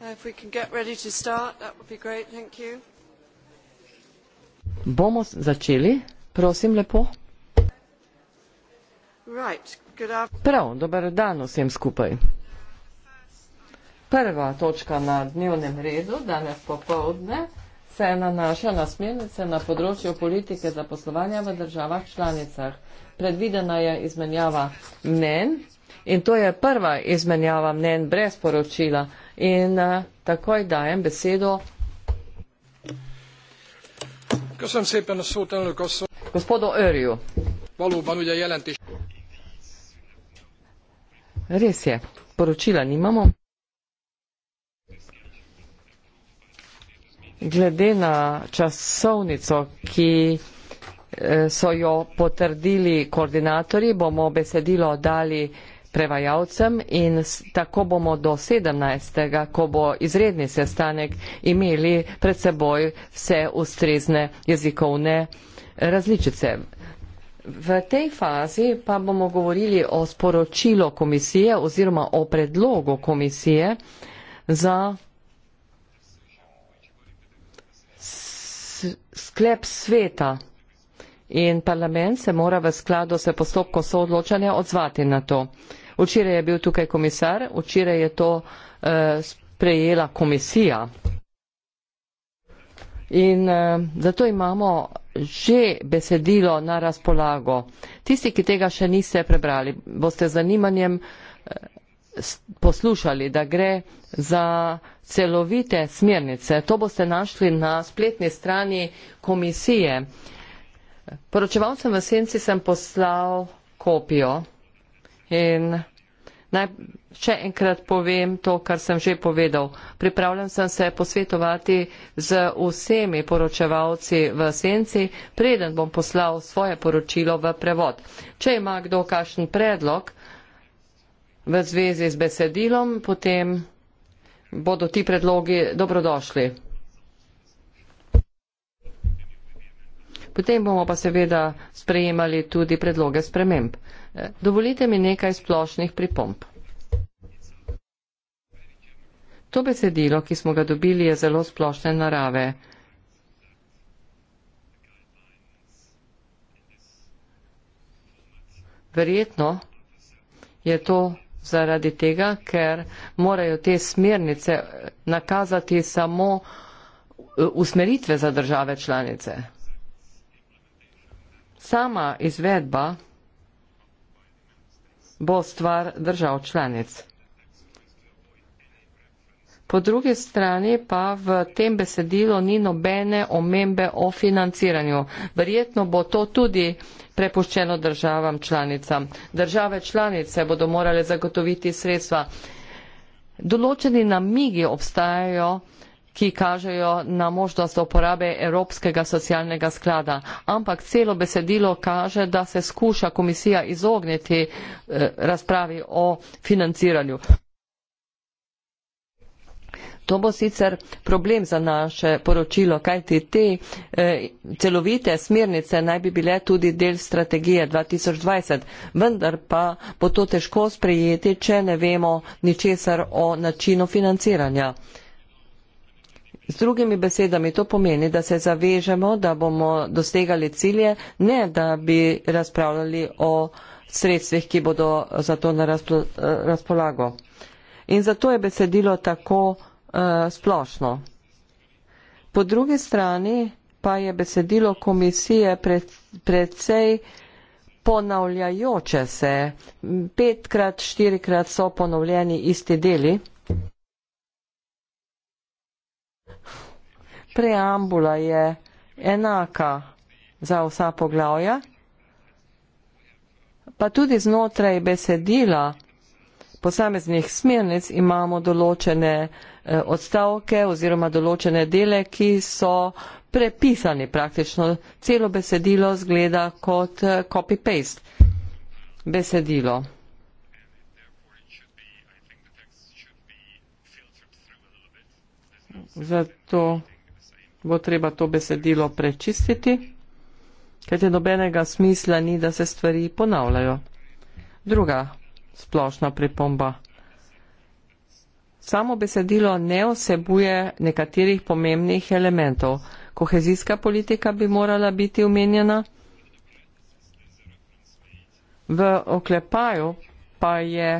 Uh, Bomo začeli, prosim lepo. Prav, dober dan vsem skupaj. Prva točka na dnevnem redu danes popovdne se nanaša na smernice na področju politike zaposlovanja v državah članicah. Predvidena je izmenjava mnen in to je prva izmenjava mnen brez poročila in uh, takoj dajem besedo. Köszönöm szépen a szót, elnök asszony. Gospodo Örjú. Valóban ugye jelentés. Részje, poročila nimamo. Glede na časovnico, ki eh, so jo potrdili koordinatorji, bomo besedilo dali prevajalcem in tako bomo do 17. ko bo izredni sestanek imeli pred seboj vse ustrezne jezikovne različice. V tej fazi pa bomo govorili o sporočilo komisije oziroma o predlogu komisije za sklep sveta in parlament se mora v skladu s postopkom soodločanja odzvati na to. Uh, Včeraj je bil tukaj komisar, včeraj je to uh, sprejela komisija. In uh, zato imamo že besedilo na razpolago. Tisti, ki tega še niste prebrali, boste z zanimanjem uh, poslušali, da gre za celovite smernice. To boste našli na spletni strani komisije. Poročevalcem v senci sem poslal kopijo. In naj še enkrat povem to, kar sem že povedal. Pripravljam sem se posvetovati z vsemi poročevalci v senci, preden bom poslal svoje poročilo v prevod. Če ima kdo kakšen predlog v zvezi z besedilom, potem bodo ti predlogi dobrodošli. Potem bomo pa seveda sprejemali tudi predloge sprememb. Dovolite mi nekaj splošnih pripomp. To besedilo, ki smo ga dobili, je zelo splošne narave. Verjetno je to zaradi tega, ker morajo te smernice nakazati samo eh, usmeritve za države članice. Sama izvedba bo stvar držav članic. Po drugi strani pa v tem besedilu ni nobene omembe o financiranju. Verjetno bo to tudi prepuščeno državam članicam. Države članice bodo morale zagotoviti sredstva. Določeni namigi obstajajo ki kažejo na možnost uporabe Evropskega socialnega sklada. Ampak celo besedilo kaže, da se skuša komisija izogniti eh, razpravi o financiranju. To bo sicer problem za naše poročilo, kajti te eh, celovite smernice naj bi bile tudi del strategije 2020, vendar pa bo to težko sprejeti, če ne vemo ničesar o načinu financiranja. Eh, Z drugimi besedami to pomeni, da se zavežemo, da bomo dosegali cilje, ne da bi razpravljali o sredstvih, ki bodo za to na razpolago. In zato je besedilo tako uh, splošno. Po drugi strani pa je besedilo komisije pred, predvsej ponavljajoče se. Petkrat, štirikrat so ponovljeni isti deli. preambula je enaka za vsa poglavja, pa tudi znotraj besedila posameznih smernic imamo določene eh, odstavke oziroma določene dele, ki so prepisani praktično. Celo besedilo zgleda kot eh, copy-paste besedilo. Zato bo treba to besedilo prečistiti, ker je nobenega smisla ni, da se stvari ponavljajo. Druga splošna pripomba. Samo besedilo ne osebuje nekaterih pomembnih elementov. Kohezijska politika bi morala biti umenjena. V oklepaju pa je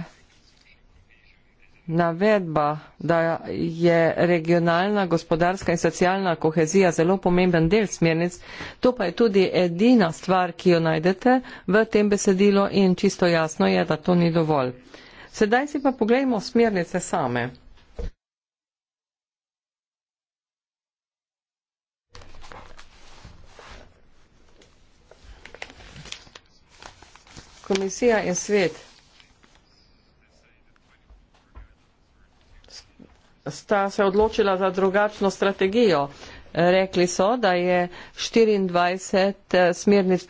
navedba, da je regionalna, gospodarska in socialna kohezija zelo pomemben del smernic, to pa je tudi edina stvar, ki jo najdete v tem besedilu in čisto jasno je, da to ni dovolj. Sedaj si pa pogledajmo smernice same. Komisija in svet sta se odločila za drugačno strategijo. Rekli so, da je 24 eh, smernic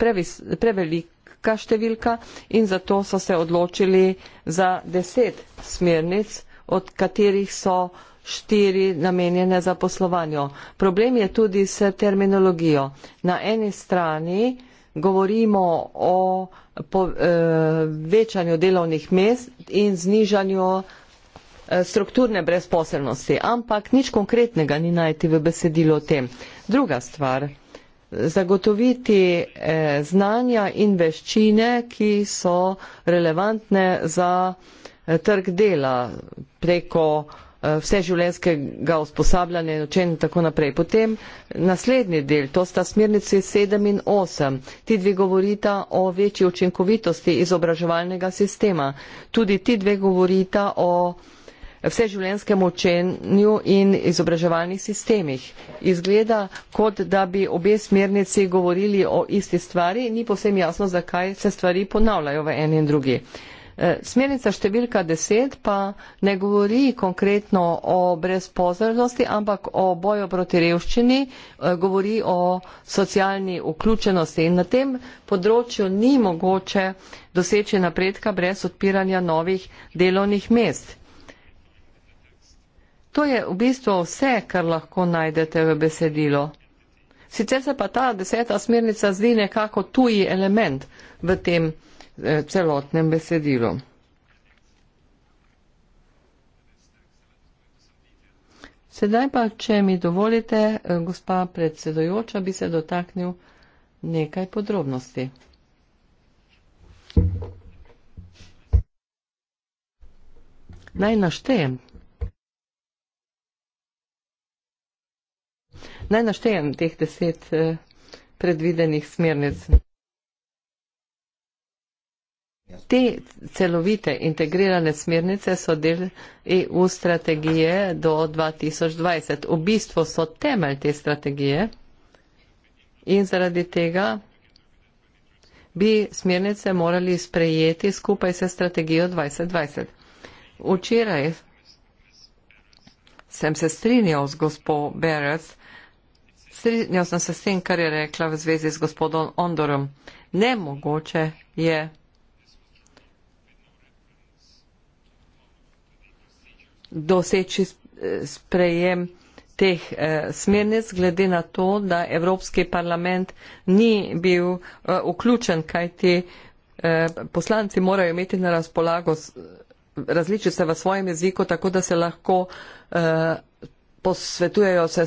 prevelika številka in zato so se odločili za 10 smernic, od katerih so štiri namenjene za poslovanje. Problem je tudi s terminologijo. Na eni strani govorimo o povečanju eh, delovnih mest in znižanju Eh, strukturne brezposelnosti, ampak nič konkretnega ni najti v besedilu o tem. Druga stvar, zagotoviti eh, znanja in veščine, ki so relevantne za eh, trg dela preko vseživljenskega usposabljanja in učenja in tako naprej. Potem naslednji del, to sta smernici 7 in 8. Ti dve govorita o večji učinkovitosti izobraževalnega sistema. Tudi ti dve govorita o vseživljenskem učenju in izobraževalnih sistemih. Izgleda, kot da bi obe smernici govorili o isti stvari, ni povsem jasno, zakaj se stvari ponavljajo v eni in drugi. Eh, smernica številka 10 pa ne govori konkretno o brezpozornosti, ampak o boju proti revščini, eh, govori o socialni vključenosti in na tem področju ni mogoče doseči napredka brez odpiranja novih delovnih mest. To je v bistvu vse, kar lahko najdete v besedilu. Sicer se pa ta deseta smernica zdi nekako tuji element v tem eh, celotnem besedilu. Sedaj pa, če mi dovolite, eh, gospa predsedojoča, bi se dotaknil nekaj podrobnosti. Naj naštejem Naj naštejem teh deset eh, predvidenih smernic. Te celovite integrirane smernice so del EU strategije do 2020. V bistvu so temelj te strategije in zaradi tega bi smernice morali sprejeti skupaj se strategijo 2020. Včeraj sem se strinjal z gospod Beres, Strinjal sem se s tem, kar je rekla v zvezi z gospodom Ondorom. Nemogoče je. doseči sprejem teh eh, smernic, glede na to, da Evropski parlament ni bil eh, vključen, kaj ti eh, poslanci morajo imeti na razpolago različice v svojem jeziku, tako da se lahko posvetujejo se,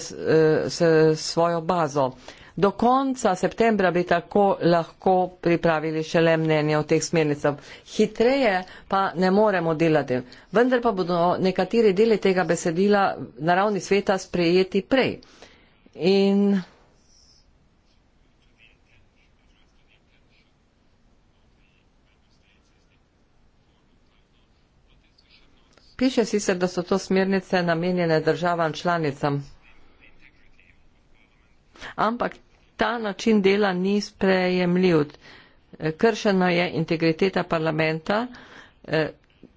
se eh, svojo bazo. Do konca septembra bi tako lahko pripravili šele mnenje o teh smernicah. Hitreje pa ne moremo delati. Vendar pa bodo nekateri deli tega besedila na ravni sveta sprejeti prej. In Piše sicer, da so to smernice namenjene državam članicam, ampak ta način dela ni sprejemljiv. Kršena je integriteta parlamenta, eh,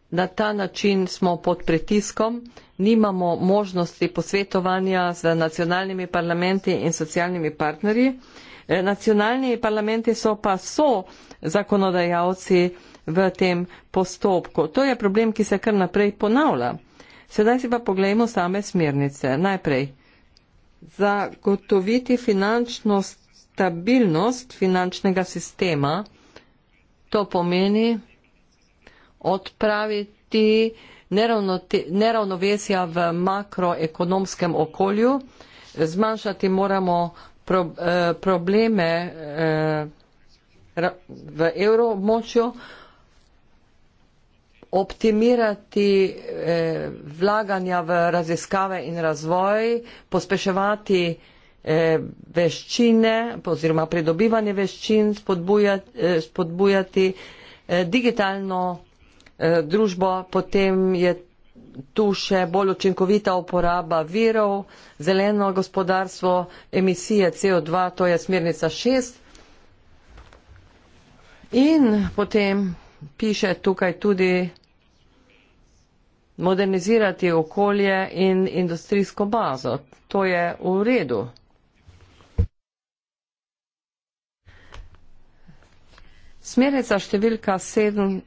na ta način smo pod pritiskom, nimamo možnosti posvetovanja z nacionalnimi parlamenti in socialnimi partnerji. Eh, nacionalni parlamenti so pa so zakonodajalci v tem postopku. To je problem, ki se kar naprej ponavlja. Sedaj si pa pogledajmo same smernice. Najprej, zagotoviti finančno stabilnost finančnega sistema, to pomeni odpraviti neravnovesja v makroekonomskem okolju, zmanjšati moramo eh, probleme eh, v evromočju, optimirati eh, vlaganja v raziskave in razvoj, pospeševati eh, veščine oziroma pridobivanje veščin, spodbujati, eh, spodbujati eh, digitalno eh, družbo, potem je tu še bolj učinkovita uporaba virov, zeleno gospodarstvo, emisije CO2, to je smernica 6. In potem piše tukaj tudi modernizirati okolje in industrijsko bazo. To je v redu. Smerica številka 7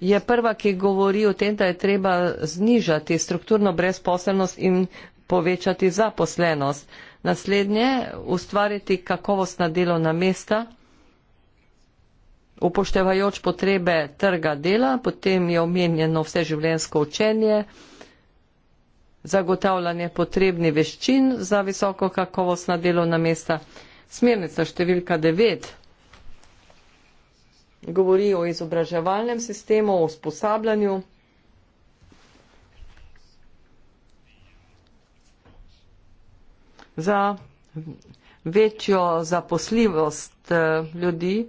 je prva, ki govori o tem, da je treba znižati strukturno brezposelnost in povečati zaposlenost. Naslednje, ustvariti kakovostna delovna mesta upoštevajoč potrebe trga dela, potem je omenjeno vseživljensko učenje, zagotavljanje potrebnih veščin za visoko kakovostna delovna mesta. Smernica številka 9 govori o izobraževalnem sistemu, o usposabljanju. za večjo zaposljivost eh, ljudi,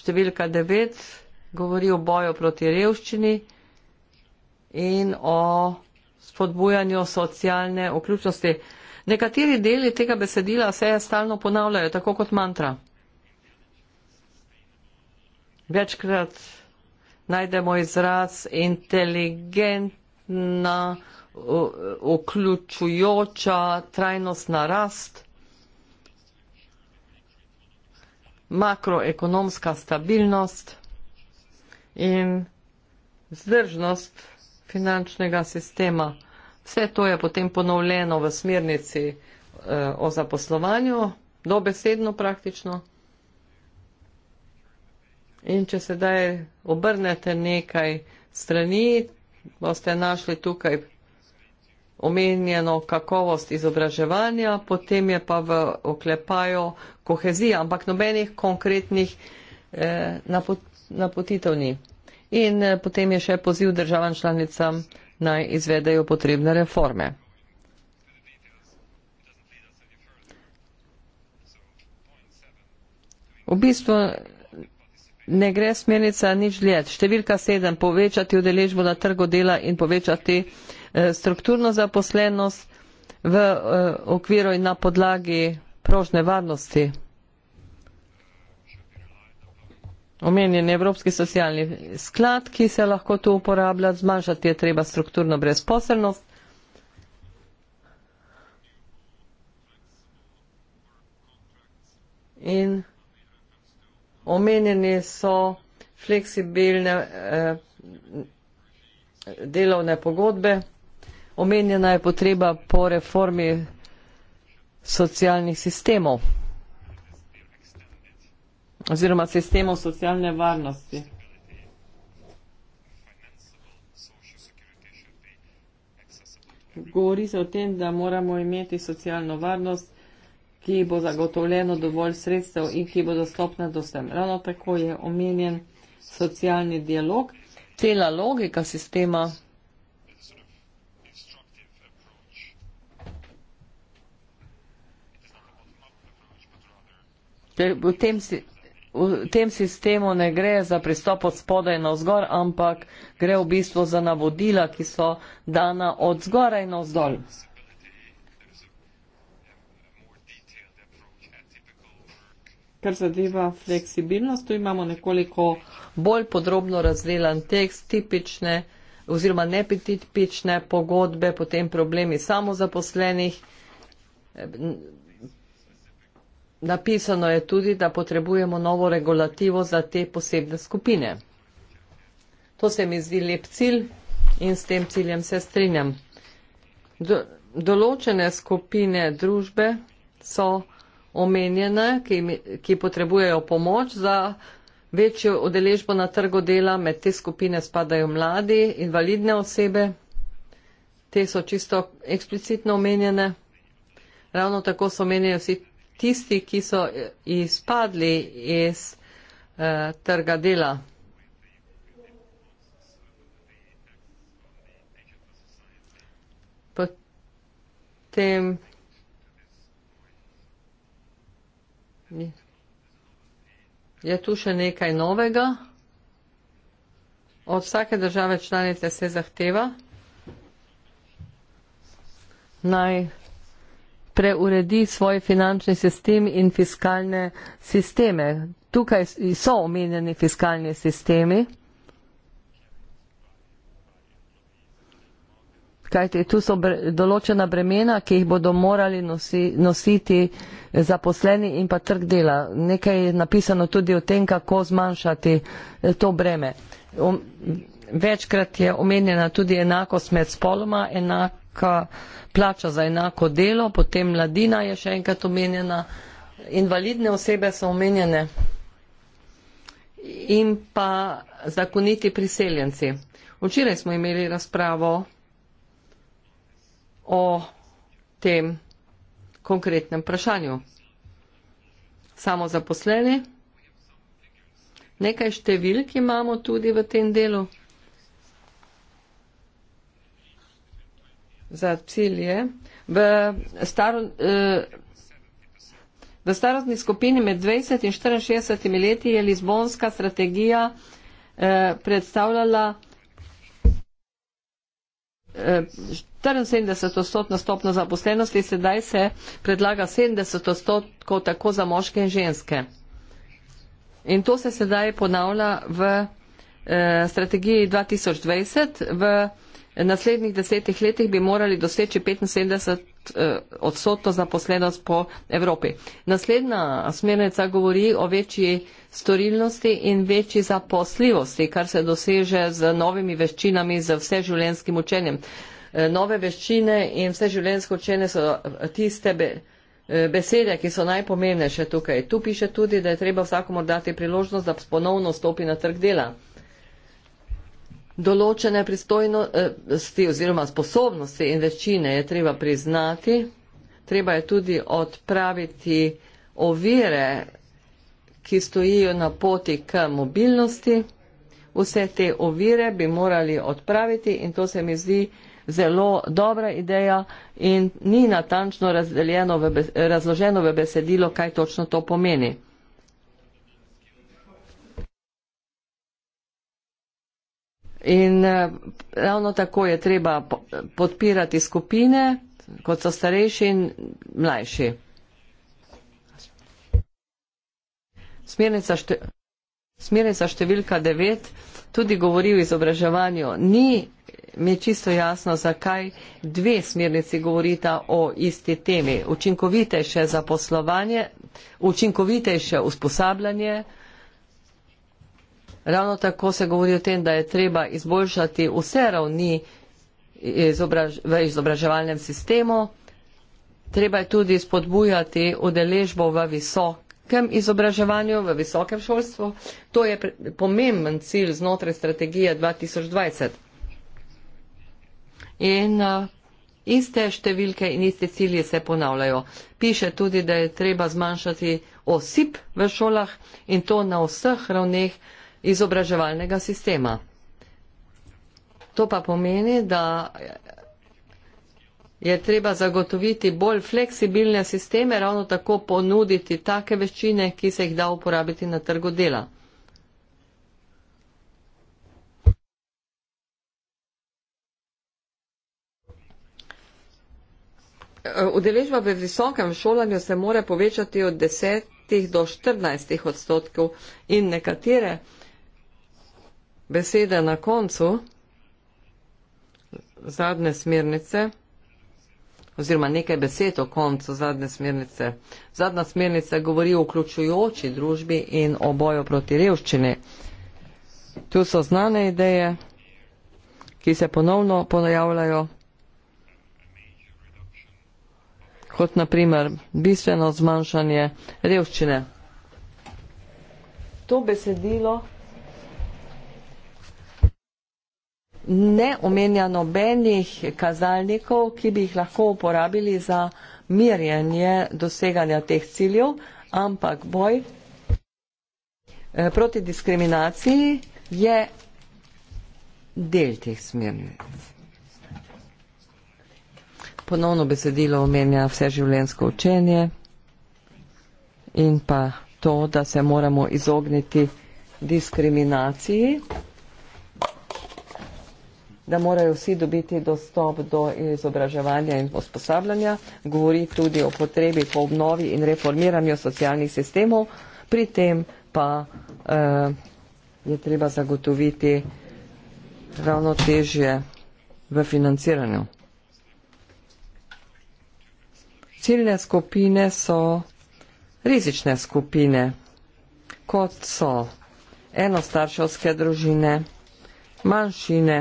številka 9 govori o boju proti revščini in o spodbujanju socialne vključnosti. Nekateri deli tega besedila se stalno ponavljajo, tako kot mantra. Večkrat najdemo izraz inteligentna, vključujoča, trajnostna rast. makroekonomska stabilnost in zdržnost finančnega sistema. Vse to je potem ponovljeno v smernici eh, o zaposlovanju, dobesedno praktično. In če sedaj obrnete nekaj strani, boste našli tukaj omenjeno kakovost izobraževanja, potem je pa v oklepaju kohezija, ampak nobenih konkretnih eh, napot, napotitev ni. In eh, potem je še poziv državam članicam naj izvedejo potrebne reforme. V bistvu ne gre smernica nič let. Številka sedem, povečati udeležbo na trgu dela in povečati. Eh, Eh, strukturno zaposlenost v eh, okviru in na podlagi prožne varnosti. Omenjen Evropski socialni sklad, ki se lahko tu uporablja, zmanjšati je treba strukturno brezposelnost. In omenjeni so fleksibilne eh, delovne pogodbe omenjena je potreba po reformi socialnih sistemov oziroma sistemov socialne varnosti. Govori se o tem, da moramo imeti socialno varnost, ki bo zagotovljeno dovolj sredstev in ki bo dostopna do vsem. Ravno tako je omenjen socialni dialog, cela logika sistema v tem, v tem sistemu ne gre za pristop od spodaj na vzgor, ampak gre v bistvu za navodila, ki so dana od zgoraj na vzdolj. Kar zadeva fleksibilnost, tu imamo nekoliko bolj podrobno razdelan tekst, tipične oziroma nepetitične pogodbe, potem problemi samozaposlenih, Napisano je tudi, da potrebujemo novo regulativo za te posebne skupine. To se mi zdi lep cilj in s tem ciljem se strinjam. Do, določene skupine družbe so omenjene, ki, ki potrebujejo pomoč za večjo odeležbo na trgu dela. Med te skupine spadajo mladi, invalidne osebe. Te so čisto eksplicitno omenjene. Ravno tako so omenjene vsi tisti, ki so eh, izpadli iz eh, trga dela. Potem je tu še nekaj novega. Od vsake države članice se zahteva naj preuredi svoj finančni sistem in fiskalne sisteme. Tukaj so omenjeni fiskalni sistemi. Kajte, tu so bre, določena bremena, ki jih bodo morali nosi, nositi zaposleni in pa trg dela. Nekaj je napisano tudi o tem, kako zmanjšati eh, to breme. O, večkrat je omenjena tudi enakost med spoloma, enak, enaka plača za enako delo, potem mladina je še enkrat omenjena, invalidne osebe so omenjene in pa zakoniti priseljenci. Včeraj smo imeli razpravo o tem konkretnem vprašanju. Samo zaposleni. Nekaj številk imamo tudi v tem delu. za cilje. V, staro, eh, v starostni skupini med 20 in 64 leti je Lizbonska strategija eh, predstavljala 74 odstotna stopna zaposlenosti, sedaj se predlaga 70 odstotkov tako za moške in ženske. In to se sedaj ponavlja v eh, strategiji 2020. V, V naslednjih desetih letih bi morali doseči 75 eh, odstotno zaposlenost po Evropi. Naslednja smernica govori o večji storilnosti in večji zaposljivosti, kar se doseže z novimi veščinami, z vseživljenjskim učenjem. Eh, nove veščine in vseživljenjsko učenje so eh, tiste besede, ki so najpomembnejše tukaj. Tu piše tudi, da je treba vsakomu dati priložnost, da ponovno stopi na trg dela določene pristojnosti eh, oziroma sposobnosti in veščine je treba priznati, treba je tudi odpraviti ovire, ki stojijo na poti k mobilnosti. Vse te ovire bi morali odpraviti in to se mi zdi zelo dobra ideja in ni natančno v razloženo v besedilo, kaj točno to pomeni. In eh, ravno tako je treba podpirati skupine, kot so starejši in mlajši. Smernica, šte, smernica številka 9 tudi govori o izobraževanju. Ni mi je čisto jasno, zakaj dve smernici govorita o isti temi. Učinkovitejše zaposlovanje, učinkovitejše usposabljanje, Ravno tako se govori o tem, da je treba izboljšati vse ravni izobraž v izobraževalnem sistemu. Treba je tudi spodbujati udeležbo v visokem izobraževanju, v visokem šolstvu. To je pomemben cilj znotraj strategije 2020. In uh, iste številke in iste cilje se ponavljajo. Piše tudi, da je treba zmanjšati osip v šolah in to na vseh ravneh izobraževalnega sistema. To pa pomeni, da je treba zagotoviti bolj fleksibilne sisteme, ravno tako ponuditi take veščine, ki se jih da uporabiti na trgu dela. Udeležba v visokem šolanju se more povečati od 10 do 14 odstotkov in nekatere besede na koncu, zadnje smernice, oziroma nekaj besed o koncu zadnje smernice. Zadnja smernica govori o vključujoči družbi in o boju proti revščini. Tu so znane ideje, ki se ponovno ponajavljajo, kot naprimer bistveno zmanjšanje revščine. To besedilo ne omenja nobenih kazalnikov, ki bi jih lahko uporabili za mirjenje doseganja teh ciljev, ampak boj eh, proti diskriminaciji je del teh smernic. Ponovno besedilo omenja vse življensko učenje in pa to, da se moramo izogniti diskriminaciji da morajo vsi dobiti dostop do izobraževanja in posposabljanja, govori tudi o potrebi po obnovi in reformiranju socialnih sistemov, pri tem pa eh, je treba zagotoviti ravno težje v financiranju. Ciljne skupine so rizične skupine, kot so enostarševske družine, manjšine,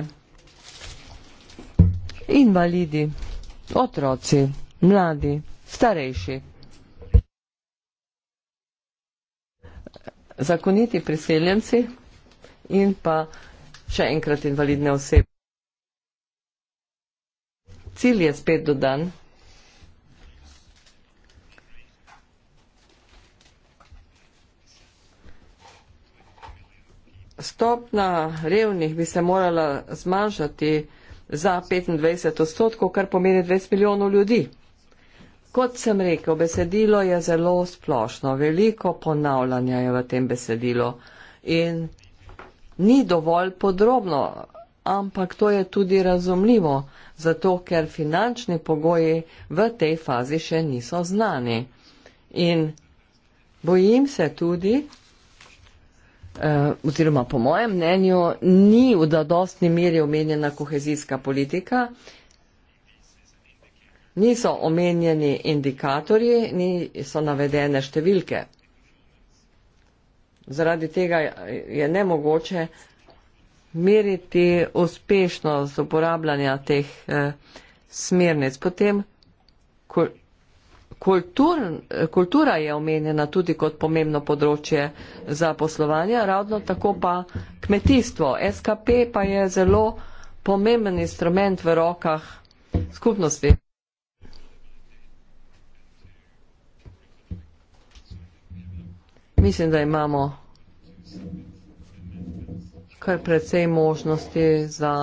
invalidi, otroci, mladi, starejši. Zakoniti priseljenci in pa še enkrat invalidne osebe. Cilj je spet dodan. Stopna revnih bi se morala zmanjšati za 25 odstotkov, kar pomeni 20 milijonov ljudi. Kot sem rekel, besedilo je zelo splošno, veliko ponavljanja je v tem besedilu in ni dovolj podrobno, ampak to je tudi razumljivo, zato ker finančni pogoji v tej fazi še niso znani. In bojim se tudi, Eh, oziroma po mojem mnenju, ni v dadostni meri omenjena kohezijska politika, niso omenjeni indikatorji, niso navedene številke. Zaradi tega je nemogoče meriti uspešnost uporabljanja teh eh, smernic. Potem, Kultur, kultura je omenjena tudi kot pomembno področje za poslovanje, ravno tako pa kmetijstvo. SKP pa je zelo pomemben instrument v rokah skupnosti. Mislim, da imamo kar precej možnosti za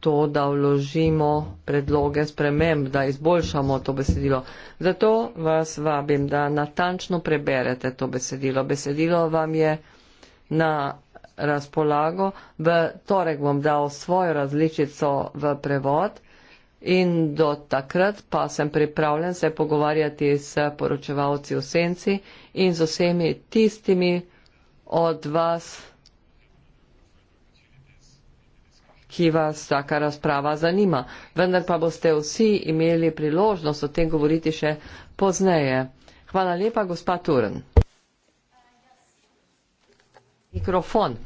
to, da vložimo predloge sprememb, da izboljšamo to besedilo. Zato vas vabim, da natančno preberete to besedilo. Besedilo vam je na razpolago. V torek bom dal svojo različico v prevod in do takrat pa sem pripravljen se pogovarjati s poročevalci v senci in z vsemi tistimi od vas, ki vas vsaka razprava zanima. Vendar pa boste vsi imeli priložnost o tem govoriti še pozneje. Hvala lepa, gospa Turen. Mikrofon.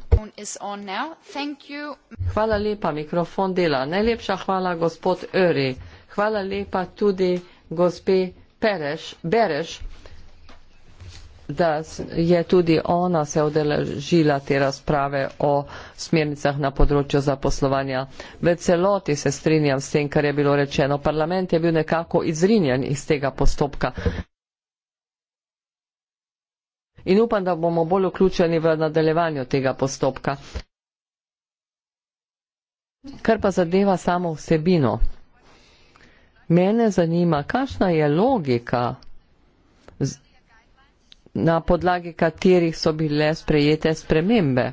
Hvala lepa, mikrofon dela. Najlepša hvala, gospod Öri. Hvala lepa tudi gospe Pereš. Bereš da je tudi ona se odeležila te razprave o smernicah na področju zaposlovanja. V celoti se strinjam s tem, kar je bilo rečeno. Parlament je bil nekako izrinjen iz tega postopka. In upam, da bomo bolj vključeni v nadaljevanju tega postopka. Kar pa zadeva samo vsebino. Mene zanima, kakšna je logika na podlagi katerih so bile sprejete spremembe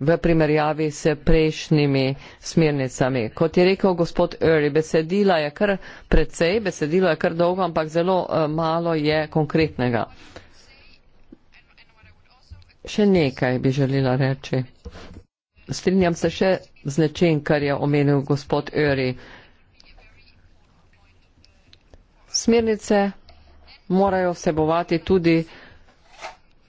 v primerjavi s prejšnjimi smernicami. Kot je rekel gospod Early, besedila je kar precej, besedilo je kar dolgo, ampak zelo eh, malo je konkretnega. Še nekaj bi želela reči. Strinjam se še z nečem, kar je omenil gospod Early. Smernice morajo vsebovati tudi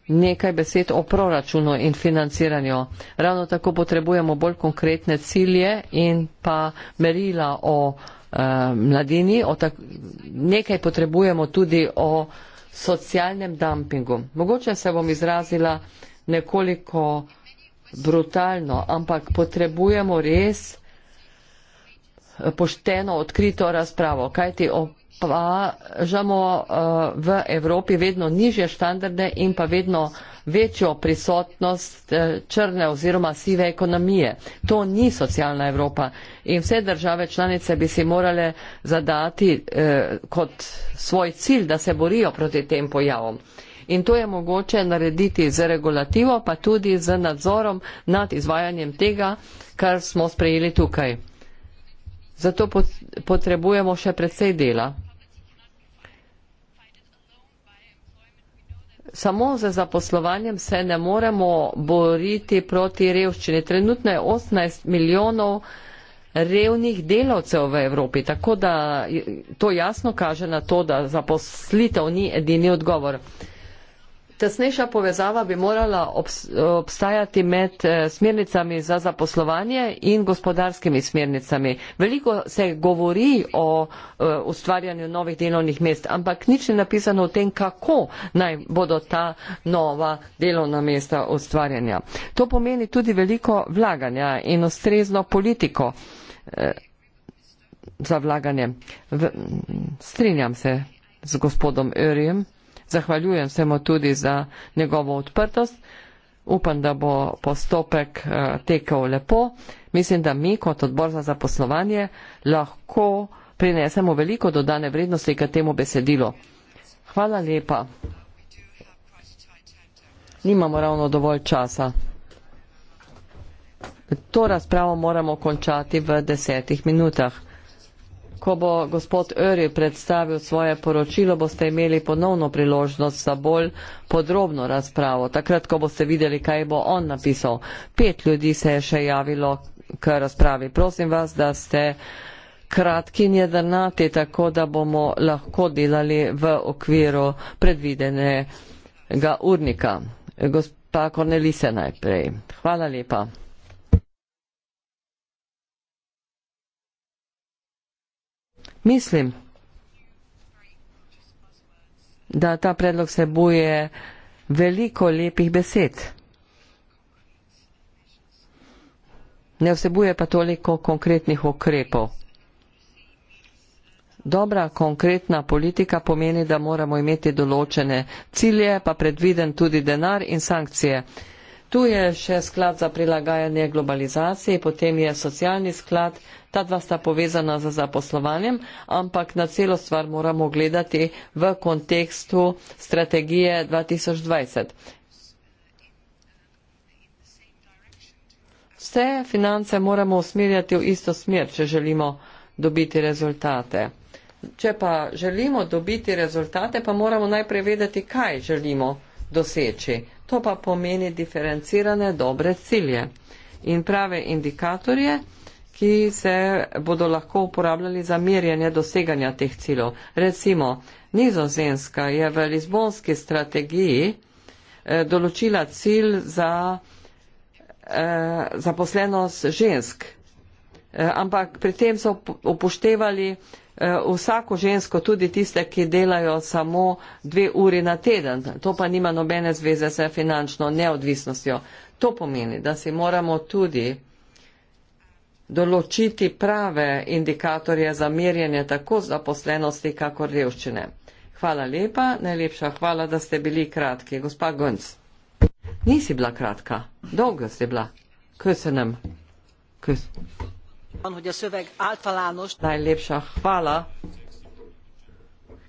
nekaj besed o proračunu in financiranju. Ravno tako potrebujemo bolj konkretne cilje in pa merila o eh, mladini, o tak, nekaj potrebujemo tudi o socialnem dumpingu. Mogoče se bom izrazila nekoliko brutalno, ampak potrebujemo res pošteno, odkrito razpravo, kajti opažamo eh, v Evropi vedno nižje standarde in pa vedno večjo prisotnost eh, črne oziroma sive ekonomije. To ni socialna Evropa in vse države članice bi si morale zadati eh, kot svoj cilj, da se borijo proti tem pojavom. In to je mogoče narediti z regulativo, pa tudi z nadzorom nad izvajanjem tega, kar smo sprejeli tukaj. Zato potrebujemo še predvsej dela. Samo za zaposlovanjem se ne moremo boriti proti revščini. Trenutno je 18 milijonov revnih delavcev v Evropi, tako da to jasno kaže na to, da zaposlitev ni edini odgovor tesnejša povezava bi morala obstajati med eh, smernicami za zaposlovanje in gospodarskimi smernicami. Veliko se govori o eh, ustvarjanju novih delovnih mest, ampak nič ni napisano o tem, kako naj bodo ta nova delovna mesta ustvarjanja. To pomeni tudi veliko vlaganja in ustrezno politiko eh, za vlaganje. V, strinjam se z gospodom Örjem. Zahvaljujem se mu tudi za njegovo odprtost. Upam, da bo postopek eh, tekel lepo. Mislim, da mi kot odbor za zaposlovanje lahko prinesemo veliko dodane vrednosti k temu besedilu. Hvala lepa. Nimamo ravno dovolj časa. To razpravo moramo končati v desetih minutah. Ko bo gospod Öri predstavil svoje poročilo, boste imeli ponovno priložnost za bolj podrobno razpravo. Takrat, ko boste videli, kaj bo on napisal. Pet ljudi se je še javilo k razpravi. Prosim vas, da ste kratki in jedrnati, tako da bomo lahko delali v okviru predvidenega urnika. Gospa Kornelise najprej. Hvala lepa. Mislim, da ta predlog se boje veliko lepih besed. Ne vsebuje pa toliko konkretnih ukrepov. Dobra konkretna politika pomeni, da moramo imeti določene cilje, pa predviden tudi denar in sankcije. Tu je še sklad za prilagajanje globalizaciji, potem je socialni sklad, ta dva sta povezana z zaposlovanjem, ampak na celo stvar moramo gledati v kontekstu strategije 2020. Vse finance moramo usmerjati v isto smer, če želimo dobiti rezultate. Če pa želimo dobiti rezultate, pa moramo najprej vedeti, kaj želimo doseči to pa pomeni diferencirane dobre cilje in prave indikatorje, ki se bodo lahko uporabljali za merjanje doseganja teh ciljev. Recimo, Nizozemska je v Lizbonski strategiji eh, določila cilj za eh, zaposlenost žensk, eh, ampak pri tem so upoštevali eh, Eh, vsako žensko, tudi tiste, ki delajo samo dve uri na teden. To pa nima nobene zveze s finančno neodvisnostjo. To pomeni, da si moramo tudi določiti prave indikatorje za merjenje tako zaposlenosti, kakor revščine. Hvala lepa, najlepša hvala, da ste bili kratki. Gospa Gunc, nisi bila kratka, dolga si bila. Kaj se nam? Kaj se nam? najlepša hvala.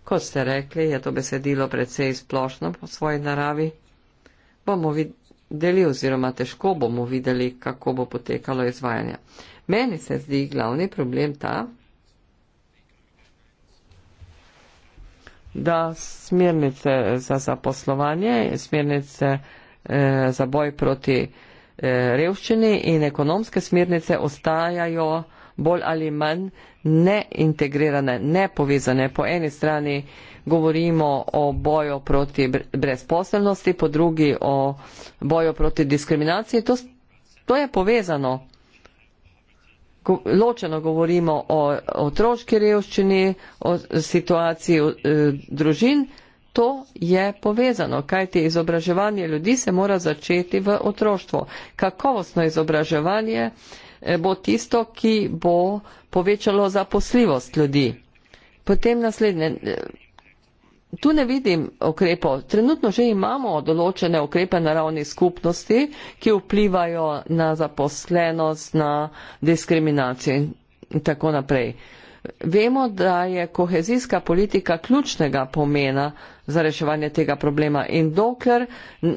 Kot ste rekli, je to besedilo precej splošno po svoji naravi. Bomo videli oziroma težko bomo videli, kako bo potekalo izvajanje. Meni se zdi glavni problem ta, da smernice za zaposlovanje, smernice eh, za boj proti eh, Eh, revščini in ekonomske smernice ostajajo bolj ali manj neintegrirane, nepovezane. Po eni strani govorimo o boju proti brezposelnosti, po drugi o boju proti diskriminaciji. To, to je povezano. Ločeno govorimo o otroški revščini, o situaciji eh, družin to je povezano, kajti izobraževanje ljudi se mora začeti v otroštvu. Kakovostno izobraževanje eh, bo tisto, ki bo povečalo zaposljivost ljudi. Potem naslednje. Eh, tu ne vidim okrepov. Trenutno že imamo določene okrepe na ravni skupnosti, ki vplivajo na zaposlenost, na diskriminacijo in tako naprej. Vemo, da je kohezijska politika ključnega pomena za reševanje tega problema. In dokler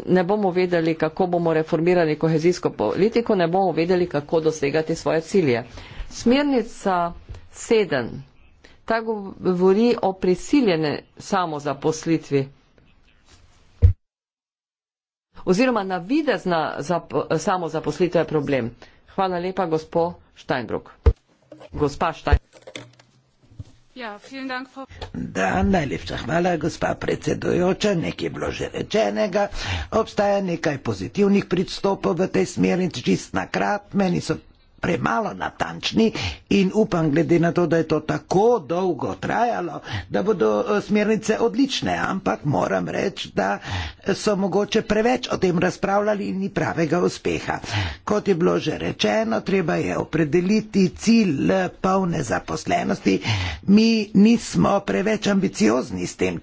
ne bomo vedeli, kako bomo reformirali kohezijsko politiko, ne bomo vedeli, kako dosegati svoje cilje. Smernica 7. Ta govori o prisiljene samozaposlitvi oziroma navidezna samozaposlitev je problem. Hvala lepa, gospod Steinbrück. Gospa Steinbrück. Ja, vielen Dank, Frau. Da, najlepša hvala, gospa predsedujoča. Nekaj je bilo že rečenega. Obstaja nekaj pozitivnih pristopov v tej smeri, čist na krat. Meni so premalo natančni in upam, glede na to, da je to tako dolgo trajalo, da bodo eh, smernice odlične, ampak moram reči, da so mogoče preveč o tem razpravljali in ni pravega uspeha. Kot je bilo že rečeno, treba je opredeliti cilj eh, polne zaposlenosti. Mi nismo preveč ambiciozni s tem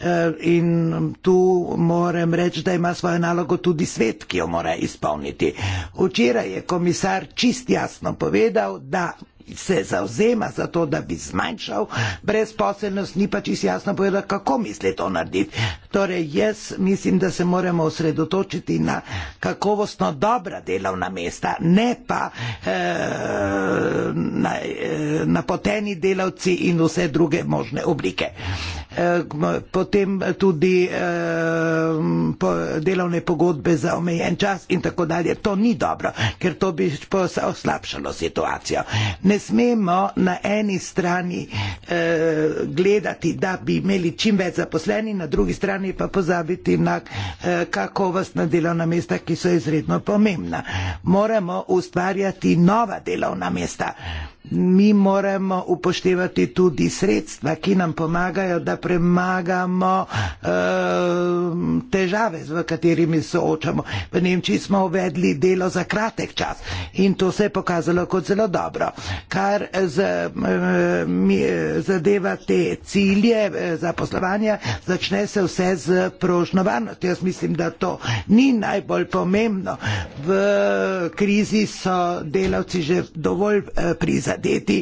eh, in tu moram reči, da ima svojo nalogo tudi svet, ki jo mora izpolniti. Včeraj je komisar čistja jasno povedal, da se zauzema za to, da bi zmanjšal brezposelnost, ni pa čisto jasno povedal, kako misli to narediti. Torej, jaz mislim, da se moramo osredotočiti na kakovostno dobra delovna mesta, ne pa eh, na, eh, napoteni delavci in vse druge možne oblike. Eh, potem tudi eh, po, delovne pogodbe za omejen čas in tako dalje. To ni dobro, ker to bi poslabšalo situacijo. Ne smemo na eni strani eh, gledati, da bi imeli čim več zaposleni, na drugi strani pa pozabiti na eh, kakovostna delovna mesta, ki so izredno pomembna. Moramo ustvarjati nova delovna mesta mi moramo upoštevati tudi sredstva, ki nam pomagajo, da premagamo uh, težave, z katerimi soočamo. V Nemčiji smo uvedli delo za kratek čas in to se je pokazalo kot zelo dobro. Kar z, uh, mi, zadeva te cilje uh, eh, za poslovanje, začne se vse z prožno varnost. Jaz mislim, da to ni najbolj pomembno. V krizi so delavci že dovolj uh, prizadeti zadeti,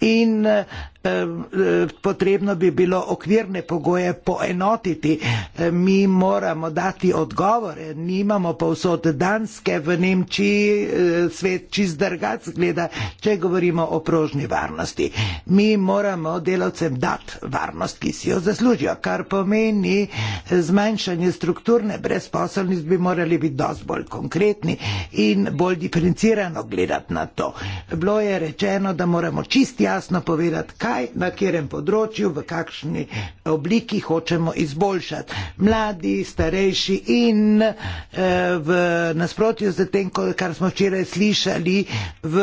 in eh, eh, potrebno bi bilo okvirne pogoje poenotiti. Eh, mi moramo dati odgovore, nimamo povsod Danske, v Nemčiji svet čist drgac gleda, če govorimo o prožni varnosti. Mi moramo delavcem dati varnost, ki si jo zaslužijo, kar pomeni zmanjšanje strukturne brezposobnosti, bi morali biti dosti bolj konkretni in bolj diferencirano gledati na to. Bilo je rečeno, da moramo čisti jasno povedati, kaj na katerem področju, v kakšni obliki hočemo izboljšati. Mladi, starejši in eh, v nasprotju z tem, kar smo včeraj slišali v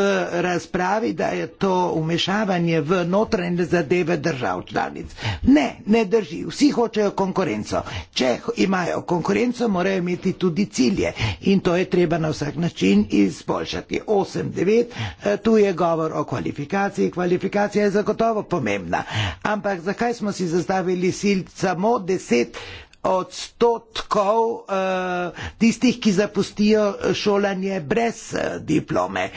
razpravi, da je to umešavanje v notranje zadeve držav članic. Ne, ne drži. Vsi hočejo konkurenco. Če imajo konkurenco, morajo imeti tudi cilje in to je treba na vsak način izboljšati. 8, 9, eh, tu je govor o kvalifikaciji. Kvalifikaciji kvalifikacija je zagotovo pomembna. Ampak zakaj smo si zastavili sil samo deset odstotkov eh, tistih, ki zapustijo šolanje brez eh, diplome.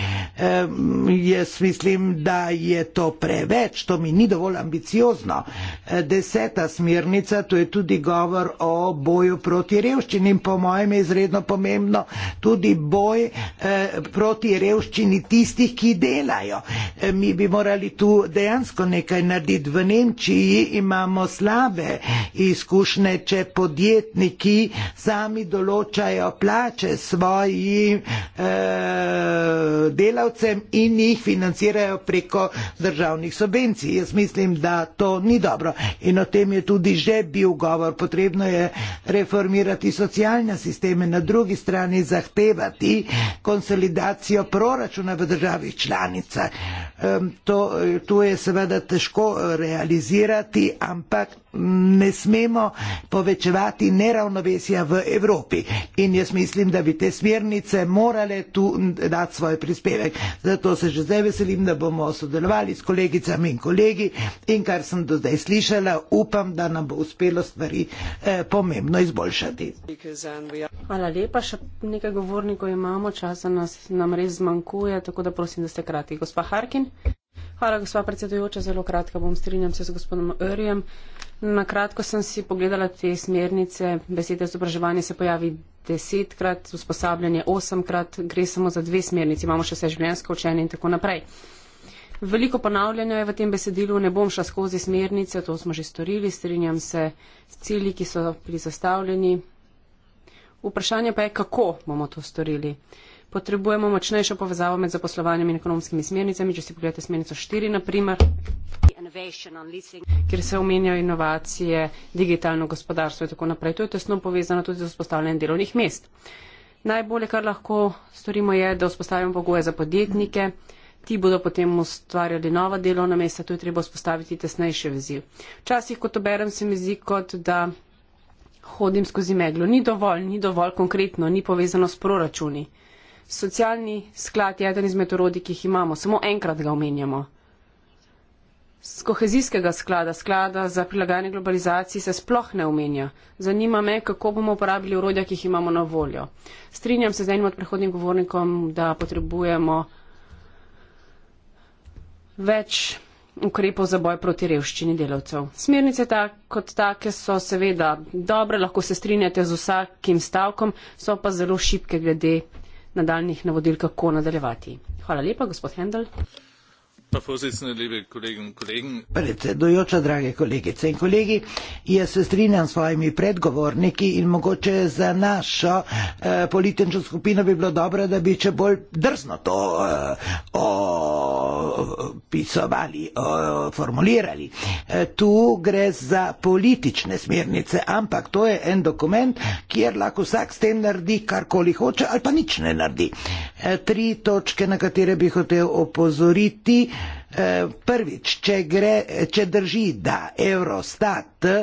Jaz mislim, da je to preveč, to mi ni dovolj ambiciozno. Eh, deseta smernica, to je tudi govor o boju proti revščini in po mojem je izredno pomembno tudi boj proti revščini tistih, ki delajo. Mi bi morali tu dejansko nekaj narediti. V Nemčiji imamo slabe izkušnje, če podjetniki sami določajo plače svojim eh, delavcem in jih financirajo preko državnih subvencij. Jaz mislim, da to ni dobro in o tem je tudi že bil govor. Potrebno je reformirati socialne sisteme, na drugi strani zahtevati konsolidacijo proračuna v državih članicah. Eh, to, to je seveda težko realizirati, ampak ne smemo povečevati neravnovesja v Evropi. In jaz mislim, da bi te smernice morale tu dati svoj prispevek. Zato se že zdaj veselim, da bomo sodelovali s kolegicami in kolegi in kar sem do zdaj slišala, upam, da nam bo uspelo stvari eh, pomembno izboljšati. Hvala lepa, še nekaj govornikov imamo, časa nas nam res zmanjkuje, tako da prosim, da ste kratki. Gospa Harkin. Hvala, gospa predsedujoča, zelo kratka bom, strinjam se z gospodom Örjem. Na kratko sem si pogledala te smernice. Beseda izobraževanje se pojavi desetkrat, usposabljanje osemkrat, gre samo za dve smernici, imamo še vse življenjsko učenje in tako naprej. Veliko ponavljanja je v tem besedilu, ne bom šla skozi smernice, to smo že storili, strinjam se s cilji, ki so pri zastavljeni. Vprašanje pa je, kako bomo to storili. Potrebujemo močnejšo povezavo med zaposlovanjem in ekonomskimi smernicami, če si pogledate smernico 4, na primer kjer se omenjajo inovacije, digitalno gospodarstvo in tako naprej. To je tesno povezano tudi z vzpostavljanjem delovnih mest. Najbolje, kar lahko storimo, je, da vzpostavimo pogoje za podjetnike, ti bodo potem ustvarjali nova delovna mesta, tu je treba vzpostaviti tesnejše vezi. Včasih, ko to berem, se mi zdi, kot da hodim skozi meglo. Ni dovolj, ni dovolj konkretno, ni povezano s proračuni. Socialni sklad je eden izmed orodij, ki jih imamo, samo enkrat ga omenjamo. Z kohezijskega sklada, sklada za prilagajanje globalizaciji se sploh ne omenja. Zanima me, kako bomo uporabili urodja, ki jih imamo na voljo. Strinjam se z enim od prehodnim govornikom, da potrebujemo več ukrepov za boj proti revščini delavcev. Smernice tak, kot take so seveda dobre, lahko se strinjate z vsakim stavkom, so pa zelo šipke glede nadaljnih navodil, kako nadaljevati. Hvala lepa, gospod Hendel. Predsedujoča, drage kolegice in kolegi, jaz se strinjam s svojimi predgovorniki in mogoče za našo eh, politično skupino bi bilo dobro, da bi če bolj drzno to eh, opisovali, eh, formulirali. Eh, tu gre za politične smernice, ampak to je en dokument, kjer lahko vsak s tem naredi karkoli hoče ali pa nič ne naredi. Eh, tri točke, na katere bi hotel opozoriti. Eh, E, prvič, če, gre, če drži, da Eurostat e,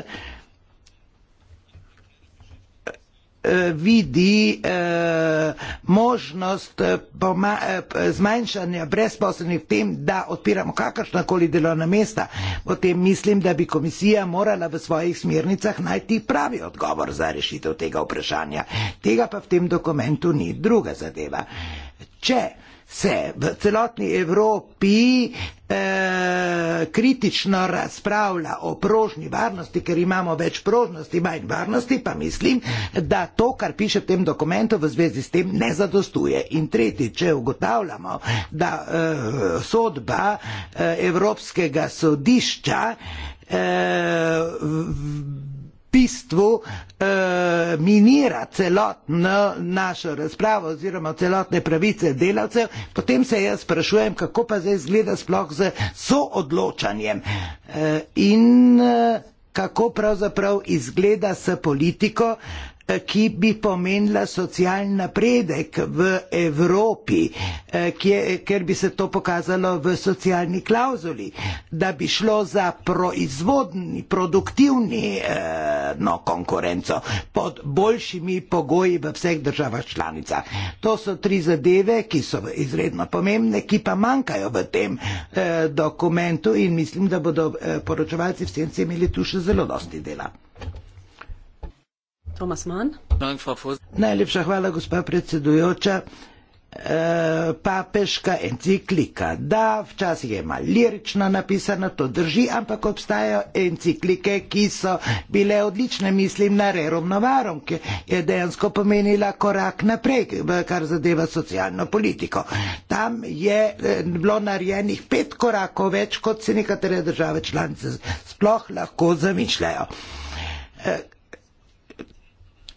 vidi eh, možnost e, poma, eh, zmanjšanja brezposobnih v tem, da odpiramo kakršnakoli delovna mesta, potem mislim, da bi komisija morala v svojih smernicah najti pravi odgovor za rešitev tega vprašanja. Tega pa v tem dokumentu ni druga zadeva. Če eh, se v celotni Evropi eh, kritično razpravlja o prožni varnosti, ker imamo več prožnosti, manj varnosti, pa mislim, da to, kar piše v tem dokumentu v zvezi s tem, ne zadostuje. In tretji, če ugotavljamo, da eh, sodba eh, Evropskega sodišča eh, v, bistvu eh, minira celotno našo razpravo oziroma celotne pravice delavcev, potem se jaz sprašujem, kako pa zdaj zgleda sploh z soodločanjem eh, in eh, kako pravzaprav izgleda s politiko. Eh, ki bi pomenila socialni napredek v Evropi, eh, kje, ker bi se to pokazalo v socialni klauzuli, da bi šlo za proizvodni, produktivni eh, no, konkurenco pod boljšimi pogoji v vseh državah članicah. To so tri zadeve, ki so izredno pomembne, ki pa manjkajo v tem eh, dokumentu in mislim, da bodo poročevalci v senci imeli tu še zelo dosti dela. Tomas Mann. Dan, Najlepša hvala, gospa predsedujoča. E, papeška enciklika. Da, včasih je malirično napisano, to drži, ampak obstajajo enciklike, ki so bile odlične, mislim, na Rerum Novarum, ki je dejansko pomenila korak naprej, kar zadeva socialno politiko. Tam je e, bilo narejenih pet korakov več, kot se nekatere države članice sploh lahko zamišljajo. E,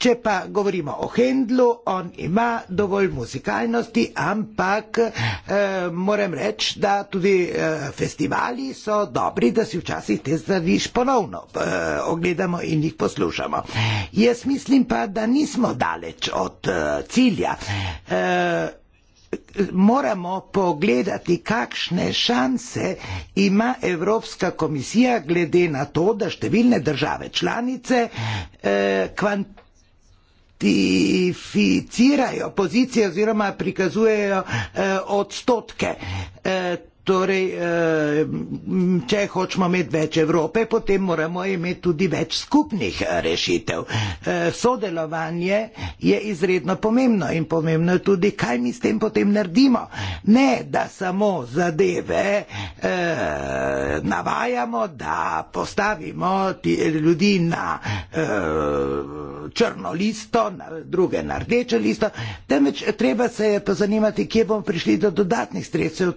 Če pa govorimo o Hendlu, on ima dovolj muzikalnosti, ampak eh, moram reči, da tudi eh, festivali so dobri, da si včasih te zdaviš ponovno eh, ogledamo in jih poslušamo. Jaz mislim pa, da nismo daleč od eh, cilja. Eh, Moramo pogledati, kakšne šanse ima Evropska komisija glede na to, da številne države članice eh, kvantitativno identificirajo pozicije oziroma prikazujejo eh, odstotke. Eh, Torej, eh, če hočemo imeti več Evrope, potem moramo imeti tudi več skupnih eh, rešitev. Eh, sodelovanje je izredno pomembno in pomembno je tudi, kaj mi s tem potem naredimo. Ne, da samo zadeve navajamo, da postavimo ljudi na črno listo, druge na rdeče listo, temveč treba se pozanimati, kje bomo prišli do dodatnih sredstev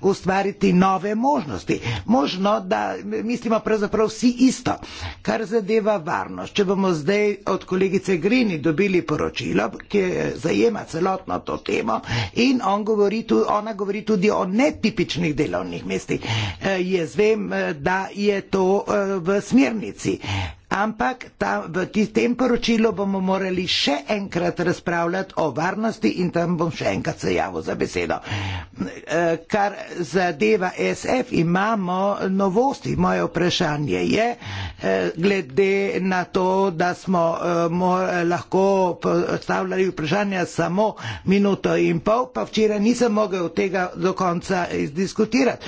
ustvariti nove možnosti. Možno, da mislimo pravzaprav vsi isto. Kar zadeva varnost, če bomo zdaj od kolegice Grini dobili poročilo, ki zajema celotno to temo in on govori tudi, ona govori tudi o netipičnih delovnih mestih, eh, jaz vem, eh, da je to eh, v smernici. Ampak ta, v tem poročilu bomo morali še enkrat razpravljati o varnosti in tam bom še enkrat se javil za besedo. Eh, kar zadeva SF, imamo novosti. Moje vprašanje je, eh, glede na to, da smo eh, lahko postavljali vprašanja samo minuto in pol, pa včeraj nisem mogel tega do konca izdiskutirati.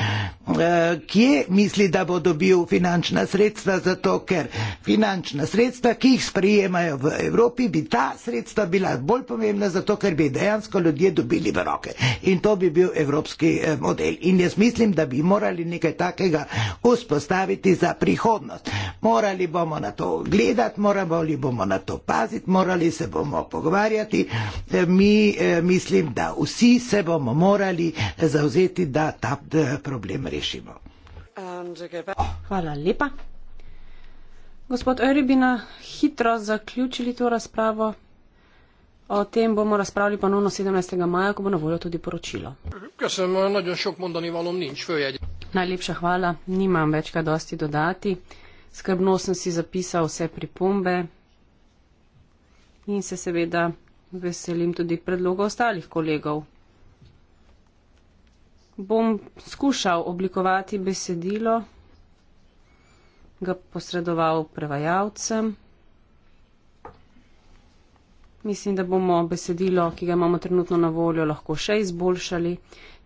Kje misli, da bo dobil finančna sredstva za to, ker finančna sredstva, ki jih sprejemajo v Evropi, bi ta sredstva bila bolj pomembna, zato ker bi dejansko ljudje dobili v roke. In to bi bil evropski eh, model. In jaz mislim, da bi morali nekaj takega vzpostaviti za prihodnost. Morali bomo na to gledati, morali bomo na to paziti, morali se bomo pogovarjati. Eh, mi eh, mislim, da vsi se bomo morali zauzeti, da ta problem rešimo. Um, Hvala lepa. Gospod Eribina, hitro zaključili to razpravo. O tem bomo razpravljali ponovno 17. maja, ko bo na voljo tudi poročilo. Najlepša hvala, nimam več kaj dosti dodati. Skrbno sem si zapisal vse pripombe in se seveda veselim tudi predloga ostalih kolegov. Bom skušal oblikovati besedilo ga posredoval prevajalcem. Mislim, da bomo besedilo, ki ga imamo trenutno na voljo, lahko še izboljšali.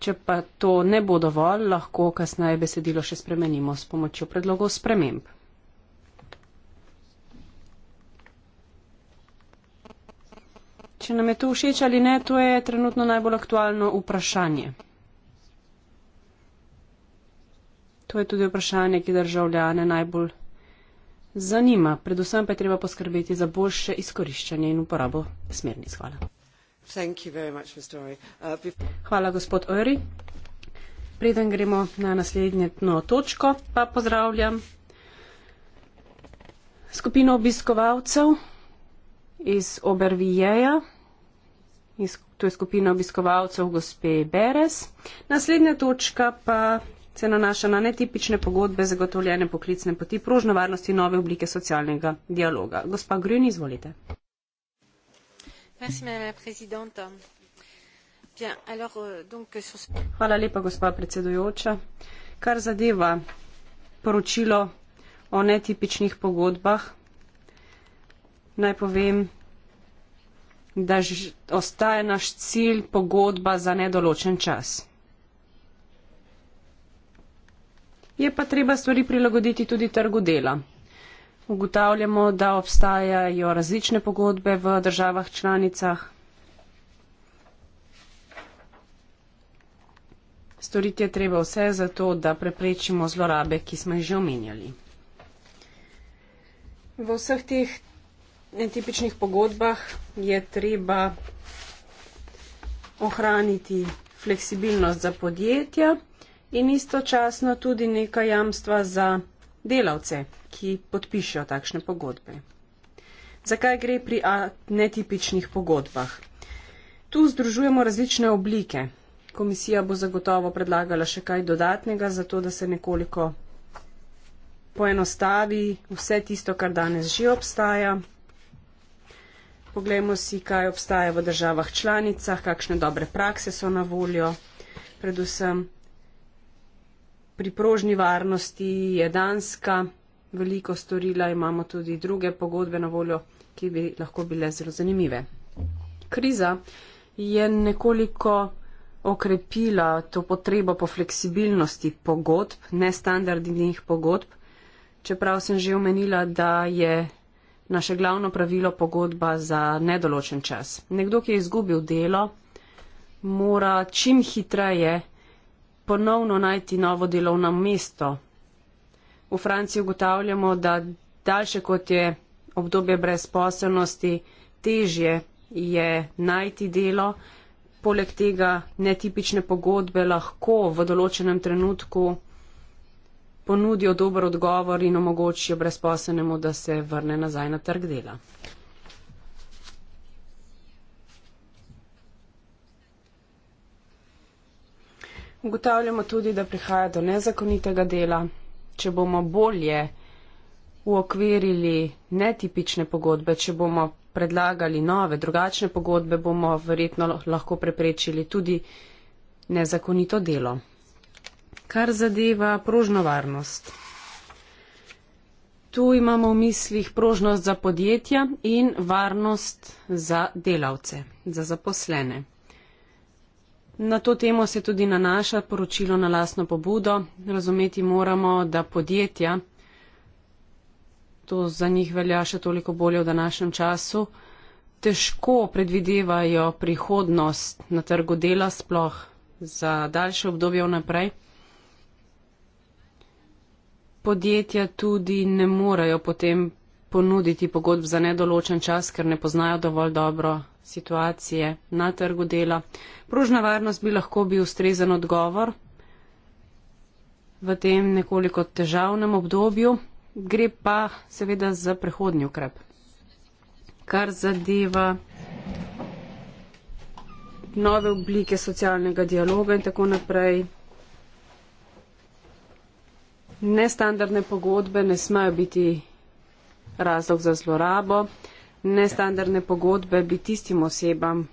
Če pa to ne bo dovolj, lahko kasneje besedilo še spremenimo s pomočjo predlogov sprememb. Če nam je to všeč ali ne, to je trenutno najbolj aktualno vprašanje. To je tudi vprašanje, ki državljane najbolj zanima. Predvsem pa je treba poskrbeti za boljše izkoriščanje in uporabo smernic. Hvala. Much, uh, Hvala, gospod Ori. Preden gremo na naslednjo točko, pa pozdravljam skupino obiskovalcev iz Oberviejeja. To je skupina obiskovalcev gospe Beres. Naslednja točka pa se nanaša na netipične pogodbe, zagotovljene poklicne poti, prožno varnosti in nove oblike socialnega dialoga. Gospa Grün, izvolite. Euh, Hvala lepa, gospa predsedujoča. Kar zadeva poročilo o netipičnih pogodbah, naj povem, da ostaje naš cilj pogodba za nedoločen čas. je pa treba stvari prilagoditi tudi trgu dela. Ugotavljamo, da obstajajo različne pogodbe v državah članicah. Storiti je treba vse za to, da preprečimo zlorabe, ki smo jih že omenjali. V vseh teh netipičnih pogodbah je treba ohraniti fleksibilnost za podjetja in istočasno tudi neka jamstva za delavce, ki podpišajo takšne pogodbe. Zakaj gre pri netipičnih pogodbah? Tu združujemo različne oblike. Komisija bo zagotovo predlagala še kaj dodatnega, zato da se nekoliko poenostavi vse tisto, kar danes že obstaja. Poglejmo si, kaj obstaja v državah članicah, kakšne dobre prakse so na voljo. Predvsem pri prožni varnosti je Danska veliko storila, imamo tudi druge pogodbe na voljo, ki bi lahko bile zelo zanimive. Kriza je nekoliko okrepila to potrebo po fleksibilnosti pogodb, nestandardnih pogodb, čeprav sem že omenila, da je naše glavno pravilo pogodba za nedoločen čas. Nekdo, ki je izgubil delo, mora čim hitreje ponovno najti novo delovno mesto. V Franciji ugotavljamo, da daljše kot je obdobje brezposelnosti, težje je najti delo. Poleg tega netipične pogodbe lahko v določenem trenutku ponudijo dober odgovor in omogočijo brezposelnemu, da se vrne nazaj na trg dela. Ugotavljamo tudi, da prihaja do nezakonitega dela. Če bomo bolje uokvirili netipične pogodbe, če bomo predlagali nove, drugačne pogodbe, bomo verjetno lahko preprečili tudi nezakonito delo. Kar zadeva prožno varnost. Tu imamo v mislih prožnost za podjetja in varnost za delavce, za zaposlene. Na to temo se tudi nanaša poročilo na lasno pobudo. Razumeti moramo, da podjetja, to za njih velja še toliko bolje v današnjem času, težko predvidevajo prihodnost na trgu dela sploh za daljše obdobje vnaprej. Podjetja tudi ne morejo potem ponuditi pogodb za nedoločen čas, ker ne poznajo dovolj dobro situacije na trgu dela. Pružna varnost bi lahko bil ustrezen odgovor v tem nekoliko težavnem obdobju, gre pa seveda za prehodni ukrep. Kar zadeva nove oblike socialnega dialoga in tako naprej. Nestandardne pogodbe ne smejo biti razlog za zlorabo nestandardne pogodbe bi tistim osebam,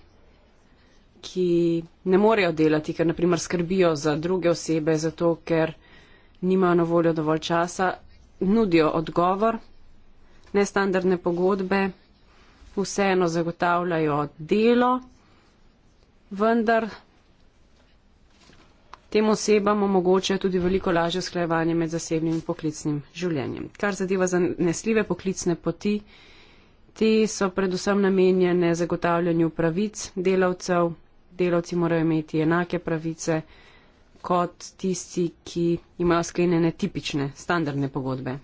ki ne morejo delati, ker naprimer skrbijo za druge osebe, zato ker nimajo na voljo dovolj časa, nudijo odgovor. Nestandardne pogodbe vseeno zagotavljajo delo, vendar tem osebam omogočajo tudi veliko lažje usklajevanje med zasebnim in poklicnim življenjem. Kar zadeva zanesljive poklicne poti, Te so predvsem namenjene zagotavljanju pravic delavcev. Delavci morajo imeti enake pravice kot tisti, ki imajo sklenjene tipične, standardne pogodbe.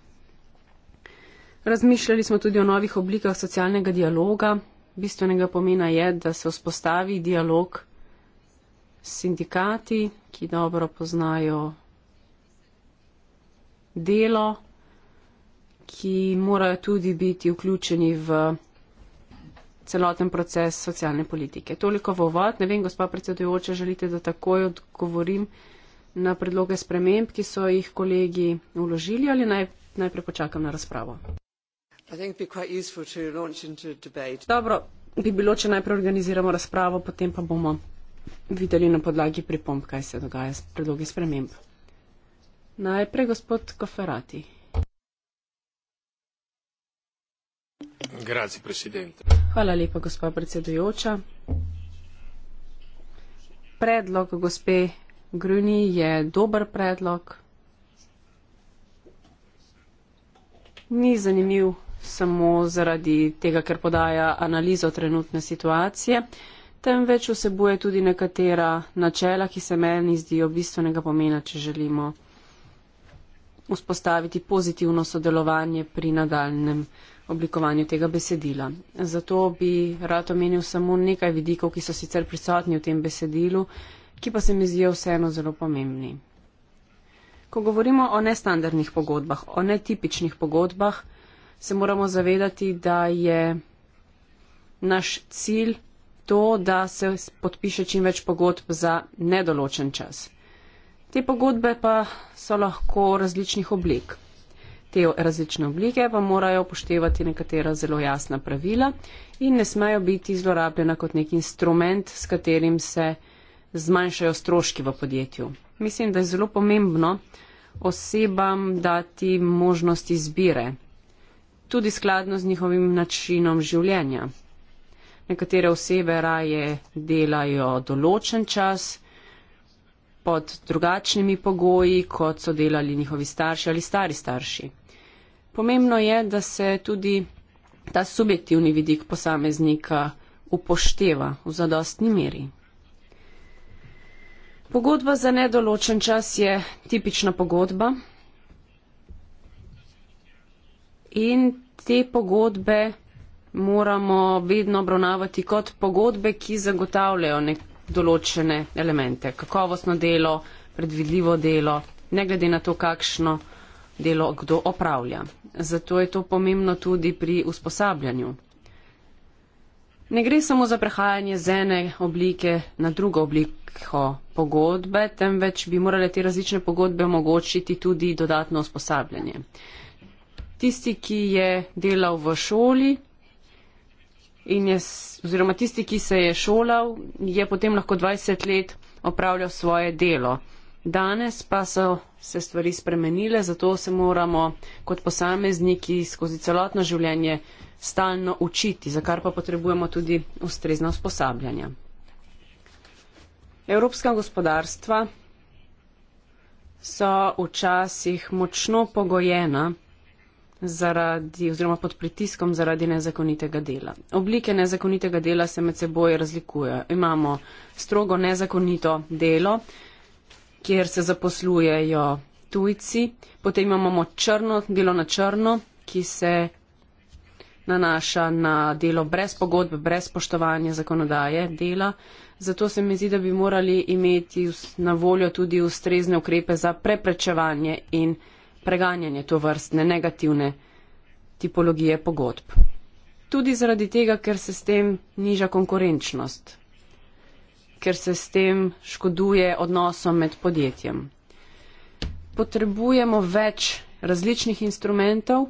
Razmišljali smo tudi o novih oblikah socialnega dialoga. Bistvenega pomena je, da se vzpostavi dialog s sindikati, ki dobro poznajo delo ki morajo tudi biti vključeni v celoten proces socialne politike. Toliko v uvod. Ne vem, gospod predsedujoča, želite, da takoj odgovorim na predloge sprememb, ki so jih kolegi uložili ali naj, najprej počakam na razpravo? Dobro, bi bilo, če najprej organiziramo razpravo, potem pa bomo videli na podlagi pripomb, kaj se dogaja s predlogi sprememb. Najprej gospod Koferati. Hvala lepa, gospa predsedujoča. Predlog gospe Gruni je dober predlog. Ni zanimiv samo zaradi tega, ker podaja analizo trenutne situacije, temveč vsebuje tudi nekatera načela, ki se meni zdijo bistvenega pomena, če želimo vzpostaviti pozitivno sodelovanje pri nadaljnem oblikovanju tega besedila. Zato bi rad omenil samo nekaj vidikov, ki so sicer prisotni v tem besedilu, ki pa se mi zdijo vseeno zelo pomembni. Ko govorimo o nestandardnih pogodbah, o netipičnih pogodbah, se moramo zavedati, da je naš cilj to, da se podpiše čim več pogodb za nedoločen čas. Te pogodbe pa so lahko različnih oblik. Te različne oblike pa morajo upoštevati nekatera zelo jasna pravila in ne smejo biti zlorabljena kot nek instrument, s katerim se zmanjšajo stroški v podjetju. Mislim, da je zelo pomembno osebam dati možnost izbire, tudi skladno z njihovim načinom življenja. Nekatere osebe raje delajo določen čas pod drugačnimi pogoji, kot so delali njihovi starši ali stari starši pomembno je, da se tudi ta subjektivni vidik posameznika upošteva v zadostni meri. Pogodba za nedoločen čas je tipična pogodba in te pogodbe moramo vedno obravnavati kot pogodbe, ki zagotavljajo nek določene elemente, kakovostno delo, predvidljivo delo, ne glede na to, kakšno delo kdo opravlja. Zato je to pomembno tudi pri usposabljanju. Ne gre samo za prehajanje z ene oblike na drugo obliko pogodbe, temveč bi morale te različne pogodbe omogočiti tudi dodatno usposabljanje. Tisti, ki je delal v šoli in je, oziroma tisti, ki se je šolal, je potem lahko 20 let opravljal svoje delo. Danes pa so se stvari spremenile, zato se moramo kot posamezniki skozi celotno življenje stalno učiti, za kar pa potrebujemo tudi ustrezna usposabljanja. Evropska gospodarstva so včasih močno pogojena zaradi, oziroma pod pritiskom zaradi nezakonitega dela. Oblike nezakonitega dela se med seboj razlikujejo. Imamo strogo nezakonito delo, kjer se zaposlujejo tujci. Potem imamo črno, delo na črno, ki se nanaša na delo brez pogodbe, brez poštovanja zakonodaje dela. Zato se mi zdi, da bi morali imeti na voljo tudi ustrezne ukrepe za preprečevanje in preganjanje to vrstne negativne tipologije pogodb. Tudi zaradi tega, ker se s tem niža konkurenčnost ker se s tem škoduje odnosom med podjetjem. Potrebujemo več različnih instrumentov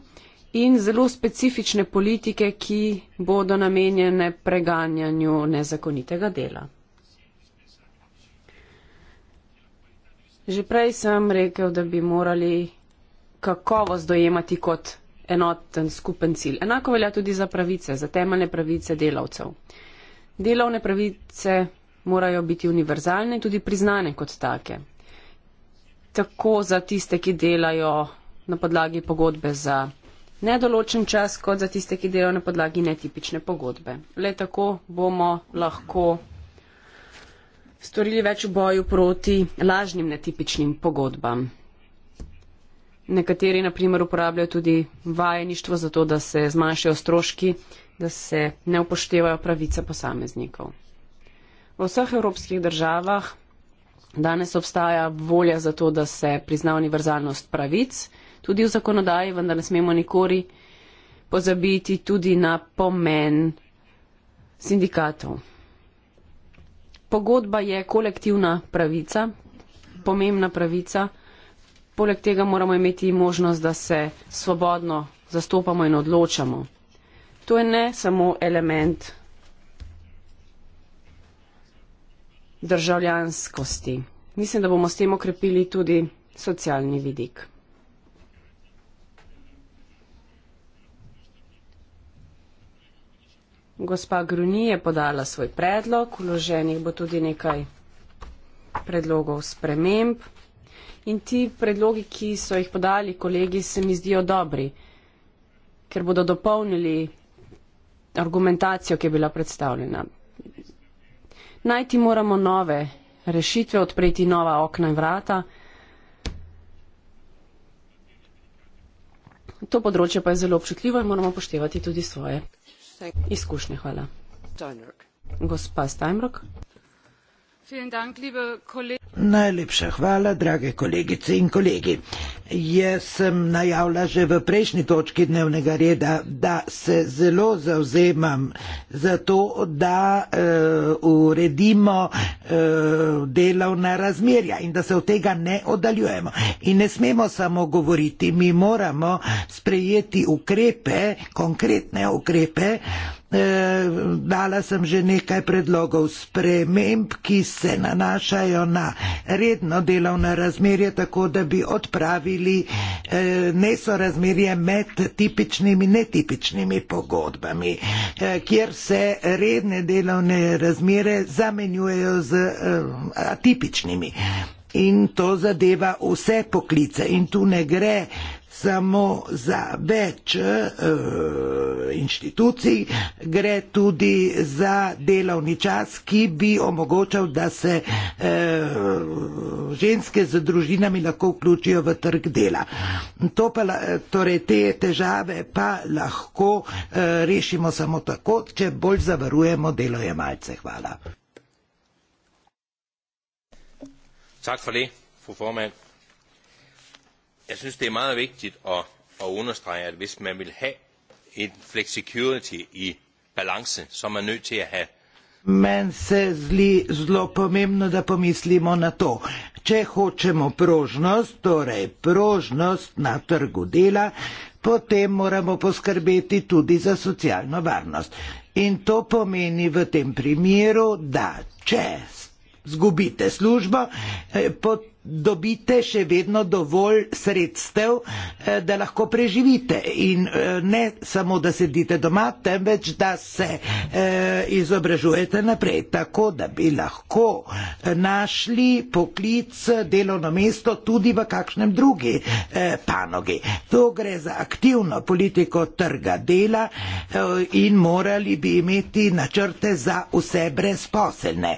in zelo specifične politike, ki bodo namenjene preganjanju nezakonitega dela. Že prej sem rekel, da bi morali kakovost dojemati kot enoten skupen cilj. Enako velja tudi za pravice, za temeljne pravice delavcev. Delovne pravice morajo biti univerzalne in tudi priznane kot take. Tako za tiste, ki delajo na podlagi pogodbe za nedoločen čas, kot za tiste, ki delajo na podlagi netipične pogodbe. Le tako bomo lahko storili več v boju proti lažnim netipičnim pogodbam. Nekateri, na primer, uporabljajo tudi vajeništvo za to, da se zmanjšajo stroški, da se ne upoštevajo pravice posameznikov. V vseh evropskih državah danes obstaja volja za to, da se prizna univerzalnost pravic, tudi v zakonodaji, vendar ne smemo nikori pozabiti tudi na pomen sindikatov. Pogodba je kolektivna pravica, pomembna pravica. Poleg tega moramo imeti možnost, da se svobodno zastopamo in odločamo. To je ne samo element državljanskosti. Mislim, da bomo s tem okrepili tudi socialni vidik. Gospa Gruni je podala svoj predlog, uloženih bo tudi nekaj predlogov sprememb. In ti predlogi, ki so jih podali kolegi, se mi zdijo dobri, ker bodo dopolnili argumentacijo, ki je bila predstavljena najti moramo nove rešitve, odpreti nova okna in vrata. To področje pa je zelo občutljivo in moramo poštevati tudi svoje izkušnje. Hvala. Gospa Steinbrück. Najlepša hvala, drage kolegice in kolegi. Jaz sem najavila že v prejšnji točki dnevnega reda, da se zelo zauzemam za to, da uh, uredimo uh, delovna razmerja in da se od tega ne oddaljujemo. In ne smemo samo govoriti, mi moramo sprejeti ukrepe, konkretne ukrepe. Eh, dala sem že nekaj predlogov sprememb, ki se nanašajo na redno delovno razmerje, tako da bi odpravili eh, nesorazmerje med tipičnimi in netipičnimi pogodbami, eh, kjer se redne delovne razmere zamenjujejo z atipičnimi. In to zadeva vse poklice in tu ne gre samo za več e, inštitucij, gre tudi za delovni čas, ki bi omogočal, da se e, ženske z družinami lahko vključijo v trg dela. To pa, torej, te težave pa lahko e, rešimo samo tako, če bolj zavarujemo delojemalce. Hvala. Tak for det, fru formand jeg synes, det er meget vigtigt at, at understrege, at hvis man vil have en flexicurity i balance, så er man nødt til at have Men se zli, zelo pomembno, da pomislimo na to. Če hočemo prožnost, torej prožnost na trgu dela, potem moramo poskrbeti tudi za socialno varnost. In to pomeni v tem primeru, da če zgubite službo, eh, dobite še vedno dovolj sredstev, eh, da lahko preživite. In eh, ne samo, da sedite doma, temveč, da se izobražujete naprej, tako da bi lahko našli poklic, delovno mesto tudi v kakšnem drugi panogi. To gre za aktivno politiko trga dela in morali bi imeti načrte za vse brezposelne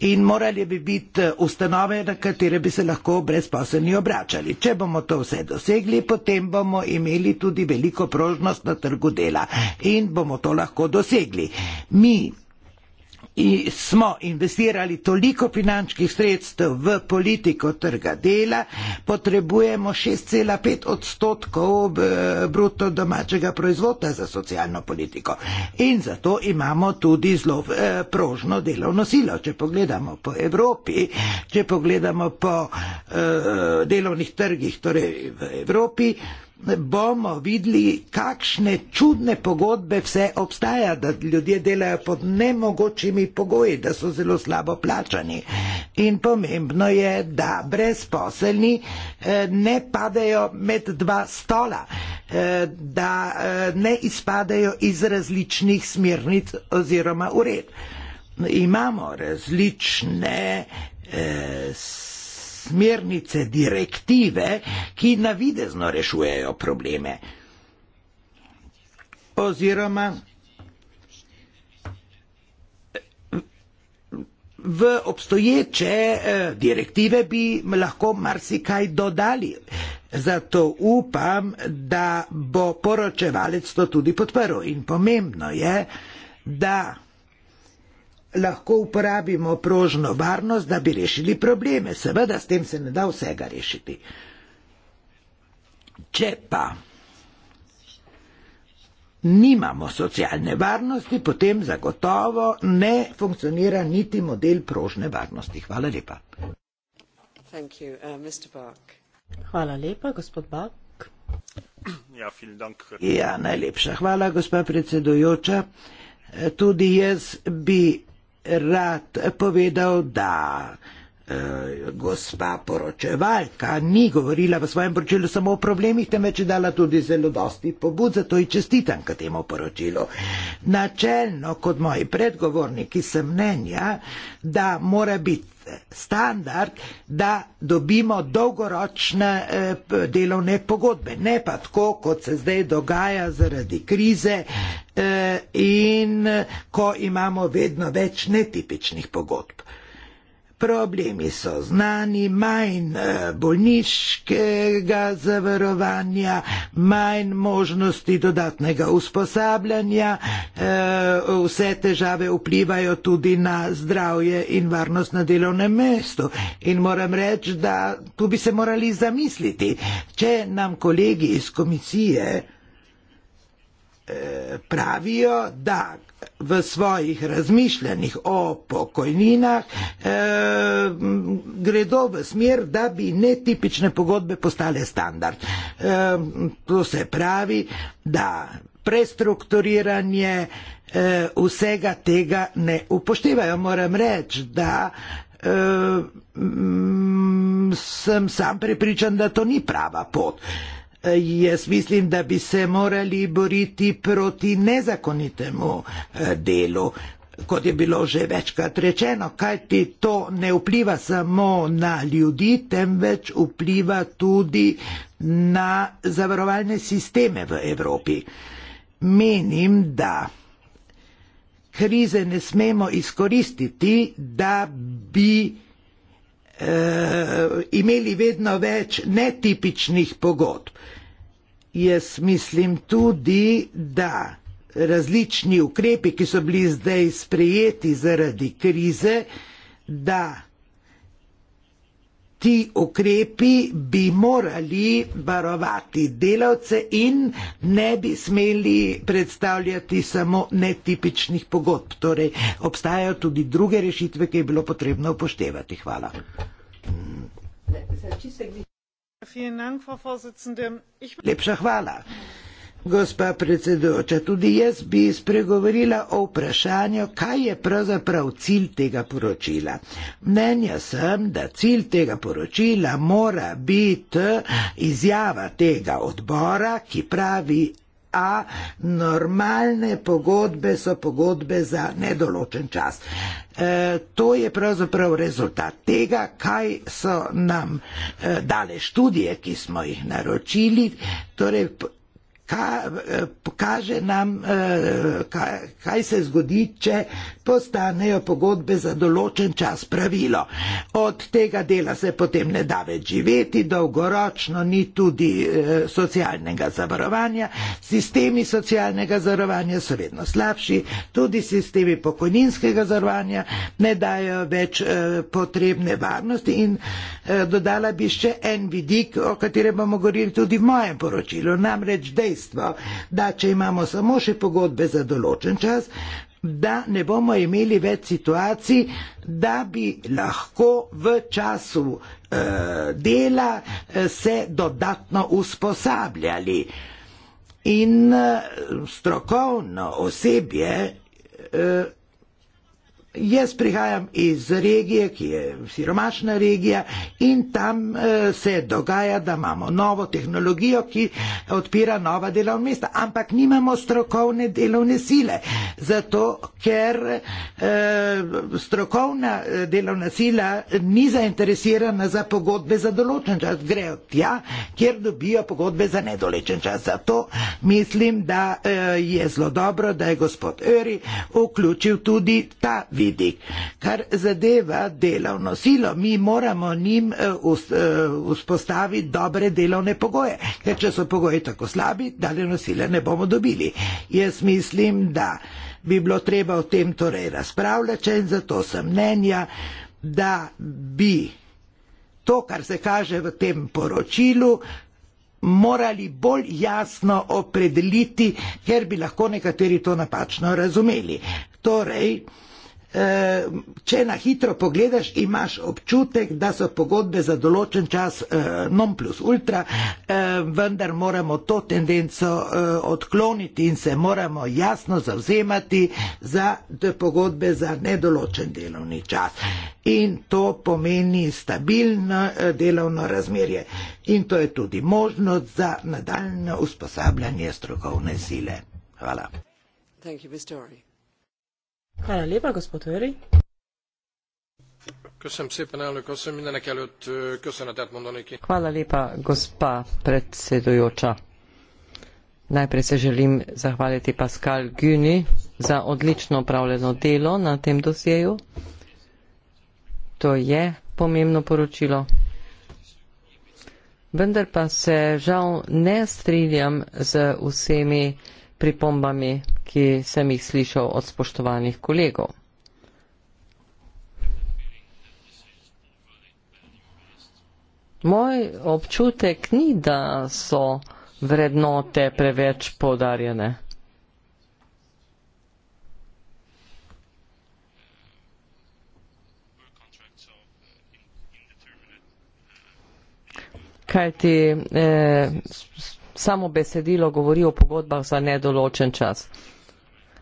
in morali bi biti eh, ustanove, na katere bi se lahko brezposelni obračali. Če bomo to vse dosegli, potem bomo imeli tudi veliko prožnost na trgu dela in bomo to lahko dosegli. Mi smo investirali toliko finančnih sredstev v politiko trga dela, potrebujemo 6,5 odstotkov eh, bruto domačega proizvoda za socialno politiko. In zato imamo tudi zelo eh, prožno delovno silo. Če pogledamo po Evropi, če pogledamo po eh, delovnih trgih, torej v Evropi, bomo videli, kakšne čudne pogodbe vse obstaja, da ljudje delajo pod nemogočimi pogoji, da so zelo slabo plačani. In pomembno je, da brezposelni eh, ne padejo med dva stola, eh, da eh, ne izpadejo iz različnih smernic oziroma ured. Imamo različne eh, smernice, direktive, ki navidezno rešujejo probleme. Oziroma v obstoječe eh, direktive bi lahko marsikaj dodali. Zato upam, da bo poročevalec to tudi podprl. In pomembno je, da lahko uporabimo prožno varnost, da bi rešili probleme. Seveda, s tem se ne da vsega rešiti. Če pa nimamo socialne varnosti, potem zagotovo ne funkcionira niti model prožne varnosti. Hvala lepa. You, uh, hvala lepa, gospod Bak. Ja, ja, najlepša hvala, gospa predsedujoča. Tudi jaz bi rad povedal, da Eh, gospa poročevalka ni govorila v svojem poročilu samo o problemih, temveč je dala tudi zelo dosti pobud, zato ji čestitam k temu poročilu. Načelno, kot moji predgovorniki, sem mnenja, da mora biti standard, da dobimo dolgoročne eh, delovne pogodbe, ne pa tako, kot se zdaj dogaja zaradi krize eh, in ko imamo vedno več netipičnih pogodb problemi so znani, manj eh, bolniškega zavarovanja, manj možnosti dodatnega usposabljanja, eh, vse težave vplivajo tudi na zdravje in varnost na delovnem mestu. In moram reči, da tu bi se morali zamisliti, če nam kolegi iz komisije eh, pravijo, da v svojih razmišljanjih o pokojninah eh, gredo v smer, da bi netipične pogodbe postale standard. Eh, to se pravi, da prestrukturiranje eh, vsega tega ne upoštevajo. Moram reči, da eh, sem sam prepričan, da to ni prava pot. Eh, Jaz mislim, da bi se morali boriti proti nezakonitemu eh, delu, kot je bilo že večkrat rečeno, kajti to ne vpliva samo na ljudi, temveč vpliva tudi na zavarovalne sisteme v Evropi. Menim, da krize ne smemo izkoristiti, da bi uh, imeli vedno več netipičnih pogodb. Jaz mislim tudi, da različni ukrepi, ki so bili zdaj sprejeti zaradi krize, da ti ukrepi bi morali varovati delavce in ne bi smeli predstavljati samo netipičnih pogodb. Torej, obstajajo tudi druge rešitve, ki je bilo potrebno upoštevati. Hvala. Lepša hvala. Gospa predsedujoča, tudi jaz bi spregovorila o vprašanju, kaj je pravzaprav cilj tega poročila. Mnenja sem, da cilj tega poročila mora biti izjava tega odbora, ki pravi, a normalne pogodbe so pogodbe za nedoločen čas. E, to je pravzaprav rezultat tega, kaj so nam e, dale študije, ki smo jih naročili, torej ka, eh, pokaže nam, eh, kaj, kaj se zgodi, če postanejo pogodbe za določen čas pravilo. Od tega dela se potem ne da več živeti, dolgoročno ni tudi eh, socialnega zavarovanja. Sistemi socialnega zavarovanja so vedno slabši, tudi sistemi pokojninskega zavarovanja ne dajo več potrebne varnosti in dodala bi še en vidik, o katerem bomo govorili tudi v mojem poročilu, namreč dejstvo, dejstvo, da če imamo samo še pogodbe za določen čas, da ne bomo imeli več situacij, da bi lahko v času e, dela eh, se dodatno usposabljali. In eh, strokovno osebje. E, Jaz prihajam iz regije, ki je siromašna regija in tam eh, se dogaja, da imamo novo tehnologijo, ki odpira nova delovna mesta, ampak nimamo strokovne delovne sile, zato ker eh, strokovna eh, delovna sila ni zainteresirana za pogodbe za določen čas, grejo tja, kjer dobijo pogodbe za nedolečen čas. Zato mislim, da eh, je zelo dobro, da je gospod Öri vključil tudi ta vid vidik. Kar zadeva delovno silo, mi moramo njim eh, eh, vzpostaviti dobre delovne pogoje, ker če so pogoji tako slabi, delovno sile ne bomo dobili. Jaz mislim, da bi bilo treba o tem torej razpravljati in zato sem mnenja, da bi to, kar se kaže v tem poročilu, morali bolj jasno opredeliti, ker bi lahko nekateri to napačno razumeli. Torej, če na hitro pogledaš, imaš občutek, da so pogodbe za določen čas eh, non plus ultra, eh, vendar moramo to tendenco eh, odkloniti in se moramo jasno zavzemati za pogodbe za nedoločen delovni čas. In to pomeni stabilno delovno razmerje. In to je tudi možnost za nadaljno usposabljanje strokovne sile. Hvala. Thank you, Mr. Ori. Hvala lépa, gospod Őri. Hvala lepa, gospa predsedujoča. Najprej se želim zahvaliti Pascal Güni za odlično upravljeno delo na tem dosjeju. To je pomembno poročilo. Vendar pa se žal ne strinjam z vsemi pripombami, ki sem jih slišal od spoštovanih kolegov. Moj občutek ni, da so vrednote preveč podarjene. Kajti eh, samo besedilo govori o pogodbah za nedoločen čas.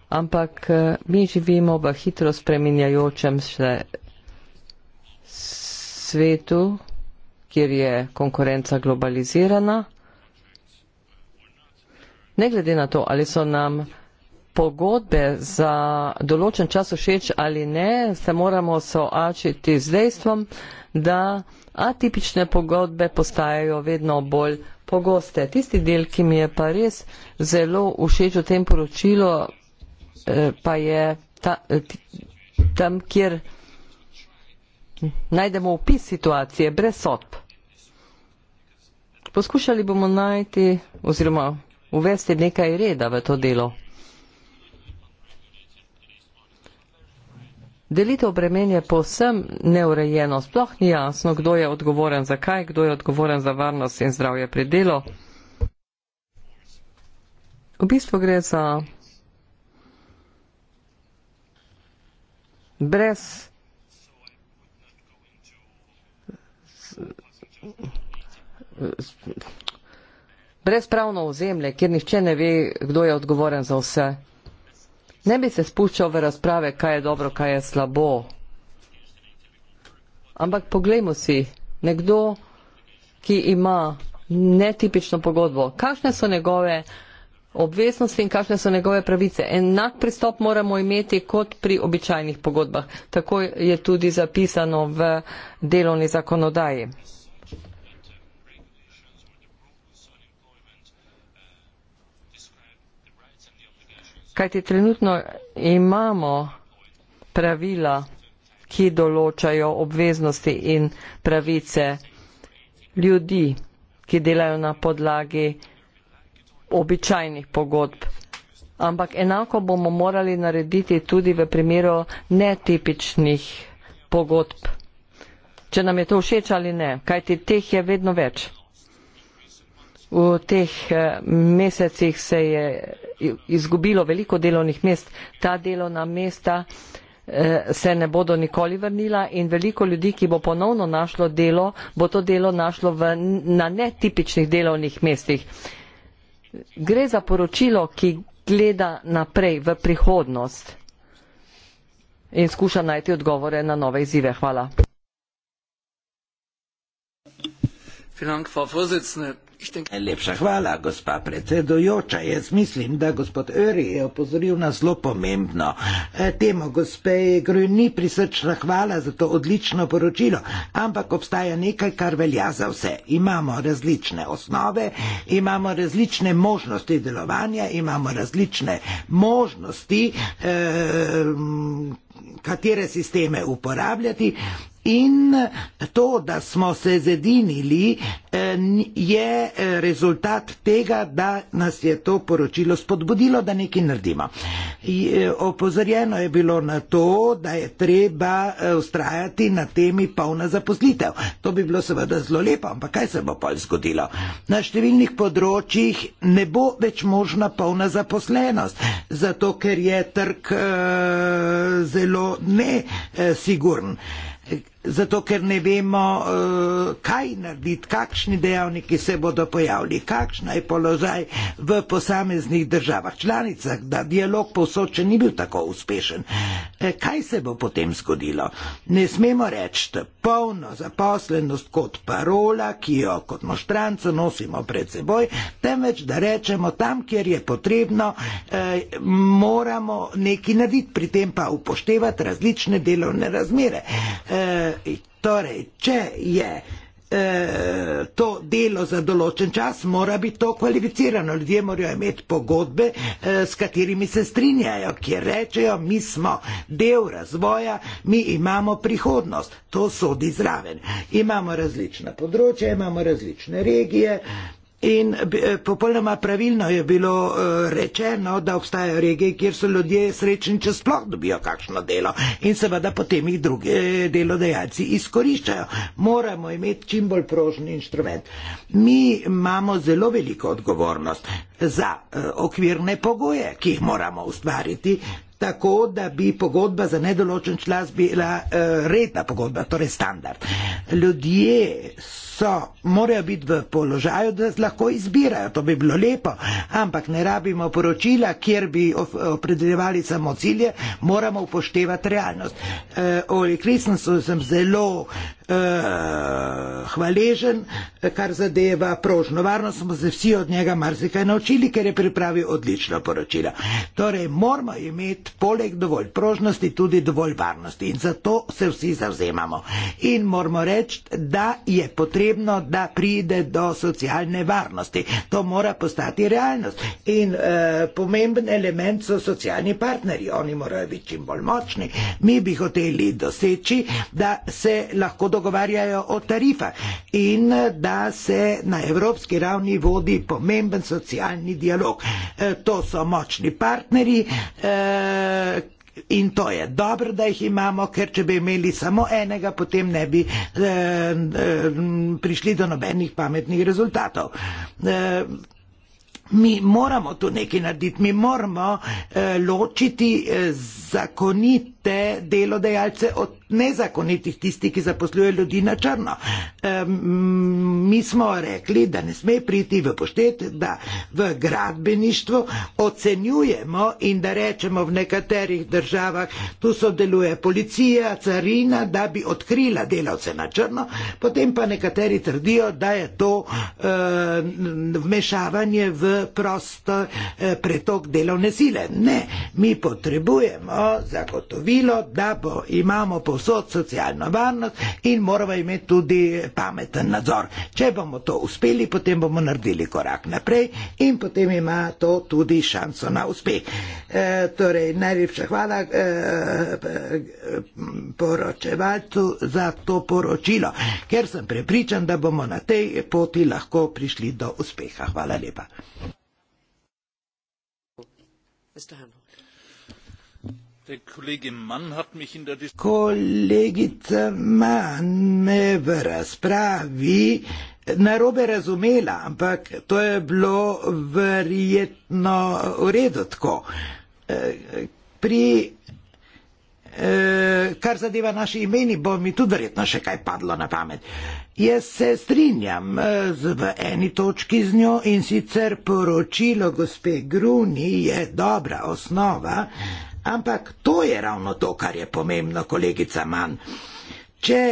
Ampak eh, mi živimo v hitro spreminjajočem se svetu, kjer je konkurenca globalizirana. Ne glede na to, ali so nam pogodbe za določen čas všeč ali ne, se moramo soočiti z dejstvom, da atipične pogodbe postajajo vedno bolj pogoste. Tisti del, ki mi je pa res zelo všeč v tem poročilu, eh, pa je ta, eh, tam, kjer najdemo opis situacije brez sodb. Poskušali bomo najti oziroma uvesti nekaj reda v to delo. Delitev bremen je povsem neurejeno, sploh ni jasno, kdo je odgovoren za kaj, kdo je odgovoren za varnost in zdravje pri delu. V bistvu gre za brez brezpravno ozemlje, kjer nihče ne ve, kdo je odgovoren za vse. Ne bi se spuščal v razprave, kaj je dobro, kaj je slabo. Ampak poglejmo si, nekdo, ki ima netipično pogodbo, kakšne so njegove obveznosti in kakšne so njegove pravice. Enak pristop moramo imeti kot pri običajnih pogodbah. Tako je tudi zapisano v delovni zakonodaji. Kajti trenutno imamo pravila, ki določajo obveznosti in pravice ljudi, ki delajo na podlagi običajnih pogodb. Ampak enako bomo morali narediti tudi v primeru netipičnih pogodb. Če nam je to všeč ali ne, kajti teh je vedno več. V teh eh, mesecih se je izgubilo veliko delovnih mest. Ta delovna mesta eh, se ne bodo nikoli vrnila in veliko ljudi, ki bo ponovno našlo delo, bo to delo našlo v, na netipičnih delovnih mestih. Gre za poročilo, ki gleda naprej v prihodnost in skuša najti odgovore na nove izzive. Hvala. Vielen Dank, Frau Vorsitzende. Najlepša hvala, gospa predsedojoča. Jaz mislim, da gospod Öri je opozoril na zelo pomembno e, temo. Gospe Gruj ni prisrčna hvala za to odlično poročilo, ampak obstaja nekaj, kar velja za vse. Imamo različne osnove, imamo različne možnosti delovanja, imamo različne možnosti, eh, katere sisteme uporabljati. In to, da smo se zedinili, eh, je eh, rezultat tega, da nas je to poročilo spodbudilo, da nekaj naredimo. Eh, opozorjeno je bilo na to, da je treba ustrajati na temi polna zaposlitev. To bi bilo seveda zelo lepo, ampak kaj se bo pol zgodilo? Na številnih področjih ne bo več možna polna zaposlenost, zato ker je trg zelo zelo nesigurn zato ker ne vemo, eh, kaj narediti, kakšni dejavniki se bodo pojavili, kakšna je položaj v posameznih državah, članicah, da dialog povsod še ni bil tako uspešen. Eh, kaj se bo potem zgodilo? Ne smemo reči, da polno zaposlenost kot parola, ki jo kot moštranco nosimo pred seboj, temveč da rečemo tam, kjer je potrebno, eh, moramo nekaj narediti, pri tem pa upoštevati različne delovne razmere. E, torej, če je e, to delo za določen čas, mora biti to kvalificirano. Ljudje morajo imeti pogodbe, e, s katerimi se strinjajo, kjer rečejo, mi smo del razvoja, mi imamo prihodnost. To sodi zraven. Imamo različna področja, imamo različne regije. In eh, popolnoma pravilno je bilo eh, rečeno, da obstajajo regije, kjer so ljudje srečni, če sploh dobijo kakšno delo in seveda potem jih drugi eh, delodajalci izkoriščajo. Moramo imeti čim bolj prožni inštrument. Mi imamo zelo veliko odgovornost za okvirne pogoje, ki jih moramo ustvariti. Tako, da bi pogodba za nedoločen čas bila uh, redna pogodba, torej standard. Ljudje so, morajo biti v položaju, da lahko izbirajo. To bi bilo lepo, ampak ne rabimo poročila, kjer bi opredeljevali samo cilje, moramo upoštevati realnost. E, Oli Kristensen sem zelo uh, hvaležen, eh, kar zadeva prožno varnost, smo se vsi od njega marsikaj naučili, ker je pripravil odlično poročilo. Torej, moramo imeti poleg dovolj prožnosti tudi dovolj varnosti in zato se vsi zavzemamo. In moramo reči, da je potrebno, da pride do socialne varnosti. To mora postati realnost. In uh, pomemben element so socialni partnerji. Oni morajo biti čim bolj močni. Mi bi hoteli doseči, da se lahko dobro dogovarjajo o tarifah in da se na evropski ravni vodi pomemben socialni dialog. E, to so močni partnerji. E, in to je dobro, da jih imamo, ker če bi imeli samo enega, potem ne bi e, e, prišli do nobenih pametnih rezultatov. E, mi moramo tu nekaj narediti, mi moramo e, ločiti e, zakonite delodajalce od nezakonitih, tistih, ki zaposlujejo ljudi na črno. Mi smo rekli, da ne sme priti v poštet, da v gradbeništvu ocenjujemo in da rečemo v nekaterih državah, tu sodeluje policija, carina, da bi odkrila delavce na črno, potem pa nekateri trdijo, da je to vmešavanje v prost eh, pretok delovne sile. Ne, mi potrebujemo zagotovilo, da bo, imamo potrebno povsod socialno varnost in moramo imeti tudi pameten nadzor. Če bomo to uspeli, potem bomo naredili korak naprej in potem ima to tudi šanso na uspeh. E, torej, najlepša hvala e, poročevalcu za to poročilo, ker sem prepričan, da bomo na tej poti lahko prišli do uspeha. Hvala lepa. Mr. Kolegica Mann me v razpravi narobe razumela, ampak to je bilo verjetno v redu tako. Eh, pri, eh, kar zadeva naše imeni, bo mi tudi verjetno še kaj padlo na pamet. Jaz se strinjam eh, v eni točki z njo in sicer poročilo gospe Gruni je dobra osnova, Ampak to je ravno to, kar je pomembno, kolegica Mann. Če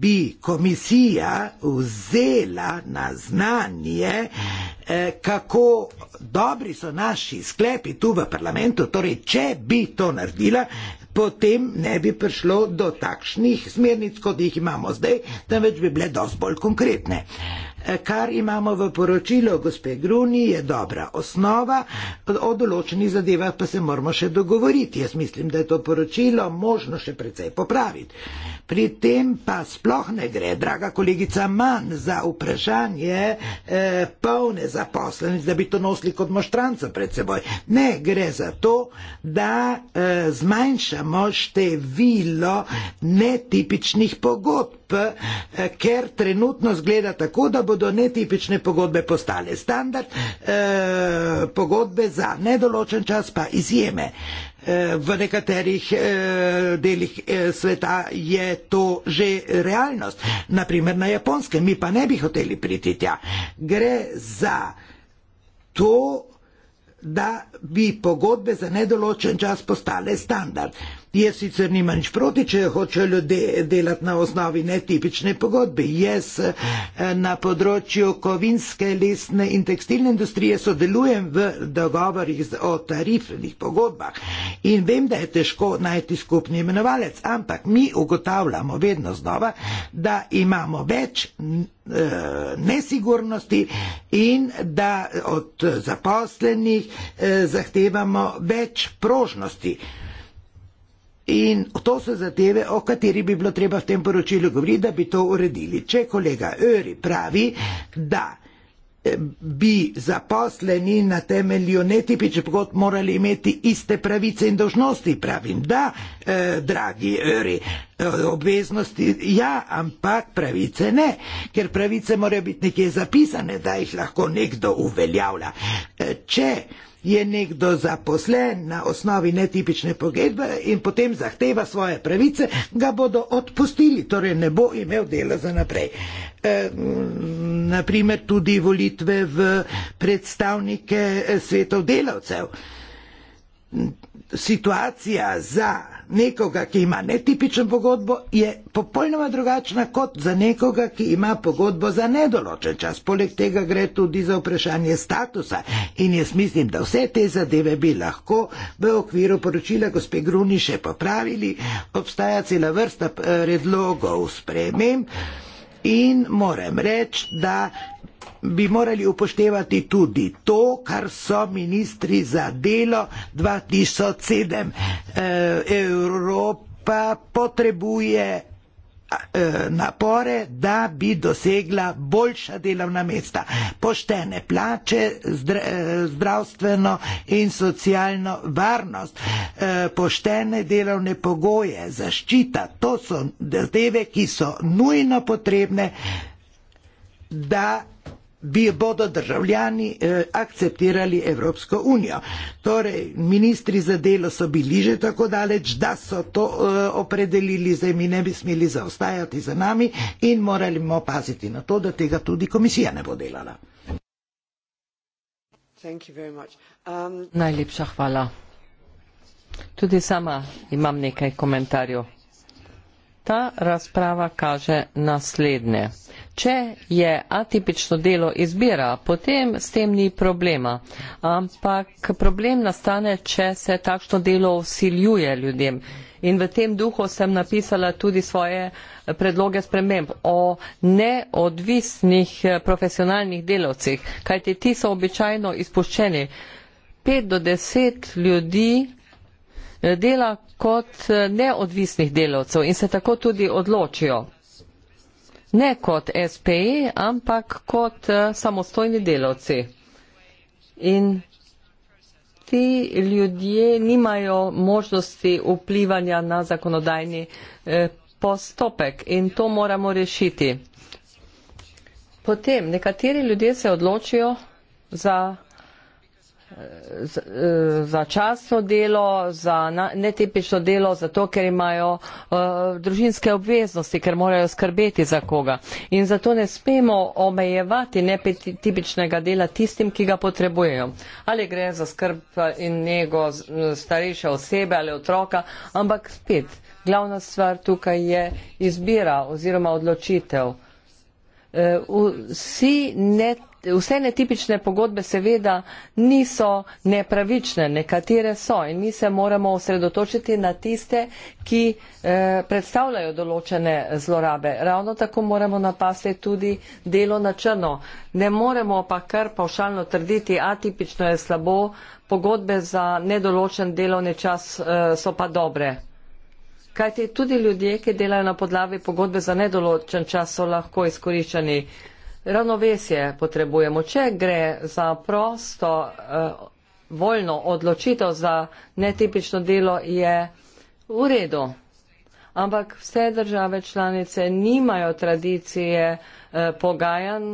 bi komisija vzela na znanje, eh, kako dobri so naši sklepi tu v parlamentu, torej če bi to naredila, potem ne bi prišlo do takšnih smernic, kot jih imamo zdaj, temveč bi bile dosti bolj konkretne kar imamo v poročilu gospe Gruni, je dobra osnova, o določenih zadevah pa se moramo še dogovoriti. Jaz mislim, da je to poročilo možno še precej popraviti. Pri tem pa sploh ne gre, draga kolegica, manj za vprašanje eh, polne zaposlenosti, da bi to nosili kot moštranca pred seboj. Ne gre za to, da eh, zmanjšamo število netipičnih pogodb. NLP, eh, ker trenutno zgleda tako, da bodo netipične pogodbe postale standard, eh, pogodbe za nedoločen čas pa izjeme. Eh, v nekaterih delih sveta je to že realnost, naprimer na japonskem, mi pa ne bi hoteli priti tja. Gre za to, da bi pogodbe za nedoločen čas postale standard. Jaz sicer nimam nič proti, če hočejo ljudje delati na osnovi netipične pogodbe. Jaz eh, na področju kovinske, lesne in tekstilne industrije sodelujem v dogovorih o tarifnih pogodbah in vem, da je težko najti skupni imenovalec, ampak mi ugotavljamo vedno znova, da imamo več eh, nesigurnosti in da od zaposlenih eh, zahtevamo več prožnosti. In to so zadeve, o kateri bi bilo treba v tem poročilu govoriti, da bi to uredili. Če kolega Öri pravi, da eh, bi zaposleni na temelju netipiče pogod morali imeti iste pravice in dožnosti, pravim, da, eh, dragi Öri, eh, obveznosti ja, ampak pravice ne, ker pravice morajo biti nekje zapisane, da jih lahko nekdo uveljavlja. Eh, če je nekdo zaposlen na osnovi netipične pogodbe in potem zahteva svoje pravice, ga bodo odpustili, torej ne bo imel dela za naprej. E, naprimer tudi volitve v predstavnike e, svetov delavcev. Situacija za nekoga, ki ima netipičen pogodbo, je popolnoma drugačna kot za nekoga, ki ima pogodbo za nedoločen čas. Poleg tega gre tudi za vprašanje statusa in jaz mislim, da vse te zadeve bi lahko v okviru poročila gospe Gruni še popravili. Obstaja cela vrsta eh, predlogov sprememb in moram reči, da bi morali upoštevati tudi to, kar so ministri za delo 2007. Eh, Evropa potrebuje eh, napore, da bi dosegla boljša delovna mesta, poštene plače, eh, zdravstveno in socialno varnost, poštene delovne pogoje, zaščita, to so zadeve, ki so nujno potrebne, da bi bodo državljani eh, akceptirali Evropsko unijo. Torej, ministri za delo so bili že tako daleč, da so to eh, opredelili, zdaj mi ne bi smeli zaostajati za nami in morali bomo paziti na to, da tega tudi komisija ne bo delala. Um... Najlepša hvala. Tudi sama imam nekaj komentarjev. Ta razprava kaže naslednje. Če je atipično delo izbira, potem s tem ni problema. Ampak problem nastane, če se takšno delo usiljuje ljudem. In v tem duhu sem napisala tudi svoje predloge sprememb o neodvisnih eh, profesionalnih delovcih, kajte ti so običajno izpuščeni. Pet do deset ljudi eh, dela kot eh, neodvisnih delovcev in se tako tudi odločijo ne kot SPE, ampak kot eh, samostojni delavci. In ti ljudje nimajo možnosti vplivanja na zakonodajni eh, postopek in to moramo rešiti. Potem nekateri ljudje se odločijo za Eh, za časno delo, za netipično delo, zato ker imajo uh, družinske obveznosti, ker morajo skrbeti za koga. In zato ne smemo omejevati netipičnega dela tistim, ki ga potrebujejo. Ali gre za skrb in njego eh, starejše osebe ali otroka, ampak spet, glavna stvar tukaj je izbira oziroma odločitev. Eh, vsi ne, vse netipične pogodbe seveda niso nepravične, nekatere so in mi se moramo osredotočiti na tiste, ki eh, predstavljajo določene zlorabe. Ravno tako moramo napasti tudi delo na črno. Ne moremo pa kar pavšalno trditi, atipično je slabo, pogodbe za nedoločen delovni čas eh, so pa dobre kajti tudi ljudje, ki delajo na podlavi pogodbe za nedoločen čas, so lahko izkoriščani. Ravnovesje potrebujemo. Če gre za prosto, eh, voljno odločitev za netipično delo, je v redu. Ampak vse države članice nimajo tradicije eh, pogajan,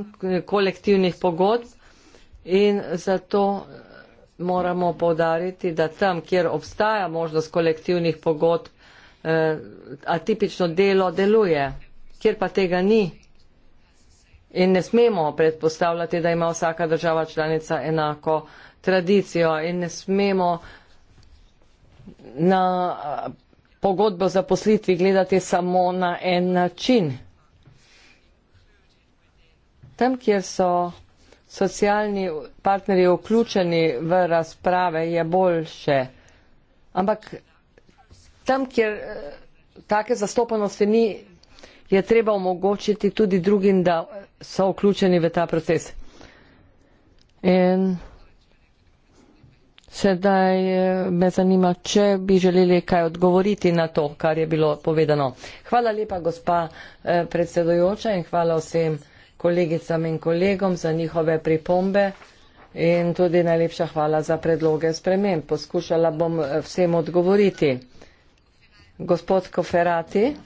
kolektivnih pogodb in zato moramo povdariti, da tam, kjer obstaja možnost kolektivnih pogodb, Eh, atipično delo deluje, kjer pa tega ni. In ne smemo predpostavljati, da ima vsaka država članica enako tradicijo in ne smemo na eh, pogodbo za poslitvi gledati samo na en način. Tam, kjer so socialni partnerji vključeni v razprave, je boljše. Ampak tam, kjer eh, take zastopanosti ni, je treba omogočiti tudi drugim, da eh, so vključeni v ta proces. In sedaj eh, me zanima, če bi želeli kaj odgovoriti na to, kar je bilo povedano. Hvala lepa, gospa predsedojoča in hvala vsem kolegicam in kolegom za njihove pripombe in tudi najlepša hvala za predloge spremen. Poskušala bom vsem odgovoriti gospod Koferati,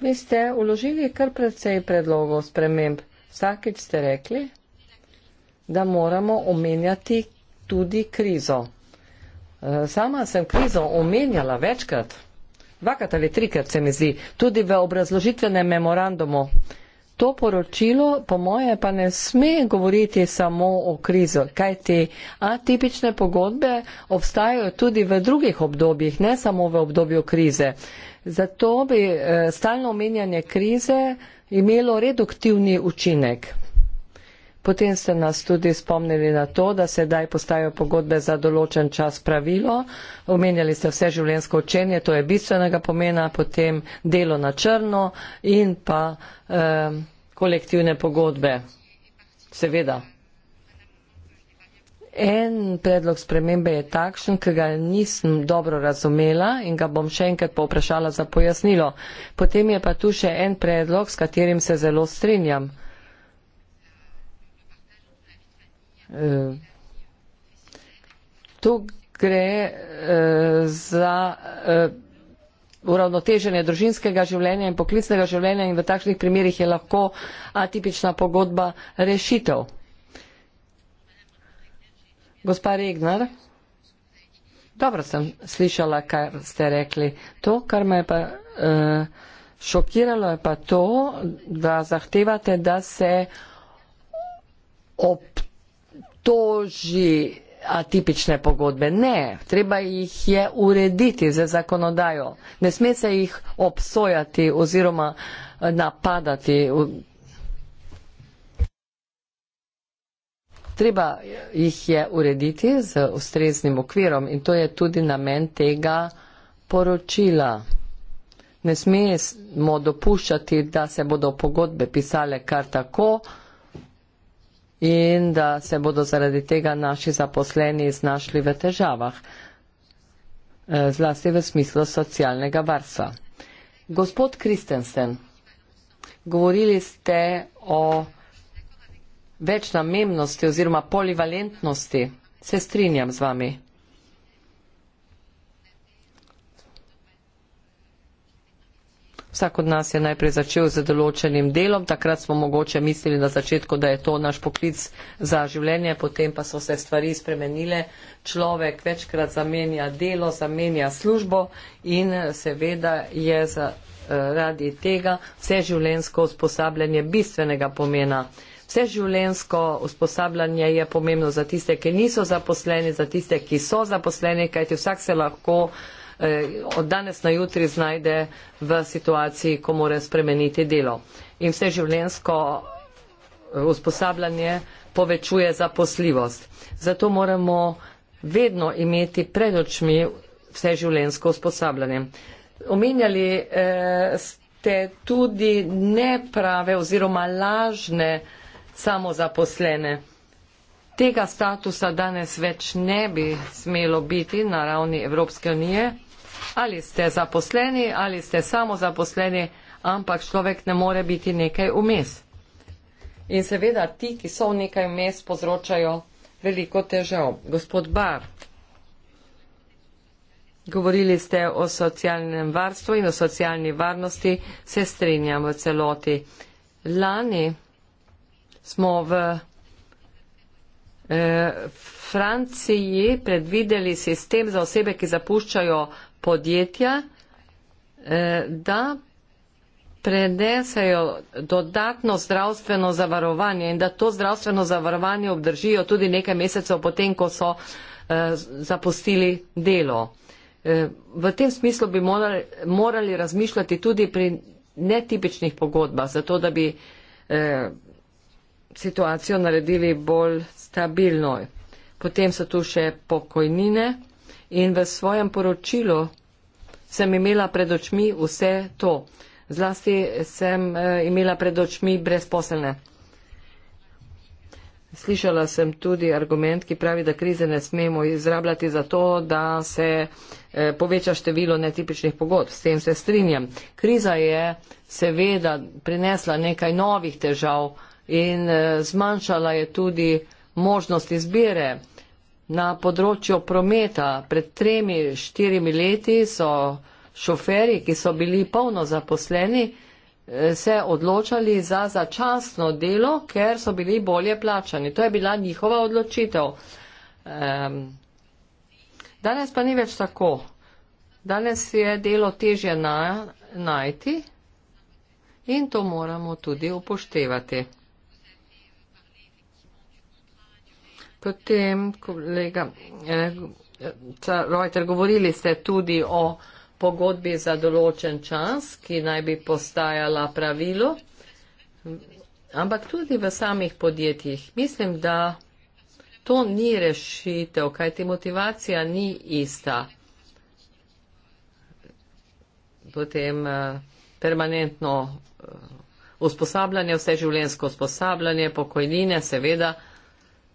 vi ste uložili kar predvsej predlogov sprememb. Vsakič ste rekli, da moramo omenjati tudi krizo. E, sama sem krizo omenjala večkrat, dvakrat ali trikrat se mi zdi, tudi v obrazložitvenem memorandumu to poročilo, po moje, pa ne sme govoriti samo o krizo, kajti atipične pogodbe obstajajo tudi v drugih obdobjih, ne samo v obdobju krize. Zato bi eh, stalno omenjanje krize imelo reduktivni učinek. Potem ste nas tudi spomnili na to, da se daj postajo pogodbe za določen čas pravilo. Omenjali ste vse življenjsko učenje, to je bistvenega pomena, potem delo na črno in pa eh, kolektivne pogodbe. Seveda. En predlog spremembe je takšen, ki ga nisem dobro razumela in ga bom še enkrat povprašala za pojasnilo. Potem je pa tu še en predlog, s katerim se zelo strinjam. Eh, tu gre eh, za eh, uravnoteženje družinskega življenja in poklicnega življenja in v takšnih primerjih je lahko atipična pogodba rešitev. Gospa Regnar, dobro sem slišala, kar ste rekli. To, kar me je pa šokiralo, je pa to, da zahtevate, da se ob toži atipične pogodbe. Ne, treba jih je urediti za zakonodajo. Ne sme se jih obsojati oziroma eh, napadati. Treba jih je urediti z ustreznim okvirom in to je tudi namen tega poročila. Ne smemo dopuščati, da se bodo pogodbe pisale kar tako, in da se bodo zaradi tega naši zaposleni znašli v težavah, eh, zlasti v smislu socialnega varstva. Gospod Kristensen, govorili ste o večnamemnosti oziroma polivalentnosti. Se strinjam z vami. Vsak od nas je najprej začel z določenim delom, takrat smo mogoče mislili na začetku, da je to naš poklic za življenje, potem pa so se stvari spremenile. Človek večkrat zamenja delo, zamenja službo in seveda je zaradi eh, tega vse življensko usposabljanje bistvenega pomena. Vse življensko usposabljanje je pomembno za tiste, ki niso zaposleni, za tiste, ki so zaposleni, kajti vsak se lahko Eh, od danes na jutri znajde v situaciji, ko mora spremeniti delo. In vse življensko eh, usposabljanje povečuje zaposljivost. Zato moramo vedno imeti pred očmi vse življensko usposabljanje. Omenjali eh, ste tudi neprave oziroma lažne samozaposlene. Tega statusa danes več ne bi smelo biti na ravni Evropske unije ali ste zaposleni, ali ste samo zaposleni, ampak človek ne more biti nekaj vmes. In seveda ti, ki so v nekaj vmes, povzročajo veliko težav. Gospod Bar, govorili ste o socialnem varstvu in o socialni varnosti, se strinjam v celoti. Lani smo v eh, Franciji predvideli sistem za osebe, ki zapuščajo podjetja, eh, da prenesejo dodatno zdravstveno zavarovanje in da to zdravstveno zavarovanje obdržijo tudi nekaj mesecev potem, ko so eh, zapustili delo. Eh, v tem smislu bi morali, morali razmišljati tudi pri netipičnih pogodbah, zato da bi eh, situacijo naredili bolj stabilno. Potem so tu še pokojnine in v svojem poročilu sem imela pred očmi vse to. Zlasti sem eh, imela pred očmi brezposelne. Slišala sem tudi argument, ki pravi, da krize ne smemo izrabljati za to, da se eh, poveča število netipičnih pogodb. S tem se strinjam. Kriza je seveda prinesla nekaj novih težav in eh, zmanjšala je tudi možnost izbire. Na področju prometa pred tremi, štirimi leti so šoferi, ki so bili polno zaposleni, eh, se odločali za začasno delo, ker so bili bolje plačani. To je bila njihova odločitev. Danes pa ni več tako. Danes je delo težje na, najti in to moramo tudi upoštevati. Potem, kolega eh, Reuter, govorili ste tudi o pogodbi za določen čas, ki naj bi postajala pravilo, ampak tudi v samih podjetjih. Mislim, da to ni rešitev, kajti motivacija ni ista. Potem eh, permanentno eh, usposabljanje, vse življensko usposabljanje, pokojnine, seveda.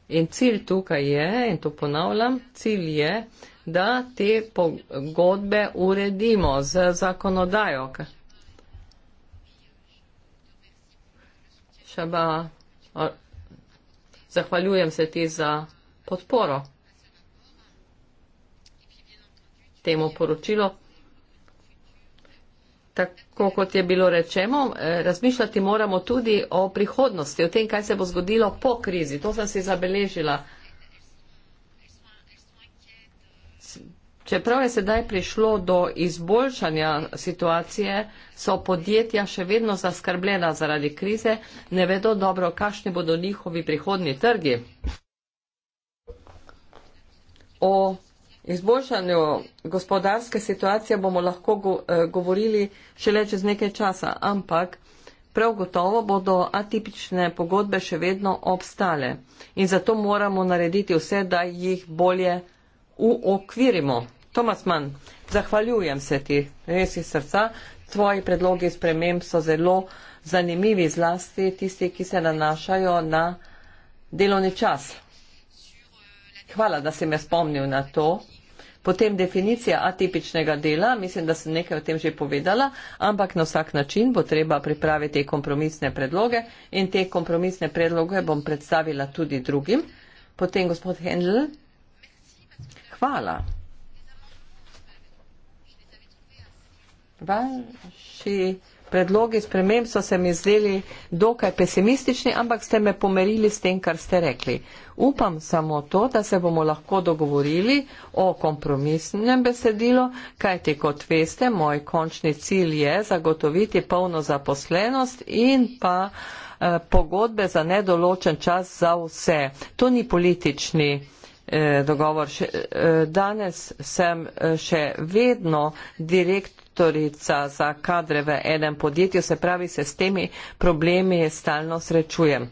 In cilj tukaj je, in to ponavljam, cilj je, da te pogodbe uredimo z zakonodajo. Še pa zahvaljujem se ti za podporo temu poročilu tako kot je bilo rečeno, eh, razmišljati moramo tudi o prihodnosti, o tem, kaj se bo zgodilo po krizi. To sem si zabeležila. Čeprav je sedaj prišlo do izboljšanja situacije, so podjetja še vedno zaskrbljena zaradi krize, ne vedo dobro, kakšni bodo njihovi prihodni trgi. O izboljšanju gospodarske situacije bomo lahko eh, govorili šele čez nekaj časa, ampak prav gotovo bodo atipične pogodbe še vedno obstale in zato moramo narediti vse, da jih bolje uokvirimo. Tomas Mann, zahvaljujem se ti res iz srca. Tvoji predlogi sprememb so zelo zanimivi, zlasti tisti, ki se nanašajo na delovni čas. Hvala, da si me spomnil na to. Potem definicija atipičnega dela, mislim, da sem nekaj o tem že povedala, ampak na vsak način bo treba pripraviti kompromisne predloge in te kompromisne predloge bom predstavila tudi drugim. Potem gospod Hendl. Hvala. Vaši predlogi sprememb so se mi zdeli dokaj pesimistični, ampak ste me pomerili s tem, kar ste rekli. Upam samo to, da se bomo lahko dogovorili o kompromisnem besedilu, kajte kot veste, moj končni cilj je zagotoviti polno zaposlenost in pa eh, pogodbe za nedoločen čas za vse. To ni politični eh, dogovor. Še, eh, danes sem eh, še vedno direktor direktorica za kadre v enem podjetju, se pravi, se s temi problemi stalno srečujem.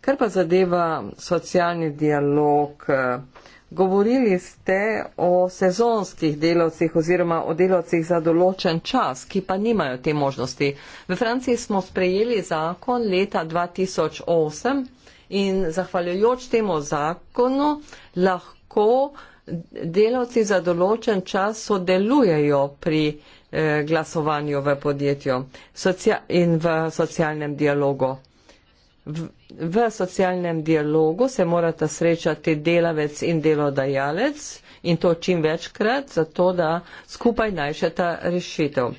Kar pa zadeva socialni dialog, eh, govorili ste o sezonskih delavcih oziroma o delavcih za določen čas, ki pa nimajo te možnosti. V Franciji smo sprejeli zakon leta 2008 in zahvaljujoč temu zakonu lahko delavci za določen čas sodelujejo pri eh, glasovanju v podjetju Socia in v socialnem dialogu. V, v socialnem dialogu se morata srečati delavec in delodajalec in to čim večkrat, zato da skupaj najšeta rešitev.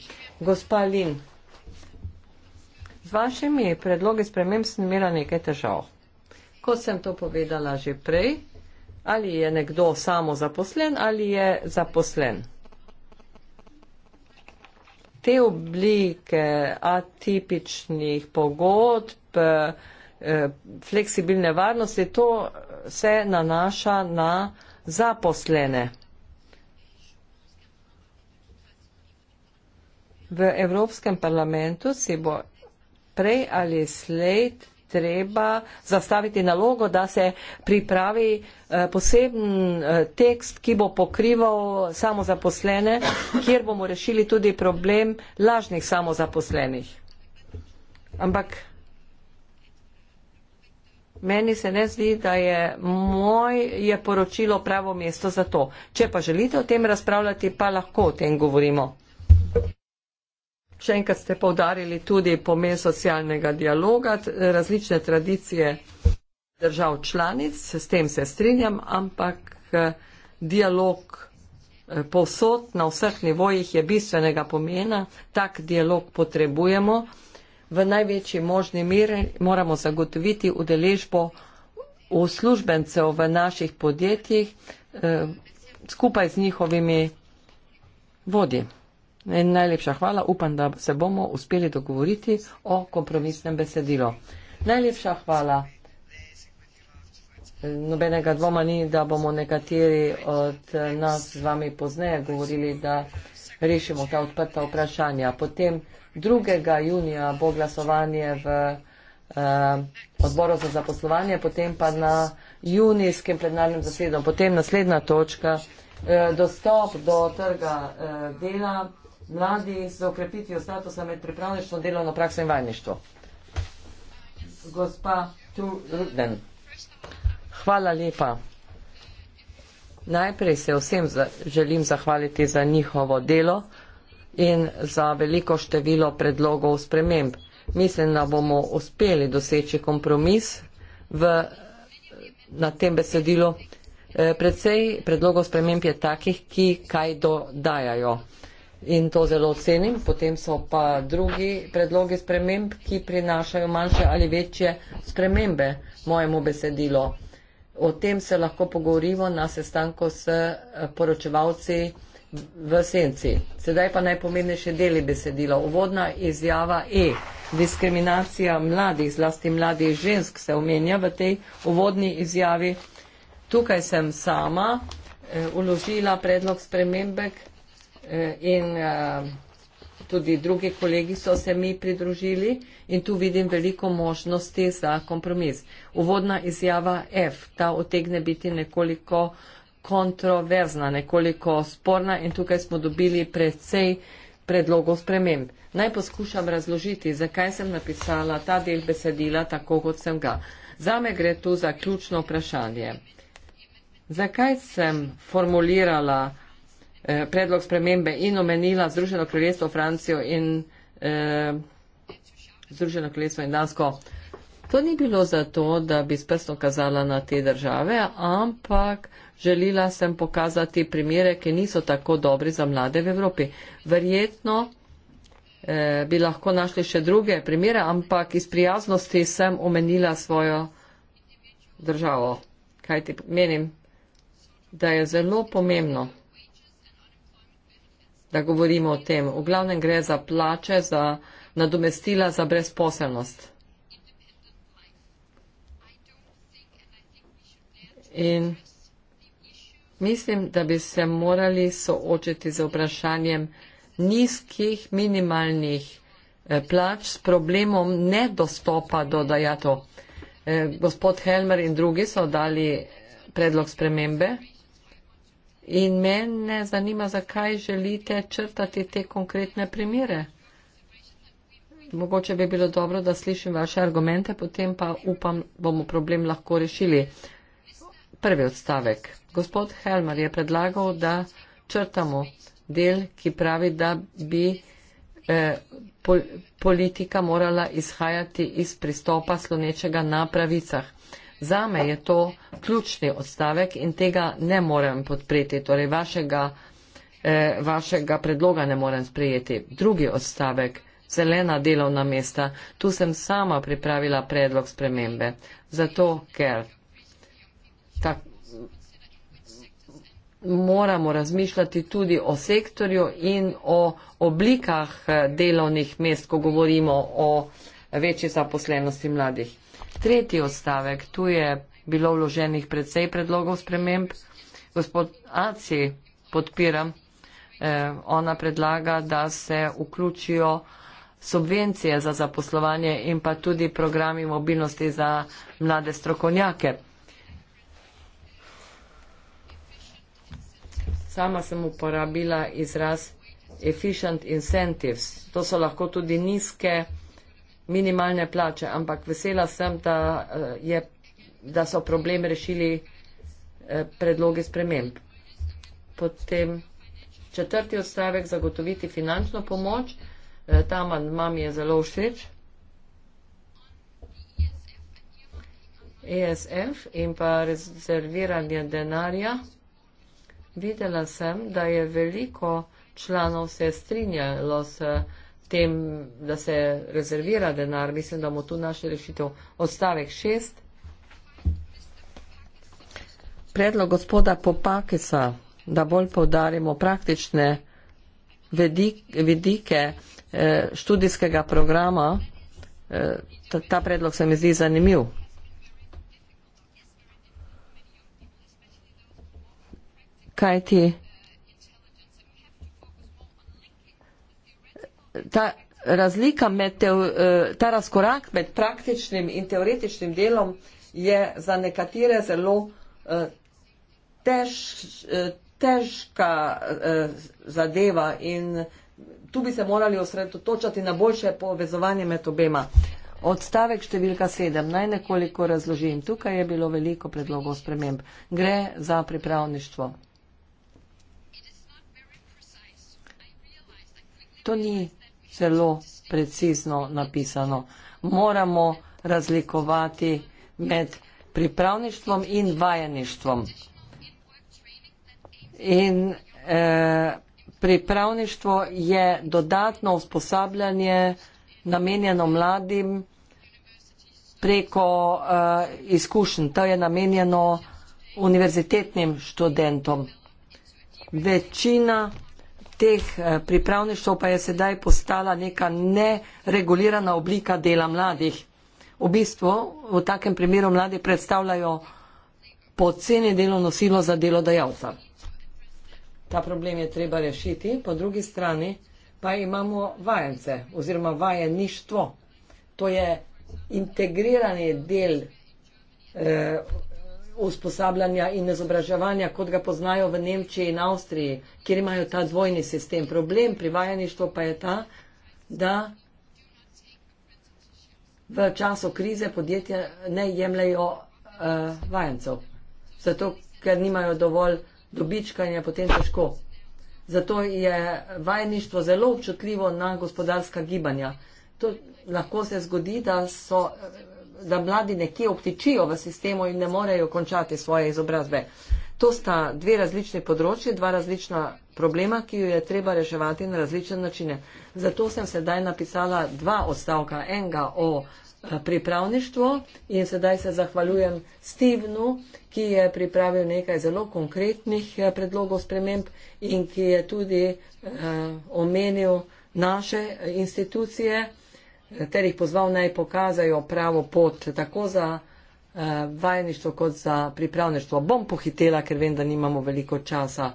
Gospa Lin, z vašimi predlogi spremem sem imela nekaj težav. Ko sem to povedala že prej, ali je nekdo samozaposlen ali je zaposlen. Te oblike atipičnih pogodb, eh, fleksibilne varnosti, to se nanaša na zaposlene. V Evropskem parlamentu si bo prej ali slej treba zastaviti nalogo, da se pripravi eh, poseben eh, tekst, ki bo pokrival samozaposlene, kjer bomo rešili tudi problem lažnih samozaposlenih. Ampak meni se ne zdi, da je moje poročilo pravo mesto za to. Če pa želite o tem razpravljati, pa lahko o tem govorimo. Še enkrat ste povdarili tudi pomen socialnega dialoga, različne tradicije držav članic, s tem se strinjam, ampak eh, dialog eh, povsod na vseh nivojih je bistvenega pomena, tak dialog potrebujemo. V največji možni meri moramo zagotoviti udeležbo uslužbencev v naših podjetjih eh, skupaj z njihovimi vodji. In najlepša hvala, upam, da se bomo uspeli dogovoriti o kompromisnem besedilu. Najlepša hvala. Nobenega dvoma ni, da bomo nekateri od nas z vami pozneje govorili, da rešimo ta odprta vprašanja. Potem 2. junija bo glasovanje v eh, odboru za zaposlovanje, potem pa na junijskem plenarnem zasedom, potem naslednja točka, eh, dostop do trga eh, dela mladi z okrepitvijo statusa med pripravništvo, delovno prakso in vajništvo. Gospa Tu Ruden. Hvala lepa. Najprej se vsem za, želim zahvaliti za njihovo delo in za veliko število predlogov sprememb. Mislim, da bomo uspeli doseči kompromis v, na tem besedilu. Eh, Predvsej predlogov sprememb je takih, ki kaj dodajajo in to zelo cenim. Potem so pa drugi predlogi sprememb, ki prinašajo manjše ali večje spremembe mojemu besedilo. O tem se lahko pogovorimo na sestanku s eh, poročevalci v senci. Sedaj pa najpomembnejše deli besedila. Uvodna izjava E. Diskriminacija mladih, zlasti mladih žensk se omenja v tej uvodni izjavi. Tukaj sem sama uložila eh, predlog spremembek Eh, in eh, tudi drugi kolegi so se mi pridružili in tu vidim veliko možnosti za kompromis. Uvodna izjava F, ta otegne biti nekoliko kontroverzna, nekoliko sporna in tukaj smo dobili predvsej predlogov sprememb. Naj poskušam razložiti, zakaj sem napisala ta del besedila tako, kot sem ga. Zame gre tu za ključno vprašanje. Zakaj sem formulirala vprašanje? eh, predlog spremembe in omenila Združeno kraljestvo Francijo in eh, Združeno kraljestvo in Dansko. To ni bilo zato, da bi s prstom kazala na te države, ampak želila sem pokazati primere, ki niso tako dobri za mlade v Evropi. Verjetno eh, bi lahko našli še druge primere, ampak iz prijaznosti sem omenila svojo državo. Kaj ti menim, da je zelo pomembno da govorimo o tem. V glavnem gre za plače, za nadomestila, za brezposelnost. In mislim, da bi se morali soočiti z vprašanjem nizkih minimalnih eh, plač s problemom nedostopa do dajato. Eh, gospod Helmer in drugi so dali eh, predlog spremembe. In mene zanima, zakaj želite črtati te konkretne primere. Mogoče bi bilo dobro, da slišim vaše argumente, potem pa upam, bomo problem lahko rešili. Prvi odstavek. Gospod Helmer je predlagal, da črtamo del, ki pravi, da bi eh, politika morala izhajati iz pristopa slonečega na pravicah. Zame je to ključni odstavek in tega ne morem podpreti, torej vašega, eh, vašega predloga ne morem sprejeti. Drugi odstavek, zelena delovna mesta, tu sem sama pripravila predlog spremembe, zato ker tak, moramo razmišljati tudi o sektorju in o oblikah eh, delovnih mest, ko govorimo o večji zaposlenosti mladih tretji odstavek, tu je bilo vloženih predvsej predlogov sprememb. Gospod Aci podpiram, eh, ona predlaga, da se vključijo subvencije za zaposlovanje in pa tudi programi mobilnosti za mlade strokovnjake. Sama sem uporabila izraz efficient incentives. To so lahko tudi nizke minimalne plače, ampak vesela sem, da, uh, je, da so problem rešili uh, predlogi sprememb. Potem četrti odstavek, zagotoviti finančno pomoč. Uh, ta mandma mi je zelo všeč. ESF in pa rezerviranje denarja. Videla sem, da je veliko članov se strinjalo s uh, tem, da se rezervira denar, mislim, da bomo tu našli rešitev. Odstavek šest. Predlog gospoda Popakisa, da bolj povdarimo praktične vedike, vedike eh, študijskega programa, eh, ta, ta predlog se mi zdi zanimiv. Kaj ti? ta razlika med teo, e, ta razkorak med praktičnim in teoretičnim delom je za nekatere zelo e, tež, e, težka zadeva in tu bi se morali osredotočati na boljše povezovanje med obema. Odstavek številka sedem naj nekoliko razložim. Tukaj je bilo veliko predlogov sprememb. Gre za pripravništvo. To ni zelo precizno napisano. Moramo razlikovati med pripravništvom in vajeništvom. In eh, pripravništvo je dodatno usposabljanje namenjeno mladim preko eh, izkušenj. To je namenjeno univerzitetnim študentom. Večina teh eh, pripravništev pa je sedaj postala neka neregulirana oblika dela mladih. V bistvu v takem primeru mladi predstavljajo poceni delovno silo za delodajalca. Ta problem je treba rešiti, po drugi strani pa imamo vajence oziroma vajeništvo. To je integrirani del eh, usposabljanja in izobraževanja, kot ga poznajo v Nemčiji in Avstriji, kjer imajo ta dvojni sistem. Problem pri vajeništvu pa je ta, da v času krize podjetja ne jemljajo uh, vajencev, zato ker nimajo dovolj dobička in je potem težko. Zato je vajeništvo zelo občutljivo na gospodarska gibanja. To lahko se zgodi, da so. Uh, da mladi nekje obtičijo v sistemu in ne morejo končati svoje izobrazbe. To sta dve različni področji, dva različna problema, ki jo je treba reševati na različne načine. Zato sem sedaj napisala dva odstavka, enega o eh, pripravništvu in sedaj se zahvaljujem Stevenu, ki je pripravil nekaj zelo konkretnih eh, predlogov sprememb in ki je tudi eh, omenil naše institucije ter jih pozval naj pokazajo pravo pot, tako za eh, vajeništvo, kot za pripravništvo. Bom pohitela, ker vem, da nimamo veliko časa.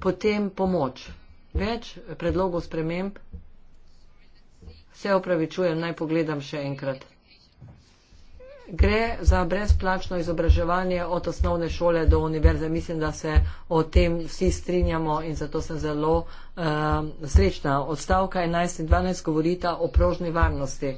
Potem pomoč. Več predlogov sprememb. Se opravičujem, naj pogledam še enkrat gre za brezplačno izobraževanje od osnovne šole do univerze. Mislim, da se o tem vsi strinjamo in zato sem zelo uh, srečna. Odstavka 11 in 12 govorita o prožni varnosti.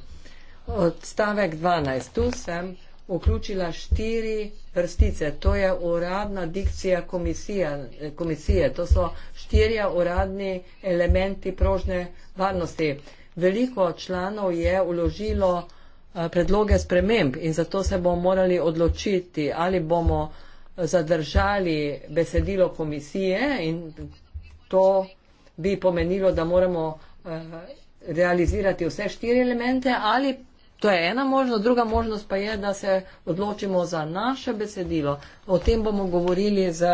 Odstavek 12. Tu sem vključila štiri vrstice. To je uradna dikcija komisija, komisije. To so štiri uradni elementi prožne varnosti. Veliko članov je uložilo Eh, predloge sprememb in zato se bomo morali odločiti, ali bomo zadržali besedilo komisije in to bi pomenilo, da moramo eh, realizirati vse štiri elemente ali To je ena možnost, druga možnost pa je, da se odločimo za naše besedilo. O tem bomo govorili z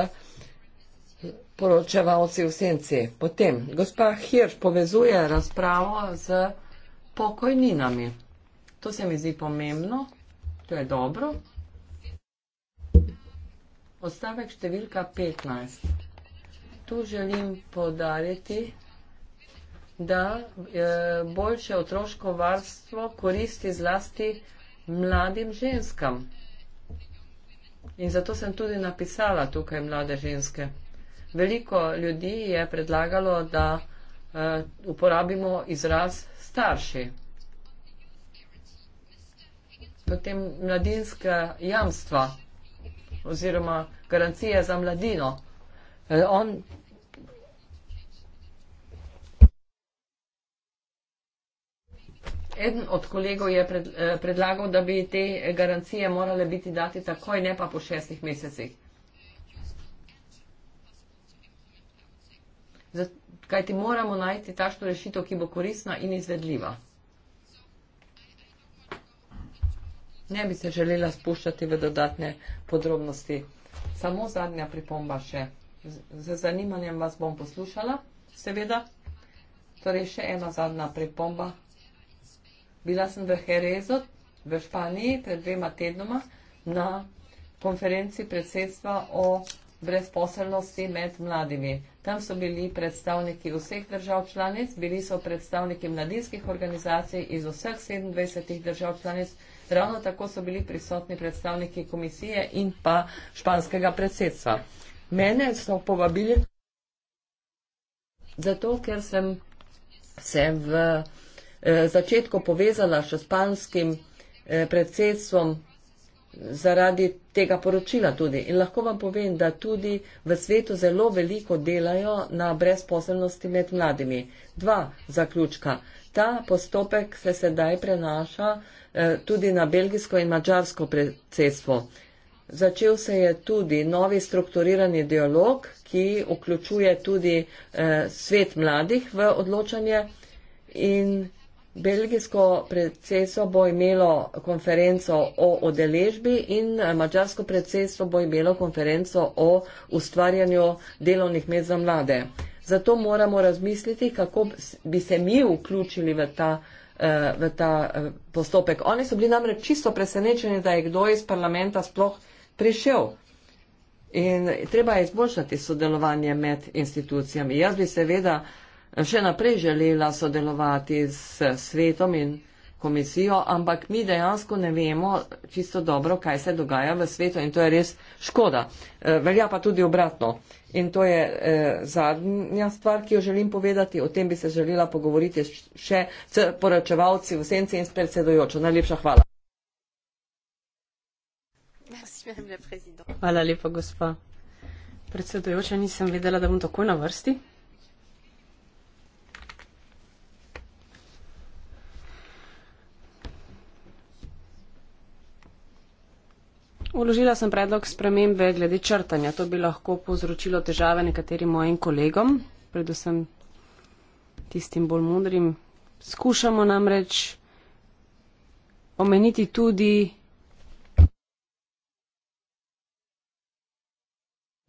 poročevalci v senci. Potem, gospa Hirš povezuje razpravo z pokojninami. To se mi zdi pomembno, to je dobro. Odstavek številka 15. Tu želim podariti, da e, boljše otroško varstvo koristi zlasti mladim ženskam. In zato sem tudi napisala tukaj mlade ženske. Veliko ljudi je predlagalo, da e, uporabimo izraz starši potem mladinska jamstva oziroma garancije za mladino. E, on Eden od kolegov je e, predlagal, da bi te garancije morale biti dati takoj, ne pa po šestih mesecih. Kaj ti moramo najti takšno rešitev, ki bo korisna in izvedljiva. ne bi se želela spuščati v dodatne podrobnosti. Samo zadnja pripomba še. Z zanimanjem vas bom poslušala, seveda. Torej, še ena zadnja pripomba. Bila sem v Herezu, v Španiji, pred dvema tednoma na konferenci predsedstva o brezposelnosti med mladimi. Tam so bili predstavniki vseh držav članic, bili so predstavniki mladinskih organizacij iz vseh 27 držav članic. Ravno tako so bili prisotni predstavniki komisije in pa španskega predsedstva. Mene so povabili zato, ker sem se v eh, začetku povezala še španskim eh, predsedstvom zaradi tega poročila tudi. In lahko vam povem, da tudi v svetu zelo veliko delajo na brezposobnosti med mladimi. Dva zaključka. Ta postopek se sedaj prenaša eh, tudi na belgijsko in mačarsko predsedstvo. Začel se je tudi novi strukturirani dialog, ki vključuje tudi eh, svet mladih v odločanje in belgijsko predsedstvo bo imelo konferenco o odeležbi in eh, mačarsko predsedstvo bo imelo konferenco o ustvarjanju delovnih mest za mlade. Zato moramo razmisliti, kako bi se mi vključili v ta, eh, v ta eh, postopek. Oni so bili namreč čisto presenečeni, da je kdo iz parlamenta sploh prišel. In treba je izboljšati sodelovanje med institucijami. Jaz bi seveda še naprej želela sodelovati s svetom in komisijo, ampak mi dejansko ne vemo čisto dobro, kaj se dogaja v svetu in to je res škoda. E, velja pa tudi obratno. In to je e, zadnja stvar, ki jo želim povedati. O tem bi se želela pogovoriti še s poročevalci v senci in s predsedojočo. Najlepša hvala. Hvala lepa, gospa. Predsedujoča, nisem vedela, da bom tako na vrsti. Uložila sem predlog spremembe glede črtanja. To bi lahko povzročilo težave nekaterim mojim kolegom, predvsem tistim bolj modrim. Skušamo namreč omeniti tudi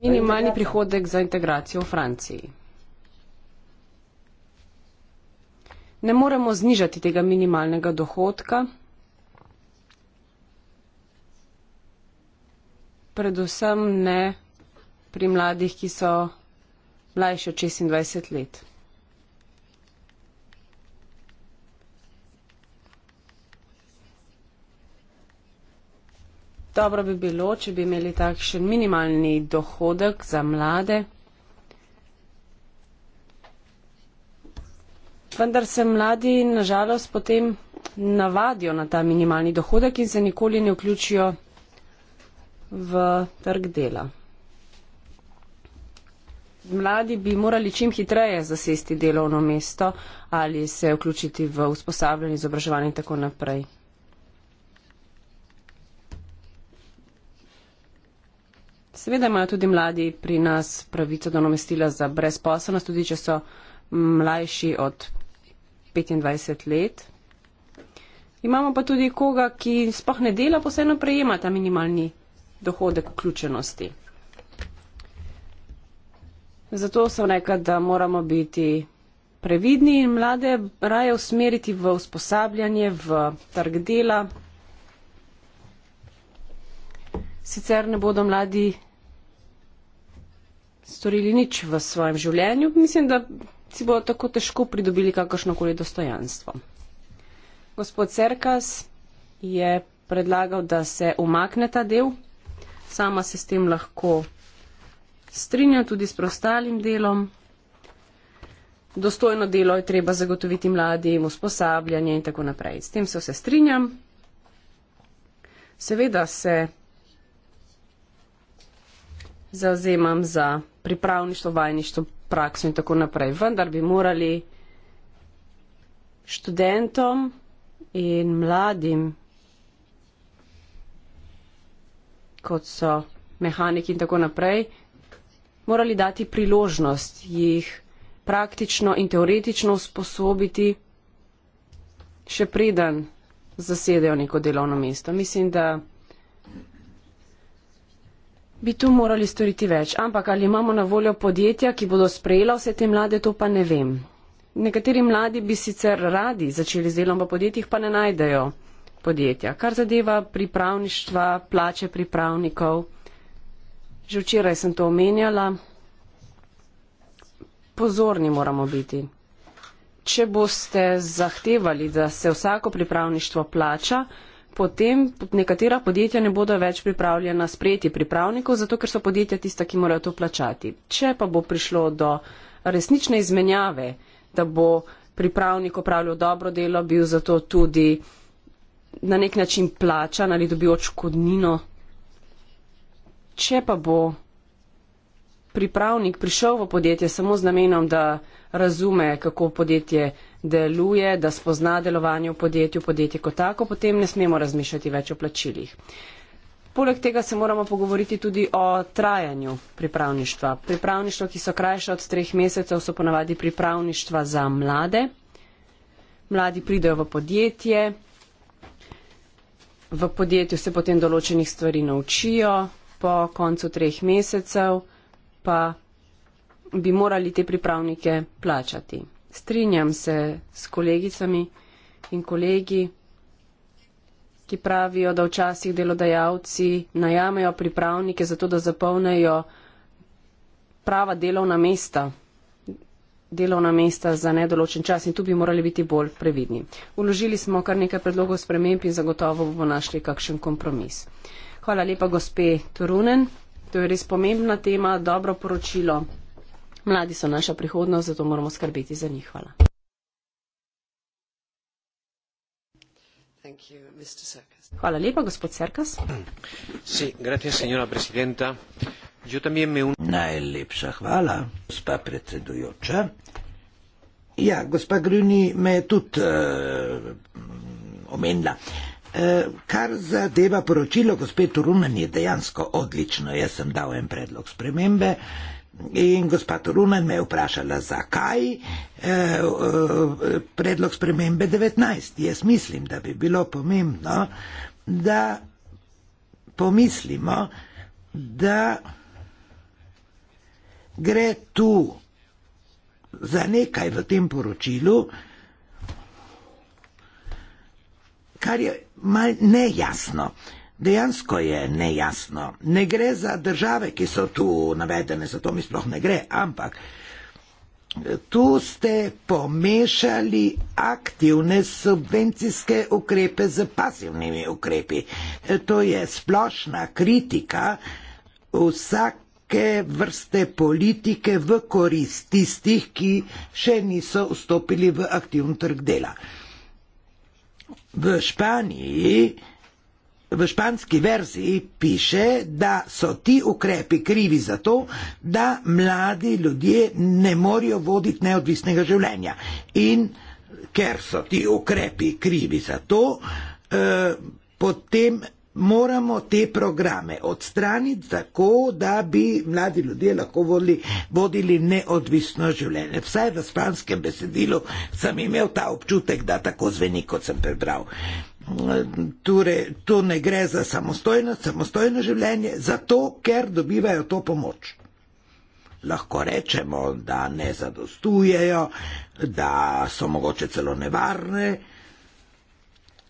minimalni prihodek za integracijo v Franciji. Ne moremo znižati tega minimalnega dohodka. predvsem ne pri mladih, ki so mlajši od 26 let. Dobro bi bilo, če bi imeli takšen minimalni dohodek za mlade. Vendar se mladi nažalost potem navadijo na ta minimalni dohodek in se nikoli ne vključijo v trg dela. Mladi bi morali čim hitreje zasesti delovno mesto ali se vključiti v usposabljanje, izobraževanje in tako naprej. Seveda imajo tudi mladi pri nas pravico do namestila za brezposobnost, tudi če so mlajši od 25 let. Imamo pa tudi koga, ki spohne dela, posebno prejema ta minimalni dohodek vključenosti. Zato sem rekla, da moramo biti previdni in mlade raje usmeriti v usposabljanje, v trg dela. Sicer ne bodo mladi storili nič v svojem življenju, mislim, da si bodo tako težko pridobili kakršnokoli dostojanstvo. Gospod Cerkas je predlagal, da se umakne ta del sama se s tem lahko strinja tudi s prostalim delom. Dostojno delo je treba zagotoviti mladim, usposabljanje in tako naprej. S tem se vse strinjam. Seveda se zauzemam za pripravništvo, vajništvo, prakso in tako naprej. Vendar bi morali študentom in mladim kot so mehaniki in tako naprej, morali dati priložnost jih praktično in teoretično usposobiti, še preden zasedejo neko delovno mesto. Mislim, da bi tu morali storiti več. Ampak ali imamo na voljo podjetja, ki bodo sprejela vse te mlade, to pa ne vem. Nekateri mladi bi sicer radi začeli z delom v podjetjih, pa ne najdejo podjetja. Kar zadeva pripravništva, plače pripravnikov, že včeraj sem to omenjala, pozorni moramo biti. Če boste zahtevali, da se vsako pripravništvo plača, potem nekatera podjetja ne bodo več pripravljena sprejeti pripravnikov, zato ker so podjetja tista, ki morajo to plačati. Če pa bo prišlo do resnične izmenjave, da bo pripravnik opravljal dobro delo, bil zato tudi na nek način plačan ali dobi očkodnino. Če pa bo pripravnik prišel v podjetje samo z namenom, da razume, kako podjetje deluje, da spozna delovanje v podjetju, podjetje kot tako, potem ne smemo razmišljati več o plačilih. Poleg tega se moramo pogovoriti tudi o trajanju pripravništva. Pripravništva, ki so krajše od treh mesecev, so ponavadi pripravništva za mlade. Mladi pridejo v podjetje v podjetju se potem določenih stvari naučijo, po koncu treh mesecev pa bi morali te pripravnike plačati. Strinjam se s kolegicami in kolegi, ki pravijo, da včasih delodajalci najamejo pripravnike zato, da zapolnejo prava delovna mesta delovna mesta za nedoločen čas in tu bi morali biti bolj previdni. Uložili smo kar nekaj predlogov sprememb in zagotovo bomo našli kakšen kompromis. Hvala lepa, gospe Turunen. To je res pomembna tema, dobro poročilo. Mladi so naša prihodnost, zato moramo skrbeti za njih. Hvala. Hvala lepa, gospod Serkas. Sí, gracias, Najlepša hvala, gospa predsedujoča. Ja, gospa Grjuni me je tudi uh, omenila. Uh, kar zadeva poročilo, gospod Turunen je dejansko odlično. Jaz sem dal en predlog spremembe in gospa Turunen me je vprašala, zakaj uh, uh, predlog spremembe 19. Jaz mislim, da bi bilo pomembno, da pomislimo, da gre tu za nekaj v tem poročilu, kar je mal nejasno. Dejansko je nejasno. Ne gre za države, ki so tu navedene, zato mi sploh ne gre, ampak eh, tu ste pomešali aktivne subvencijske ukrepe z pasivnimi ukrepi. Eh, to je splošna kritika vsak neke vrste politike v korist tistih, ki še niso vstopili v aktivn trg dela. V Španiji, v španski verziji piše, da so ti ukrepi krivi za to, da mladi ljudje ne morejo voditi neodvisnega življenja. In ker so ti ukrepi krivi za to, eh, potem moramo te programe odstraniti tako, da bi mladi ljudje lahko voli, vodili neodvisno življenje. Vsaj v španskem besedilu sem imel ta občutek, da tako zveni, kot sem prebral. Torej, to ne gre za samostojnost, samostojno življenje, zato ker dobivajo to pomoč. Lahko rečemo, da ne zadostujejo, da so mogoče celo nevarne,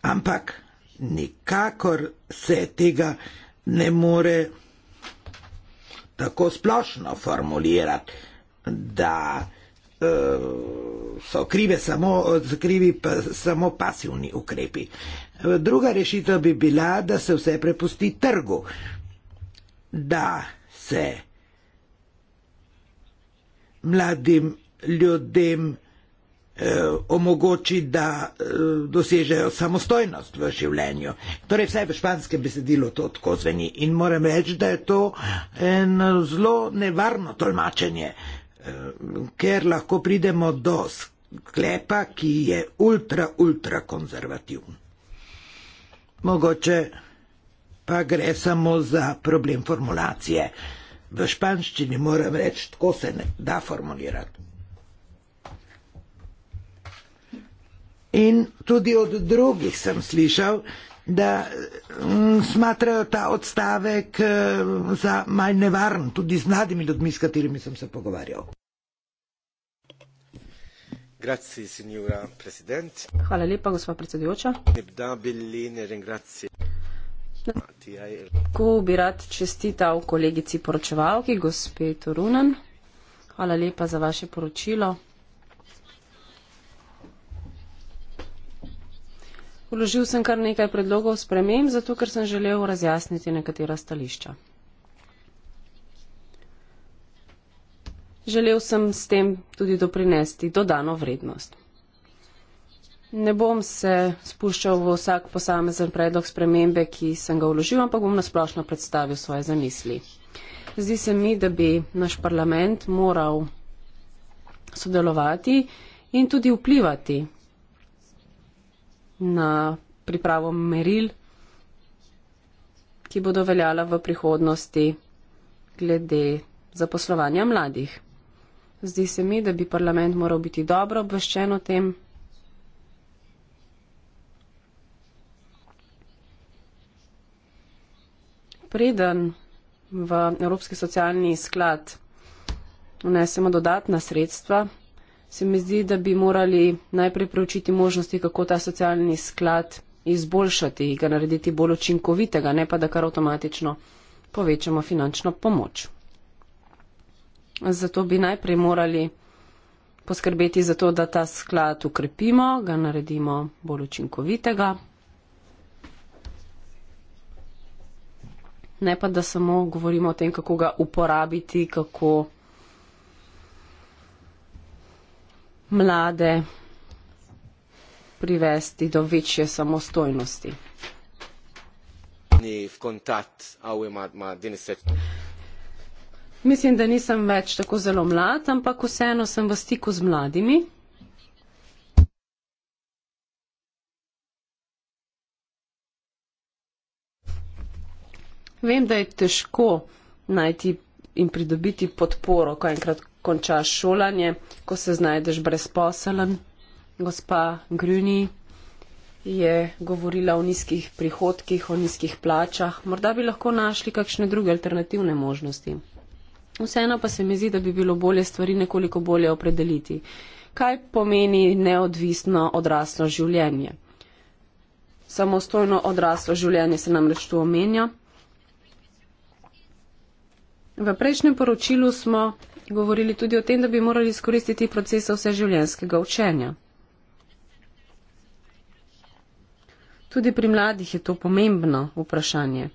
ampak nikakor se tega ne more tako splošno formulirati, da uh, so krive samo, krivi pa, samo pasivni ukrepi. Druga rešitev bi bila, da se vse prepusti trgu, da se mladim ljudem Eh, omogoči, da eh, dosežejo samostojnost v življenju. Torej, vsaj v španskem besedilu to tako zveni in moram reči, da je to eno zelo nevarno tolmačenje, eh, ker lahko pridemo do sklepa, ki je ultra, ultra konzervativen. Mogoče pa gre samo za problem formulacije. V španščini moram reči, tako se ne da formulirati. In tudi od drugih sem slišal, da m, mm, smatrajo ta odstavek eh, za mal nevaren, tudi z mladimi ljudmi, s katerimi sem se pogovarjal. Grazie, signora president. Hvala lepa, gospa predsedujoča. Ko bi rad čestital kolegici poročevalki, gospe Torunen. Hvala lepa za vaše poročilo. Vložil sem kar nekaj predlogov sprememb, zato ker sem želel razjasniti nekatera stališča. Želel sem s tem tudi doprinesti dodano vrednost. Ne bom se spuščal v vsak posamezen predlog spremembe, ki sem ga vložil, ampak bom nasplošno predstavil svoje zamisli. Zdi se mi, da bi naš parlament moral sodelovati in tudi vplivati na pripravo meril, ki bodo veljala v prihodnosti glede zaposlovanja mladih. Zdi se mi, da bi parlament moral biti dobro obveščen o tem. Preden v Evropski socialni sklad vnesemo dodatna sredstva, se mi zdi, da bi morali najprej preučiti možnosti, kako ta socialni sklad izboljšati, ga narediti bolj učinkovitega, ne pa da kar avtomatično povečamo finančno pomoč. Zato bi najprej morali poskrbeti za to, da ta sklad ukrepimo, ga naredimo bolj učinkovitega, ne pa da samo govorimo o tem, kako ga uporabiti, kako mlade privesti do večje samostojnosti. Mislim, da nisem več tako zelo mlad, ampak vseeno sem v stiku z mladimi. Vem, da je težko najti in pridobiti podporo, ko enkrat končaš šolanje, ko se znajdeš brezposelen. Gospa Grüni je govorila o nizkih prihodkih, o nizkih plačah. Morda bi lahko našli kakšne druge alternativne možnosti. Vseeno pa se mi zdi, da bi bilo bolje stvari nekoliko bolje opredeliti. Kaj pomeni neodvisno odraslo življenje? Samostojno odraslo življenje se namreč tu omenja. V prejšnjem poročilu smo govorili tudi o tem, da bi morali izkoristiti procesa vseživljenjskega učenja. Tudi pri mladih je to pomembno vprašanje.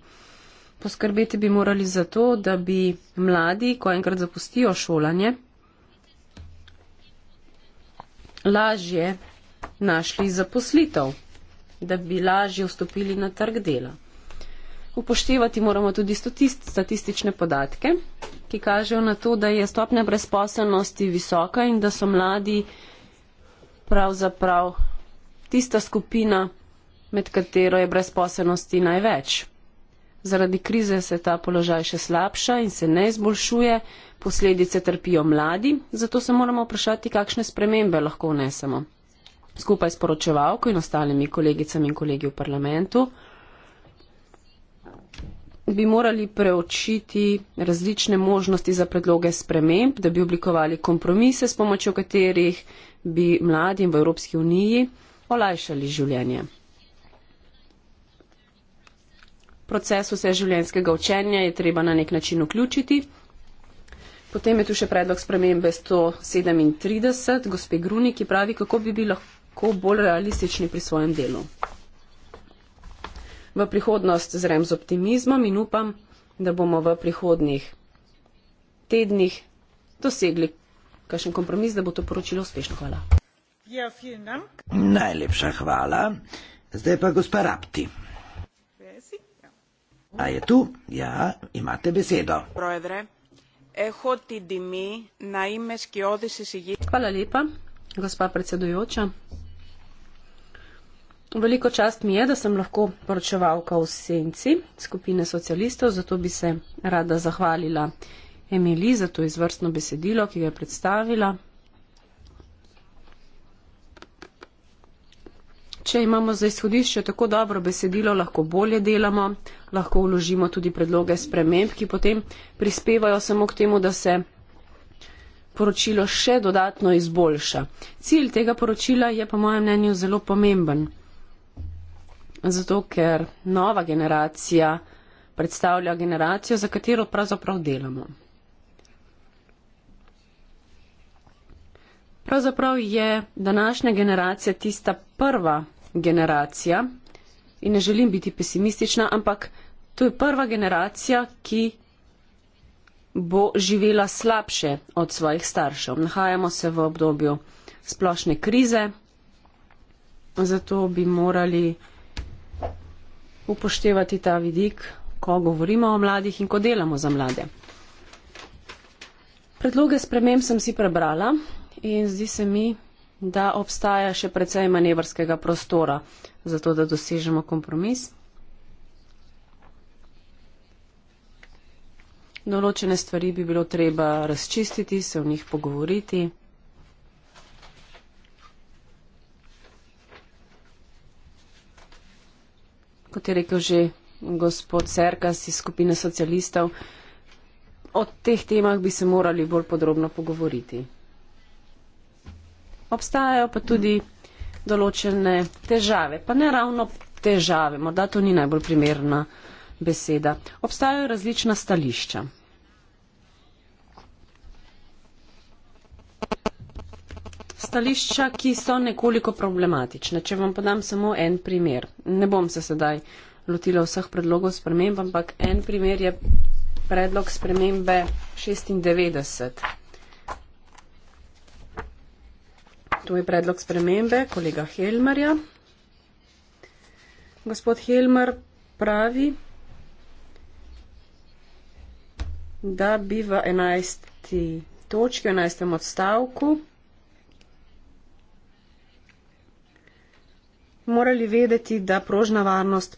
Poskrbeti bi morali za to, da bi mladi, ko enkrat zapustijo šolanje, lažje našli zaposlitev, da bi lažje vstopili na trg dela upoštevati moramo tudi statist, statistične podatke, ki kažejo na to, da je stopnja brezposelnosti visoka in da so mladi pravzaprav tista skupina, med katero je brezposelnosti največ. Zaradi krize se ta položaj še slabša in se ne izboljšuje, posledice trpijo mladi, zato se moramo vprašati, kakšne spremembe lahko vnesemo. Skupaj s poročevalko in ostalimi kolegicami in kolegi v parlamentu bi morali preočiti različne možnosti za predloge sprememb, da bi oblikovali kompromise, s pomočjo katerih bi mladim v Evropski uniji olajšali življenje. Proces vseživljenjskega učenja je treba na nek način vključiti. Potem je tu še predlog spremembe 137, gospe Gruni, ki pravi, kako bi bili lahko bolj realistični pri svojem delu v prihodnost zrem z optimizmom in upam, da bomo v prihodnih tednih dosegli kakšen kompromis, da bo to poročilo uspešno. Hvala. Ja, Najlepša hvala. Zdaj pa gospa Rapti. A je tu? Ja, imate besedo. Hvala lepa, gospa predsedujoča. Veliko čast mi je, da sem lahko poročevalka v senci skupine socialistov, zato bi se rada zahvalila Emilii za to izvrstno besedilo, ki ga je predstavila. Če imamo za izhodišče tako dobro besedilo, lahko bolje delamo, lahko vložimo tudi predloge sprememb, ki potem prispevajo samo k temu, da se poročilo še dodatno izboljša. Cilj tega poročila je po mojem mnenju zelo pomemben zato ker nova generacija predstavlja generacijo, za katero pravzaprav delamo. Pravzaprav je današnja generacija tista prva generacija in ne želim biti pesimistična, ampak to je prva generacija, ki bo živela slabše od svojih staršev. Nahajamo se v obdobju splošne krize, zato bi morali upoštevati ta vidik, ko govorimo o mladih in ko delamo za mlade. Predloge sprememb sem si prebrala in zdi se mi, da obstaja še precej manevrskega prostora za to, da dosežemo kompromis. Določene stvari bi bilo treba razčistiti, se v njih pogovoriti. kot je rekel že gospod Serkas iz skupine socialistov, o teh temah bi se morali bolj podrobno pogovoriti. Obstajajo pa tudi določene težave, pa ne ravno težave, morda to ni najbolj primerna beseda. Obstajajo različna stališča. stališča, ki so nekoliko problematična. Če vam podam samo en primer, ne bom se sedaj lotila vseh predlogov sprememb, ampak en primer je predlog spremembe 96. To je predlog spremembe kolega Helmerja. Gospod Helmer pravi, da bi v 11. točki, v 11. odstavku morali vedeti, da prožna varnost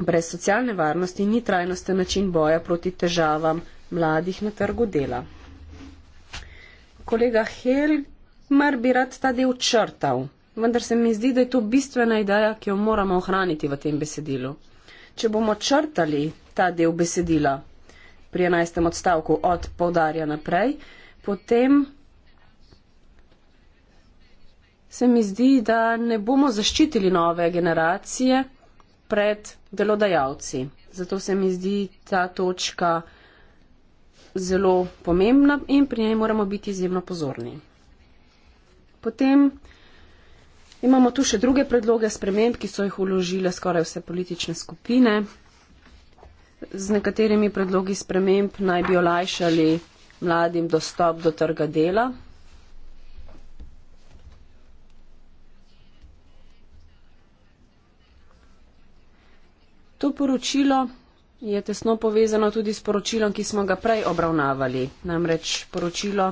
brez socialne varnosti ni trajnosten način boja proti težavam mladih na trgu dela. Kolega Helmer bi rad ta del črtal, vendar se mi zdi, da je to bistvena ideja, ki jo moramo ohraniti v tem besedilu. Če bomo črtali ta del besedila pri 11. odstavku od povdarja naprej, potem se mi zdi, da ne bomo zaščitili nove generacije pred delodajalci. Zato se mi zdi ta točka zelo pomembna in pri njej moramo biti izjemno pozorni. Potem imamo tu še druge predloge sprememb, ki so jih uložile skoraj vse politične skupine. Z nekaterimi predlogi sprememb naj bi olajšali mladim dostop do trga dela, To poročilo je tesno povezano tudi s poročilom, ki smo ga prej obravnavali, namreč poročilo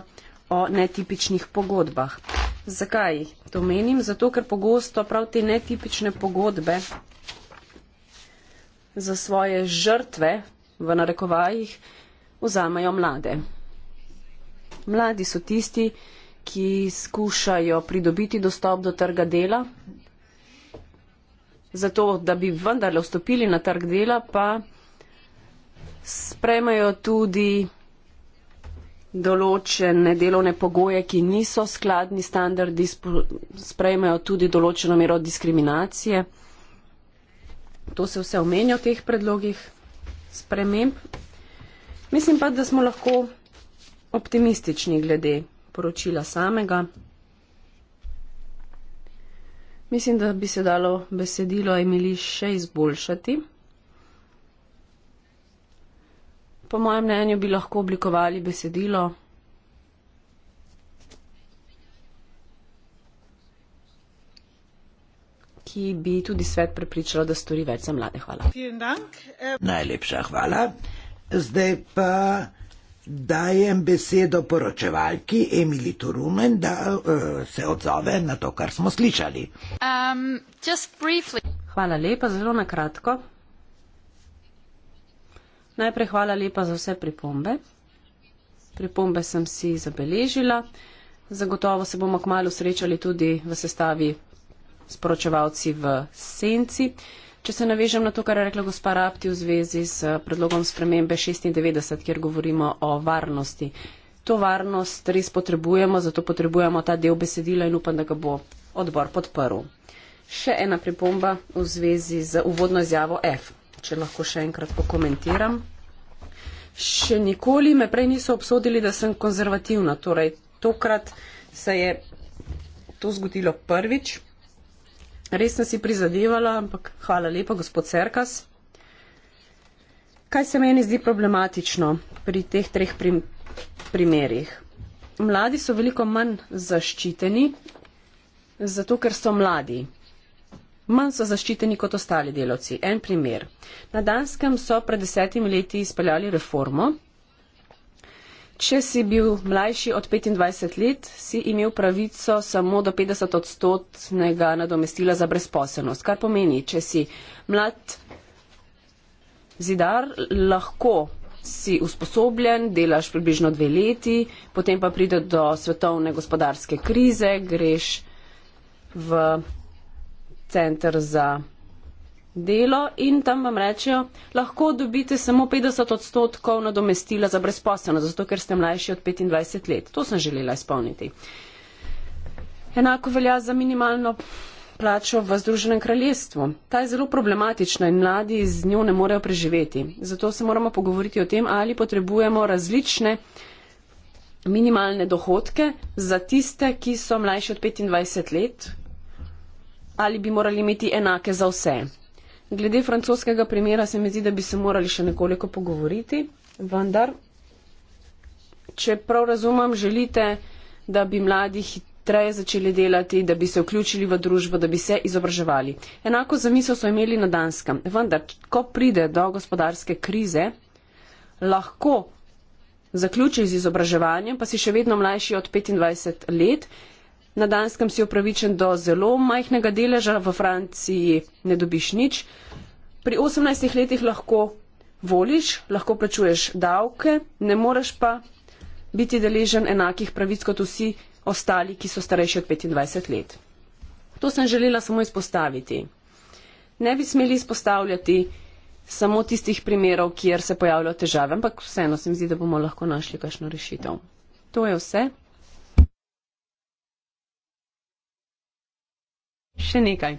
o netipičnih pogodbah. Zakaj to menim? Zato, ker pogosto prav te netipične pogodbe za svoje žrtve v narekovajih vzamejo mlade. Mladi so tisti, ki skušajo pridobiti dostop do trga dela za to, da bi vendarle vstopili na trg dela, pa sprejmajo tudi določene delovne pogoje, ki niso skladni standardi, sprejmajo tudi določeno mero diskriminacije. To se vse omenja v teh predlogih sprememb. Mislim pa, da smo lahko optimistični glede poročila samega. Mislim, da bi se dalo besedilo Emili še izboljšati. Po mojem mnenju bi lahko oblikovali besedilo. ki bi tudi svet prepričala, da stori več za mlade. Hvala. Najlepša hvala. Zdaj pa. Dajem besedo poročevalki Emily Turumen, da uh, se odzove na to, kar smo slišali. Um, hvala lepa, zelo na kratko. Najprej hvala lepa za vse pripombe. Pripombe sem si zabeležila. Zagotovo se bomo kmalo srečali tudi v sestavi sporočevalci v senci. Uh, Če se navežem na to, kar je rekla gospa Rapti v zvezi s eh, predlogom spremembe 96, kjer govorimo o varnosti. To varnost res potrebujemo, zato potrebujemo ta del besedila in upam, da ga bo odbor podprl. Še ena pripomba v zvezi z uvodno izjavo F, če lahko še enkrat pokomentiram. Še nikoli me prej niso obsodili, da sem konzervativna, torej tokrat se je to zgodilo prvič. Res sem si prizadevala, ampak hvala lepa, gospod Serkas. Kaj se meni zdi problematično pri teh treh prim primerjih? Mladi so veliko manj zaščiteni, zato ker so mladi. Manj so zaščiteni kot ostali delavci. En primer. Na Danskem so pred desetimi leti izpeljali reformo, Če si bil mlajši od 25 let, si imel pravico samo do 50 odstotnega nadomestila za brezposelnost. Kar pomeni, če si mlad zidar, lahko si usposobljen, delaš približno dve leti, potem pa pride do svetovne gospodarske krize, greš v center za delo in tam vam rečejo, lahko dobite samo 50 odstotkov nadomestila za brezposelno, zato ker ste mlajši od 25 let. To sem želela izpolniti. Enako velja za minimalno plačo v Združenem kraljestvu. Ta je zelo problematična in mladi z njo ne morejo preživeti. Zato se moramo pogovoriti o tem, ali potrebujemo različne minimalne dohodke za tiste, ki so mlajši od 25 let, ali bi morali imeti enake za vse. Glede francoskega primera se mi zdi, da bi se morali še nekoliko pogovoriti, vendar, če prav razumem, želite, da bi mladi hitreje začeli delati, da bi se vključili v družbo, da bi se izobraževali. Enako zamisel so imeli na Danskem. Vendar, ko pride do gospodarske krize, lahko zaključi z izobraževanjem, pa si še vedno mlajši od 25 let na Danskem si upravičen do zelo majhnega deleža, v Franciji ne dobiš nič. Pri 18 letih lahko voliš, lahko plačuješ davke, ne moreš pa biti deležen enakih pravic kot vsi ostali, ki so starejši od 25 let. To sem želela samo izpostaviti. Ne bi smeli izpostavljati samo tistih primerov, kjer se pojavljajo težave, ampak vseeno se mi zdi, da bomo lahko našli kakšno rešitev. To je vse. še nekaj.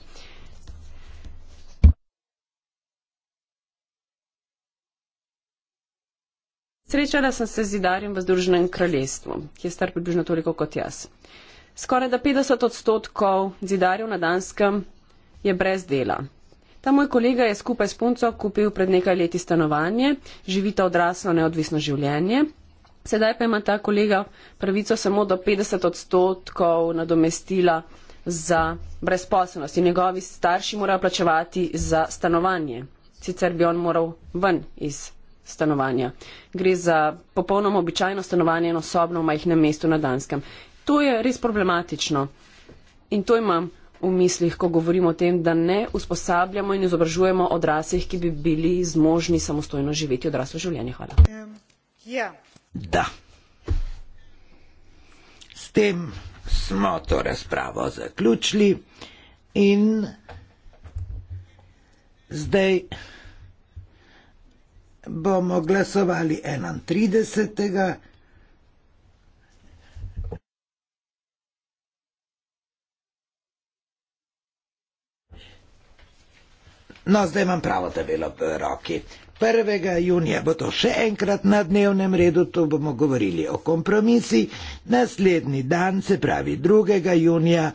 Srečala sem se z zidarjem v Združenem kraljestvu, ki je star približno toliko kot jaz. Skoraj da 50 odstotkov zidarjev na Danskem je brez dela. Ta moj kolega je skupaj s punco kupil pred nekaj leti stanovanje, živi ta odraslo neodvisno življenje. Sedaj pa ima ta kolega pravico samo do 50 odstotkov nadomestila za brezposobnost in njegovi starši morajo plačevati za stanovanje. Sicer bi on moral ven iz stanovanja. Gre za popolnoma običajno stanovanje in osobno v majhnem mestu na Danskem. To je res problematično in to imam v mislih, ko govorimo o tem, da ne usposabljamo in izobražujemo odraslih, ki bi bili zmožni samostojno živeti odraslo življenje. Hvala. Um, yeah. Da. S tem smo to razpravo zaključili in zdaj bomo glasovali 31. No, zdaj imam pravo tabelo v roki. 1. junija bo to še enkrat na dnevnem redu, tu bomo govorili o kompromisi, naslednji dan, se pravi 2. junija,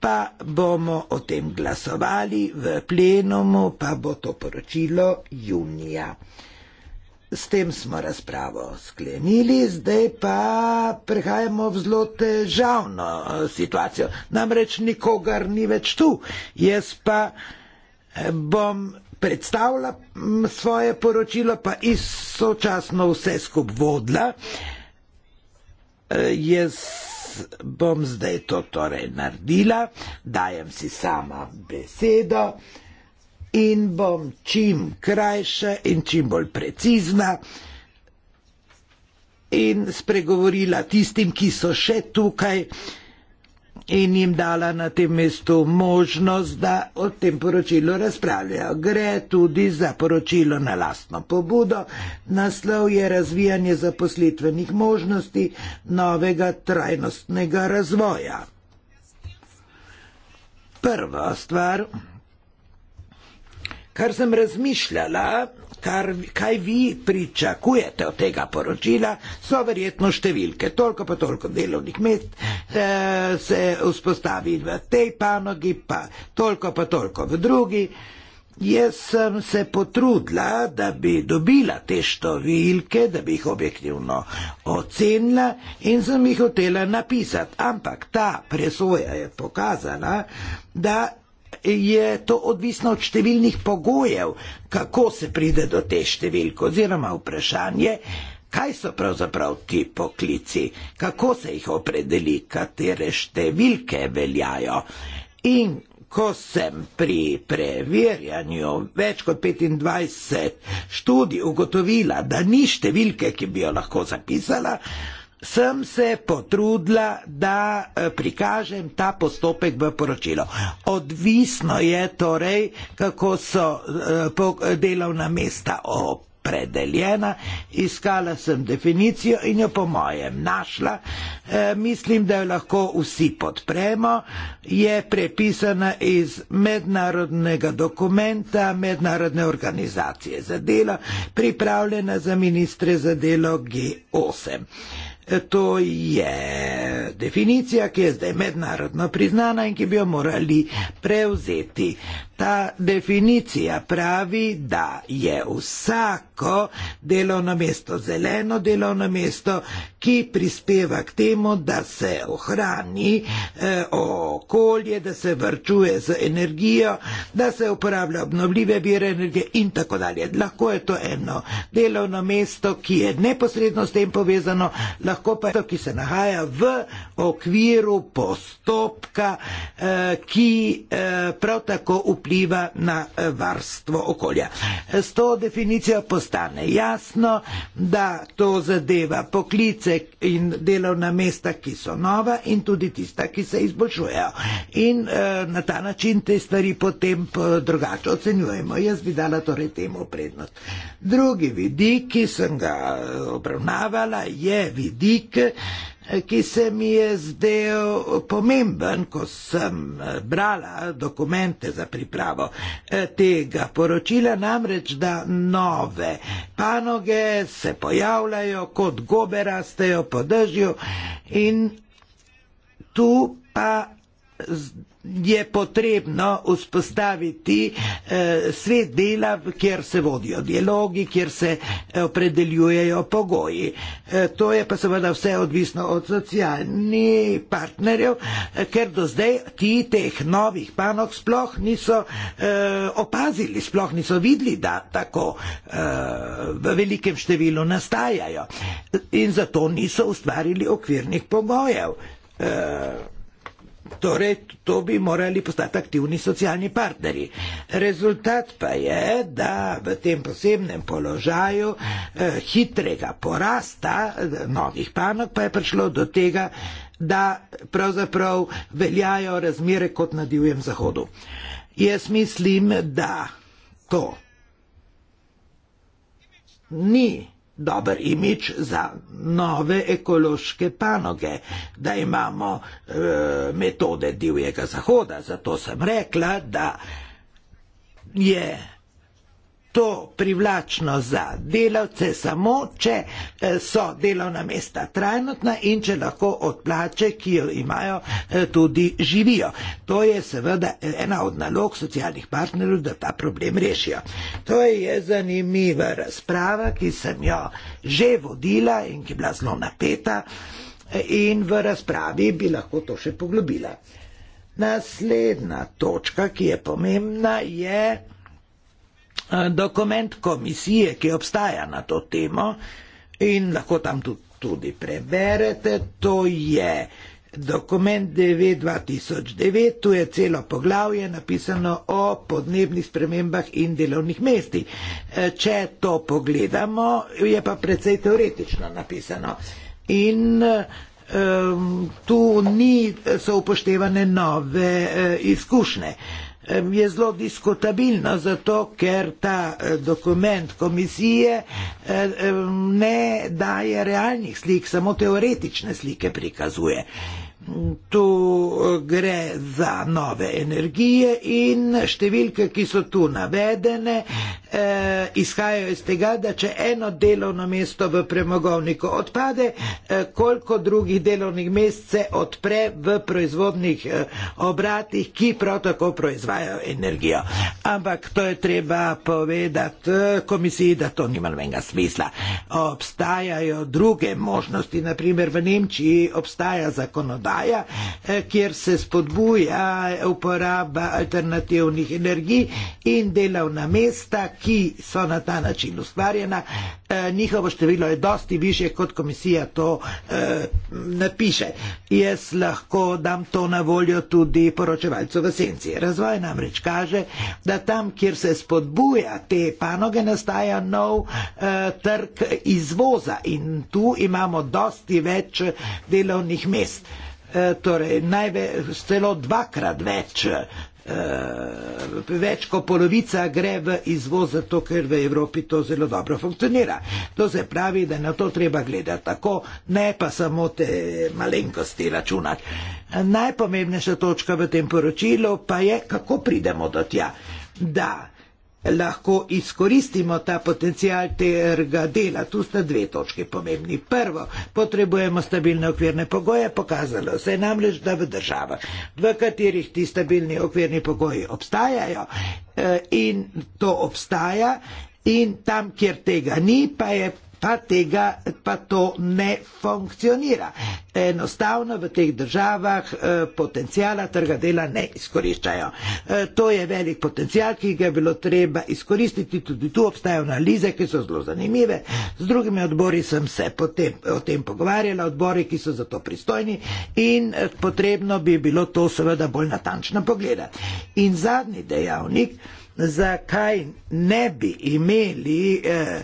pa bomo o tem glasovali v plenumu, pa bo to poročilo junija. S tem smo razpravo sklenili, zdaj pa prehajamo v zelo težavno eh, situacijo. Namreč nikogar ni več tu, jaz pa bom predstavila svoje poročilo, pa istočasno vse skup vodila. E, jaz bom zdaj to torej naredila, dajem si sama besedo in bom čim krajša in čim bolj precizna in spregovorila tistim, ki so še tukaj in jim dala na tem mestu možnost, da o tem poročilu razpravljajo. Gre tudi za poročilo na lastno pobudo. Naslov je razvijanje zaposlitvenih možnosti novega trajnostnega razvoja. Prva stvar, kar sem razmišljala, kar, kaj vi pričakujete od tega poročila, so verjetno številke. Toliko pa toliko delovnih mest e, se vzpostavi v tej panogi, pa toliko pa toliko v drugi. Jaz sem se potrudila, da bi dobila te številke, da bi jih objektivno ocenila in sem jih hotela napisati. Ampak ta presoja je pokazala, da je to odvisno od številnih pogojev, kako se pride do te številke, oziroma vprašanje, kaj so pravzaprav ti poklici, kako se jih opredeli, katere številke veljajo. In ko sem pri preverjanju več kot 25 študij ugotovila, da ni številke, ki bi jo lahko zapisala, sem se potrudila, da eh, prikažem ta postopek v poročilo. Odvisno je torej, kako so eh, delovna mesta opredeljena. Iskala sem definicijo in jo po mojem našla. Eh, mislim, da jo lahko vsi podpremo. Je prepisana iz mednarodnega dokumenta Mednarodne organizacije za delo, pripravljena za ministre za delo G8. To je definicija, ki je zdaj mednarodno priznana in ki bi jo morali prevzeti. Ta definicija pravi, da je vsako delovno mesto zeleno delovno mesto, ki prispeva k temu, da se ohrani eh, okolje, da se vrčuje z energijo, da se uporablja obnovljive vire energije in tako dalje. Lahko je to eno delovno mesto, ki je neposredno s tem povezano, lahko pa je to, ki se nahaja v okviru postopka, eh, ki eh, prav tako vpliva vpliva na eh, varstvo okolja. S to definicijo postane jasno, da to zadeva poklice in delovna mesta, ki so nova in tudi tista, ki se izboljšujejo. In eh, na ta način te stvari potem eh, drugače ocenjujemo. Jaz bi dala torej temu prednost. Drugi vidik, ki sem ga obravnavala, je vidik, ki se mi je zdel pomemben, ko sem eh, brala dokumente za pripravo eh, tega poročila, namreč, da nove panoge se pojavljajo, kot gobe rastejo po dežju in tu pa je potrebno vzpostaviti eh, svet dela, kjer se vodijo dialogi, kjer se eh, opredeljujejo pogoji. Eh, to je pa seveda vse odvisno od socialnih partnerjev, ker do zdaj ti teh novih panog sploh niso opazili, sploh niso videli, da tako v velikem številu nastajajo in zato niso ustvarili okvirnih pogojev. 呃。Uh Torej, to bi morali postati aktivni socialni partneri. Rezultat pa je, da v tem posebnem položaju eh, hitrega porasta eh, novih panog pa je prišlo do tega, da pravzaprav veljajo razmere kot na divjem zahodu. Jaz mislim, da to ni dober imič za nove ekološke panoge, da imamo e, metode divjega zahoda. Zato sem rekla, da je. Yeah to privlačno za delavce samo, če eh, so delovna mesta trajnotna in če lahko od plače, ki jo imajo, eh, tudi živijo. To je seveda ena od nalog socialnih partnerjev, da ta problem rešijo. To je zanimiva razprava, ki sem jo že vodila in ki je bila zelo napeta eh, in v razpravi bi lahko to še poglobila. Naslednja točka, ki je pomembna, je Eh, dokument komisije, ki obstaja na to temo in lahko tam tudi, tudi preberete, to je dokument 9209, tu je celo poglavje napisano o podnebnih spremembah in delovnih mestih. Eh, če to pogledamo, je pa precej teoretično napisano. In um, tu ni, so upoštevane nove uh, izkušnje. Uh, je zelo diskutabilno, zato ker ta eh, dokument komisije eh, ne daje realnih slik, samo teoretične slike prikazuje. Tu eh, gre za nove energije in številke, ki so tu navedene, eh, izhajajo iz tega, da če eno delovno mesto v premogovniku odpade, eh, koliko drugih delovnih mest se odpre v proizvodnih eh, obratih, ki prav tako proizvajajo energijo. Ampak to je treba povedati eh, komisiji, da to nima nobenega smisla. Obstajajo druge možnosti, naprimer v Nemčiji obstaja zakonodaj oddaja, eh, kjer se spodbuja uporaba alternativnih energij in delovna mesta, ki so na ta način ustvarjena. Eh, njihovo število je dosti više, kot komisija to eh, napiše. Jaz lahko dam to na voljo tudi poročevalcu v senci. Razvoj namreč kaže, da tam, kjer se spodbuja te panoge, nastaja nov trg izvoza in tu imamo dosti več delovnih mest. E, torej največ, celo dvakrat več. E, več kot polovica gre v izvoz, zato ker v Evropi to zelo dobro funkcionira. To se pravi, da na to treba gledati tako, ne pa samo te malenkosti računati. Najpomembnejša točka v tem poročilu pa je, kako pridemo do tja. Da, lahko izkoristimo ta potencial trga dela. Tu sta dve točki pomembni. Prvo, potrebujemo stabilne okvirne pogoje, pokazalo se je namreč, da v državah, v katerih ti stabilni okvirni pogoji obstajajo eh, in to obstaja in tam, kjer tega ni, pa je pa tega, pa to ne funkcionira. Enostavno v teh državah eh, potencijala trga dela ne izkoriščajo. Eh, to je velik potencijal, ki ga je bilo treba izkoristiti, tudi tu obstajajo analize, ki so zelo zanimive. Z drugimi odbori sem se potem o tem pogovarjala, odbori, ki so za to pristojni in eh, potrebno bi bilo to seveda bolj natančno pogledati. In zadnji dejavnik, zakaj ne bi imeli eh,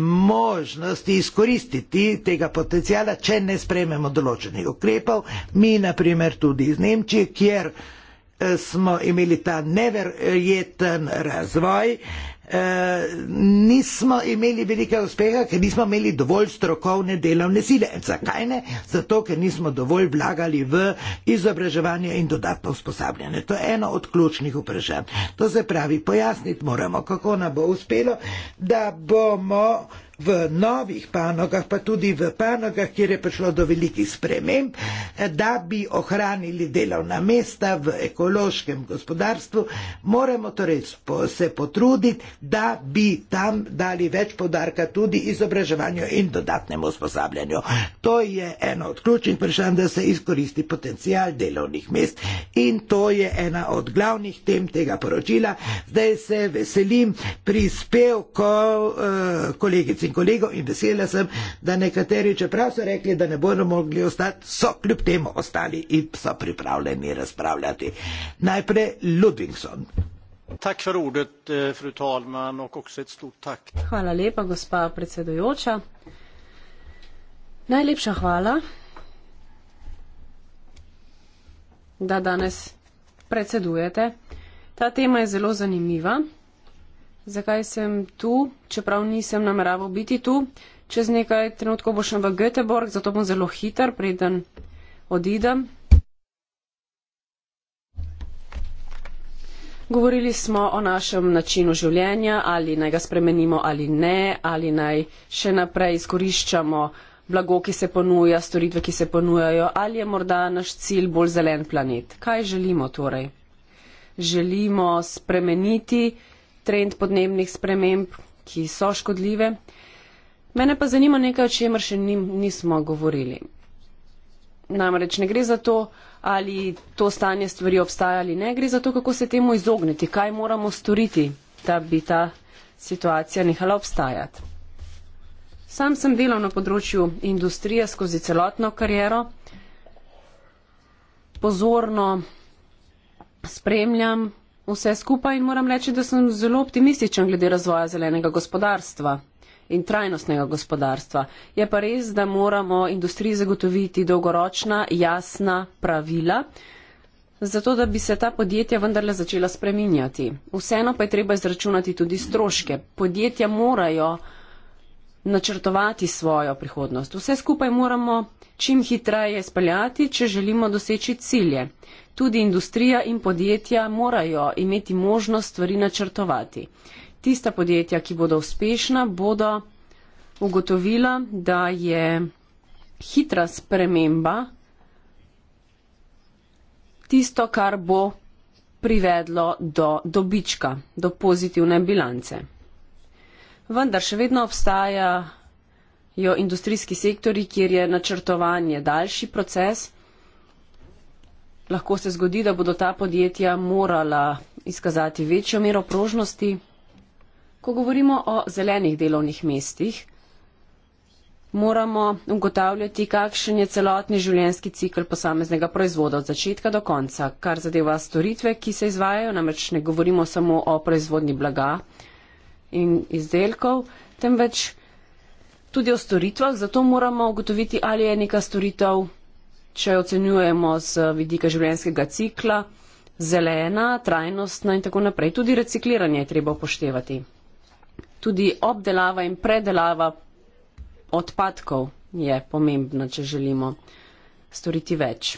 možnosti izkoristiti tega potencijala, če ne sprememo določenih ukrepov. Mi, naprimer, tudi iz Nemčije, kjer eh, smo imeli ta neverjeten razvoj, Eh, nismo imeli velike uspeha, ker nismo imeli dovolj strokovne delovne sile. E, zakaj ne? Zato, ker nismo dovolj vlagali v izobraževanje in dodatno usposabljanje. To je eno od ključnih vprašanj. To se pravi, pojasniti moramo, kako nam bo uspelo, da bomo v novih panogah, pa tudi v panogah, kjer je prišlo do velikih sprememb, da bi ohranili delovna mesta v ekološkem gospodarstvu, moramo torej se potruditi, da bi tam dali več podarka tudi izobraževanju in dodatnemu usposabljanju. To je eno od ključnih vprašanj, da se izkoristi potencijal delovnih mest in to je ena od glavnih tem tega poročila. Zdaj se veselim prispevkov eh, kolegici in kolegov in vesela sem, da nekateri, čeprav so rekli, da ne bodo mogli ostati, so kljub temu ostali in so pripravljeni razpravljati. Najprej Ludvigson. Eh, hvala lepa, gospa predsedujoča. Najlepša hvala, da danes predsedujete. Ta tema je zelo zanimiva zakaj sem tu, čeprav nisem nameraval biti tu. Čez nekaj trenutkov bo šel v Göteborg, zato bom zelo hiter, preden odidem. Govorili smo o našem načinu življenja, ali naj ga spremenimo ali ne, ali naj še naprej izkoriščamo blago, ki se ponuja, storitve, ki se ponujajo, ali je morda naš cilj bolj zelen planet. Kaj želimo torej? Želimo spremeniti trend podnebnih sprememb, ki so škodljive. Mene pa zanima nekaj, o čemer še nim, nismo govorili. Namreč ne gre za to, ali to stanje stvari obstaja ali ne, gre za to, kako se temu izogniti, kaj moramo storiti, da bi ta situacija nehala obstajati. Sam sem delal na področju industrije skozi celotno kariero. Pozorno spremljam vse skupaj in moram reči, da sem zelo optimističen glede razvoja zelenega gospodarstva in trajnostnega gospodarstva. Je pa res, da moramo industriji zagotoviti dolgoročna, jasna pravila, zato da bi se ta podjetja vendarle začela spreminjati. Vseeno pa je treba izračunati tudi stroške. Podjetja morajo načrtovati svojo prihodnost. Vse skupaj moramo čim hitreje speljati, če želimo doseči cilje tudi industrija in podjetja morajo imeti možnost stvari načrtovati. Tista podjetja, ki bodo uspešna, bodo ugotovila, da je hitra sprememba tisto, kar bo privedlo do dobička, do pozitivne bilance. Vendar še vedno obstajajo industrijski sektori, kjer je načrtovanje daljši proces lahko se zgodi, da bodo ta podjetja morala izkazati večjo mero prožnosti. Ko govorimo o zelenih delovnih mestih, moramo ugotavljati, kakšen je celotni življenski cikl posameznega proizvoda od začetka do konca, kar zadeva storitve, ki se izvajajo, namreč ne govorimo samo o proizvodni blaga in izdelkov, temveč tudi o storitvah, zato moramo ugotoviti, ali je neka storitev če ocenjujemo z vidika življenjskega cikla, zelena, trajnostna in tako naprej. Tudi recikliranje je treba upoštevati. Tudi obdelava in predelava odpadkov je pomembna, če želimo storiti več.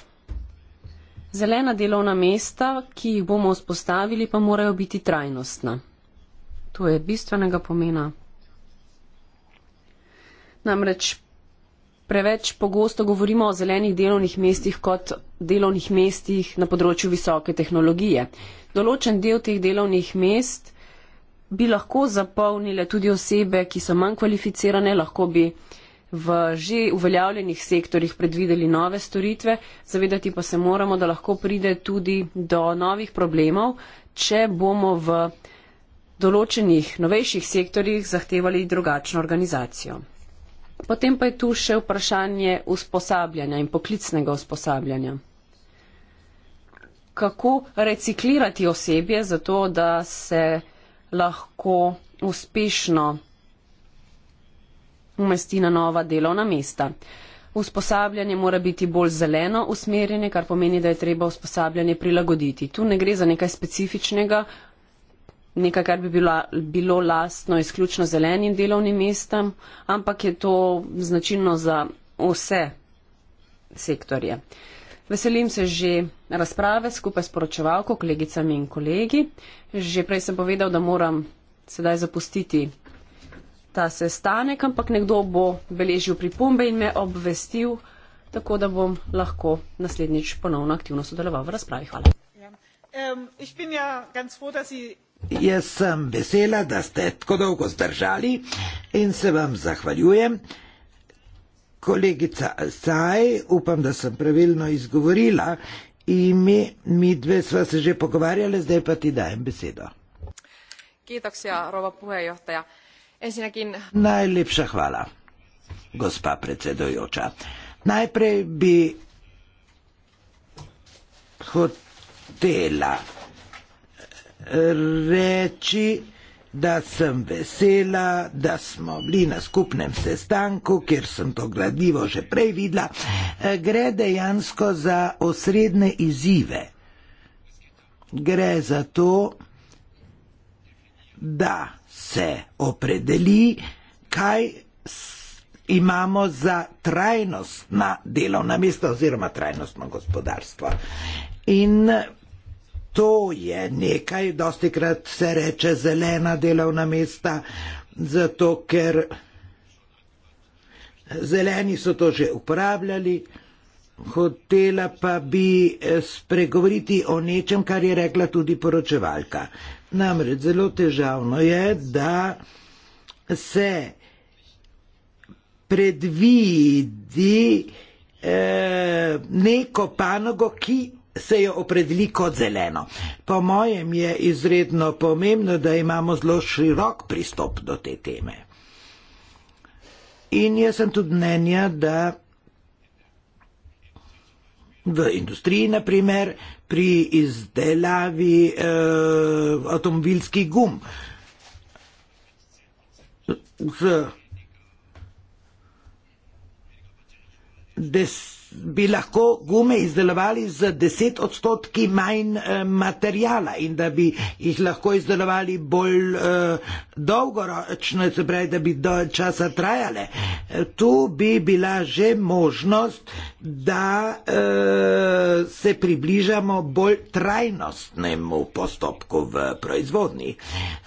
Zelena delovna mesta, ki jih bomo vzpostavili, pa morajo biti trajnostna. To je bistvenega pomena. Namreč preveč pogosto govorimo o zelenih delovnih mestih kot delovnih mestih na področju visoke tehnologije. Določen del teh delovnih mest bi lahko zapolnile tudi osebe, ki so manj kvalificirane, lahko bi v že uveljavljenih sektorjih predvideli nove storitve, zavedati pa se moramo, da lahko pride tudi do novih problemov, če bomo v določenih novejših sektorjih zahtevali drugačno organizacijo. Potem pa je tu še vprašanje usposabljanja in poklicnega usposabljanja. Kako reciklirati osebje, zato da se lahko uspešno umesti na nova delovna mesta. Usposabljanje mora biti bolj zeleno usmerjene, kar pomeni, da je treba usposabljanje prilagoditi. Tu ne gre za nekaj specifičnega, nekaj, kar bi bilo, bilo lastno izključno zelenim delovnim mestam, ampak je to značilno za vse sektorje. Veselim se že razprave skupaj s poročevalko, kolegicami in kolegi. Že prej sem povedal, da moram sedaj zapustiti ta sestanek, ampak nekdo bo beležil pripombe in me obvestil, tako da bom lahko naslednjič ponovno aktivno sodeloval v razpravi. Hvala. Ja. Um, Jaz sem vesela, da ste tako dolgo zdržali in se vam zahvaljujem. Kolegica Saj, upam, da sem pravilno izgovorila in mi, mi dve sva se že pogovarjali, zdaj pa ti dajem besedo. Kitoksia, rova puhejohtaja. Ensinnäkin... Najlepša hvala, gospa predsedojoča. Najprej bi hotela reči, da sem vesela, da smo bili na skupnem sestanku, kjer sem to gradivo že prej videla. E, gre dejansko za osredne izzive. Gre za to, da se opredeli, kaj imamo za trajnostna delovna mesta oziroma trajnostno gospodarstvo. In To je nekaj, dosti krat se reče zelena delovna mesta, zato ker zeleni so to že uporabljali. Hotela pa bi eh, spregovoriti o nečem, kar je rekla tudi poročevalka. Namreč zelo težavno je, da se predvidi eh, neko panogo, ki se jo opredeli kot zeleno. Po mojem je izredno pomembno, da imamo zelo širok pristop do te teme. In jaz sem tudi mnenja, da v industriji, naprimer, pri izdelavi eh, avtomobilskih gum. Z bi lahko gume izdelovali z deset odstotki manj eh, materijala in da bi jih lahko izdelovali bolj eh, dolgoročno, se pravi, da bi do časa trajale. Eh, tu bi bila že možnost, da eh, se približamo bolj trajnostnemu postopku v proizvodni.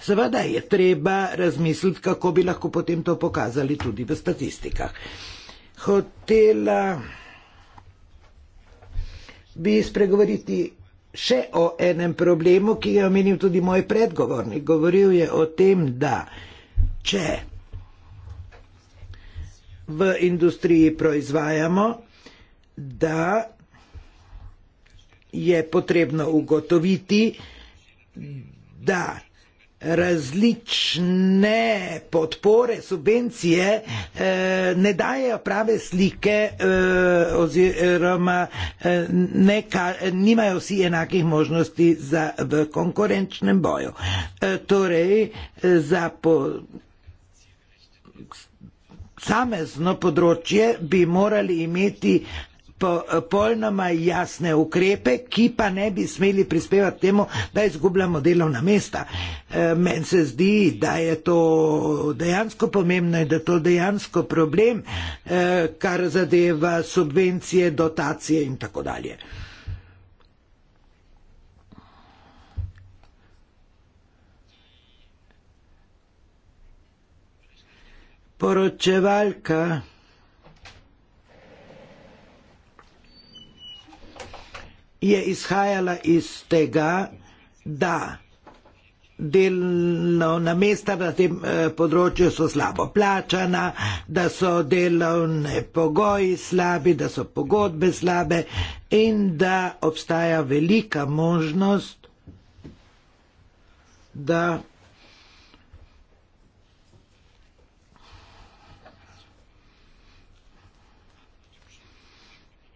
Seveda je treba razmisliti, kako bi lahko potem to pokazali tudi v statistikah. Hotela bi spregovoriti še o enem problemu, ki je omenil tudi moj predgovornik. Govoril je o tem, da če v industriji proizvajamo, da je potrebno ugotoviti, da različne podpore, subvencije eh, ne dajejo prave slike eh, oziroma eh, neka, nimajo vsi enakih možnosti za, v konkurenčnem boju. Eh, torej, eh, za po, samezno področje bi morali imeti popolnoma jasne ukrepe, ki pa ne bi smeli prispevati temu, da izgubljamo delovna mesta. E, meni se zdi, da je to dejansko pomembno in da je to dejansko problem, e, kar zadeva subvencije, dotacije in tako dalje. Poročevalka. je izhajala iz tega, da delovna mesta na tem eh, področju so slabo plačana, da so delovne pogoji slabi, da so pogodbe slabe in da obstaja velika možnost, da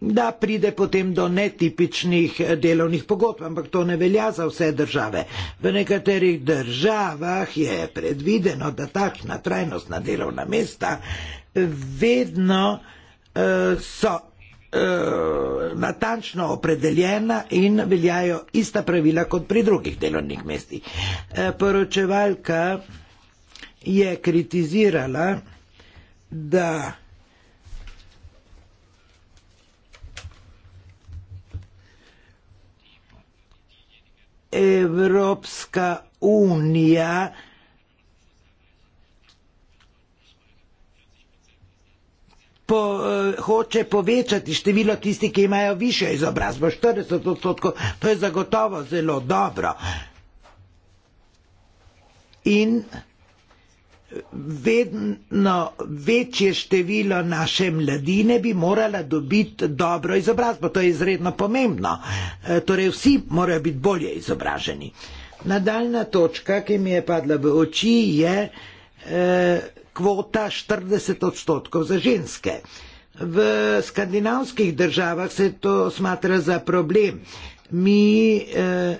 da pride potem do netipičnih eh, delovnih pogodb, ampak to ne velja za vse države. V nekaterih državah je predvideno, da takšna trajnostna delovna mesta vedno uh, so uh, natančno opredeljena in veljajo ista pravila kot pri drugih delovnih mestih. Uh, poročevalka je kritizirala, da Evropska unija po, eh, hoče povečati število tistih, ki imajo više izobrazbo, 40 odstotkov, to je zagotovo zelo dobro. In vedno večje število naše mladine bi morala dobiti dobro izobrazbo, to je izredno pomembno. E, torej vsi morajo biti bolje izobraženi. Nadaljna točka, ki mi je padla v oči, je e, kvota 40 odstotkov za ženske. V skandinavskih državah se to smatra za problem. Mi e,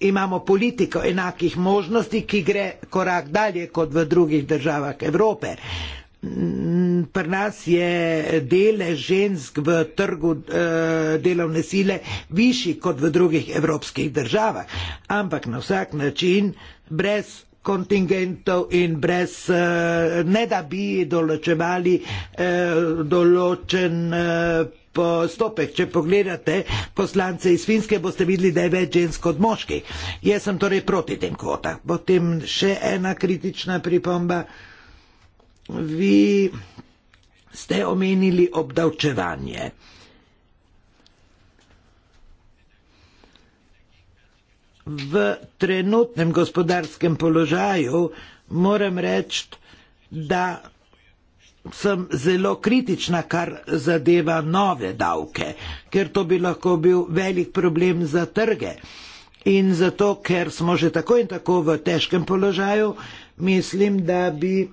imamo politiko enakih možnosti, ki gre korak dalje kot v drugih državah Evrope. Mm, pri nas je delež žensk v trgu eh, delovne sile višji kot v drugih evropskih državah, ampak na vsak način brez kontingentov in brez, eh, ne da bi določevali eh, določen postopek. Če pogledate poslance iz Finske, boste videli, da je več žensk kot moški. Jaz sem torej proti tem kvotam. Potem še ena kritična pripomba. Vi ste omenili obdavčevanje. V trenutnem gospodarskem položaju moram reči, da sem zelo kritična, kar zadeva nove davke, ker to bi lahko bil velik problem za trge. In zato, ker smo že tako in tako v težkem položaju, mislim, da bi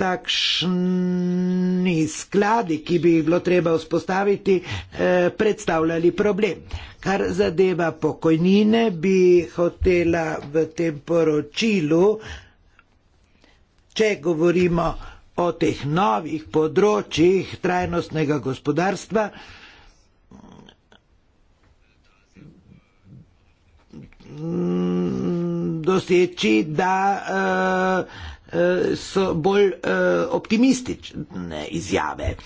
takšni skladi, ki bi jih bilo treba vzpostaviti, eh, predstavljali problem. Kar zadeva pokojnine, bi hotela v tem poročilu, če govorimo, o teh novih področjih trajnostnega gospodarstva, mm, doseči, da eh, eh, so bolj eh, optimistične izjave.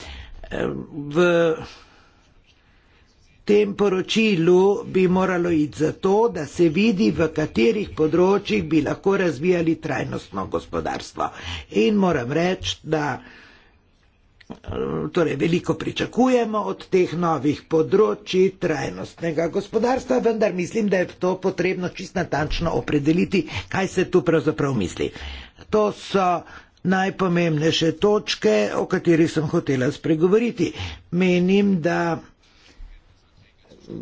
V tem poročilu bi moralo iti za to, da se vidi, v katerih področjih bi lahko razvijali trajnostno gospodarstvo. In moram reči, da eh, torej, veliko pričakujemo od teh novih področji trajnostnega gospodarstva, vendar mislim, da je to potrebno čist natančno opredeliti, kaj se tu pravzaprav misli. To so najpomembnejše točke, o katerih sem hotela spregovoriti. Menim, da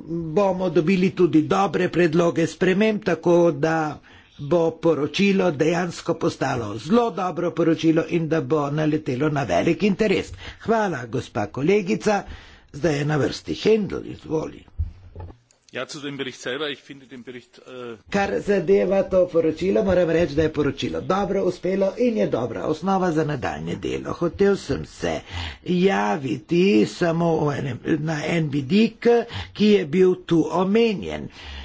bomo dobili tudi dobre predloge sprememb, tako da bo poročilo dejansko postalo zelo dobro poročilo in da bo naletelo na velik interes. Hvala, gospa kolegica. Zdaj je na vrsti Hendel, izvoli. Ja, selber, Bericht, äh... Kar zadeva to poročilo, moram reči, da je poročilo dobro uspelo in je dobra osnova za nadaljne delo. Hotev sem se javiti samo enem, na en vidik, ki je bil tu omenjen. Uh,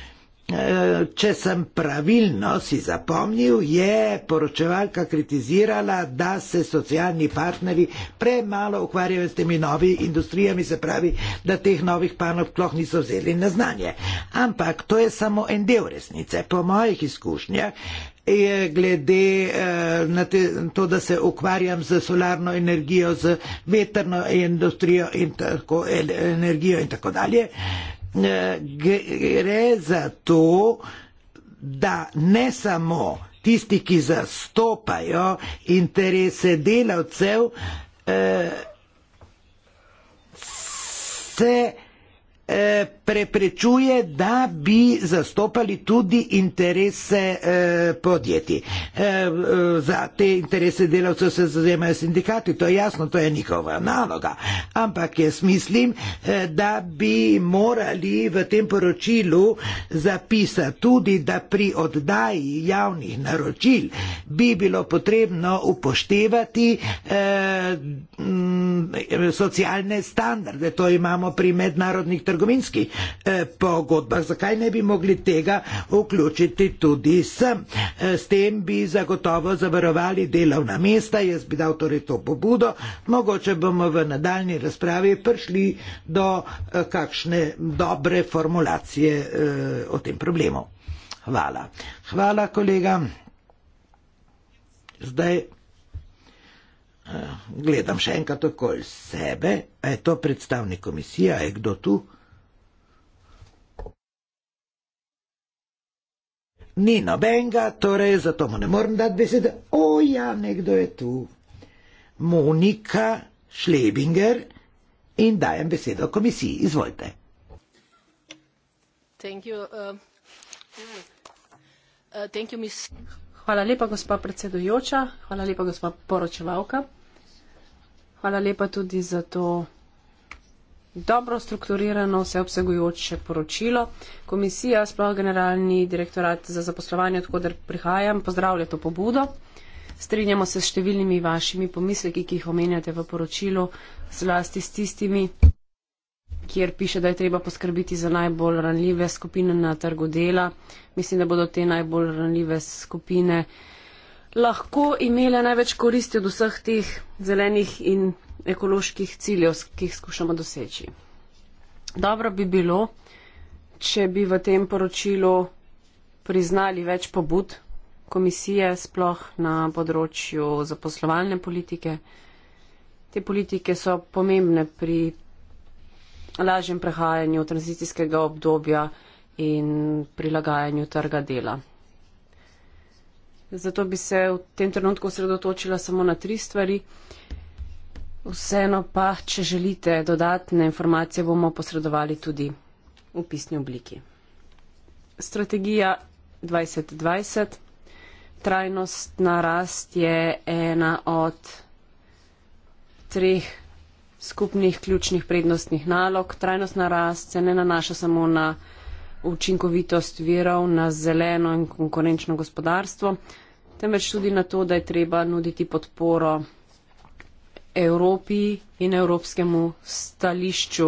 Če sem pravilno si zapomnil, je poročevalka kritizirala, da se socialni partneri premalo ukvarjajo s temi novimi industrijami, se pravi, da teh novih panov sploh niso vzeli na znanje. Ampak to je samo en del resnice. Po mojih izkušnjah je glede eh, na te, to, da se ukvarjam z solarno energijo, z veterno industrijo in tako, energijo in tako dalje gre za to, da ne samo tisti, ki zastopajo interese delavcev, eh, se eh, preprečuje, da bi zastopali tudi interese eh, podjetij. Eh, eh, za te interese delavcev se zauzemajo sindikati, to je jasno, to je njihova naloga. Ampak jaz mislim, eh, da bi morali v tem poročilu zapisati tudi, da pri oddaji javnih naročil bi bilo potrebno upoštevati eh, m, socialne standarde. To imamo pri mednarodnih trgovinskih Eh, pogodbah. Zakaj ne bi mogli tega vključiti tudi sem? Eh, s tem bi zagotovo zavarovali delovna mesta, jaz bi dal torej to pobudo. Mogoče bomo v nadaljni razpravi prišli do eh, kakšne dobre formulacije o tem problemu. Hvala. Hvala, kolega. Zdaj gledam še enkrat okolj sebe. A je to predstavnik komisije? A je kdo tu? ni nobenega, torej zato mu ne morem dati besede. O, ja, nekdo je tu. Monika Šlebinger in dajem besedo komisiji. Izvolite. Thank you, uh, mm, uh, thank you, hvala lepa, gospa predsedujoča, hvala lepa, gospa poročevalka. Hvala lepa tudi za to dobro strukturirano, vseobsegujoče poročilo. Komisija, sploh generalni direktorat za zaposlovanje, odkuder prihajam, pozdravlja to pobudo. Strinjamo se s številnimi vašimi pomisleki, ki jih omenjate v poročilu, zlasti s tistimi, kjer piše, da je treba poskrbiti za najbolj ranljive skupine na trgu dela. Mislim, da bodo te najbolj ranljive skupine lahko imele največ koristi od vseh teh zelenih in ekoloških ciljev, ki jih skušamo doseči. Dobro bi bilo, če bi v tem poročilu priznali več pobud komisije, sploh na področju zaposlovalne politike. Te politike so pomembne pri lažjem prehajanju tranzicijskega obdobja in prilagajanju trga dela. Zato bi se v tem trenutku osredotočila samo na tri stvari. Uh, Vseeno pa, če želite dodatne informacije, bomo posredovali tudi v pisni obliki. Strategija 2020. Trajnostna rast je ena od treh skupnih ključnih prednostnih nalog. Trajnostna rast se ne nanaša samo na učinkovitost virov, na zeleno in konkurenčno gospodarstvo, temveč tudi na to, da je treba nuditi podporo Evropi in evropskemu stališču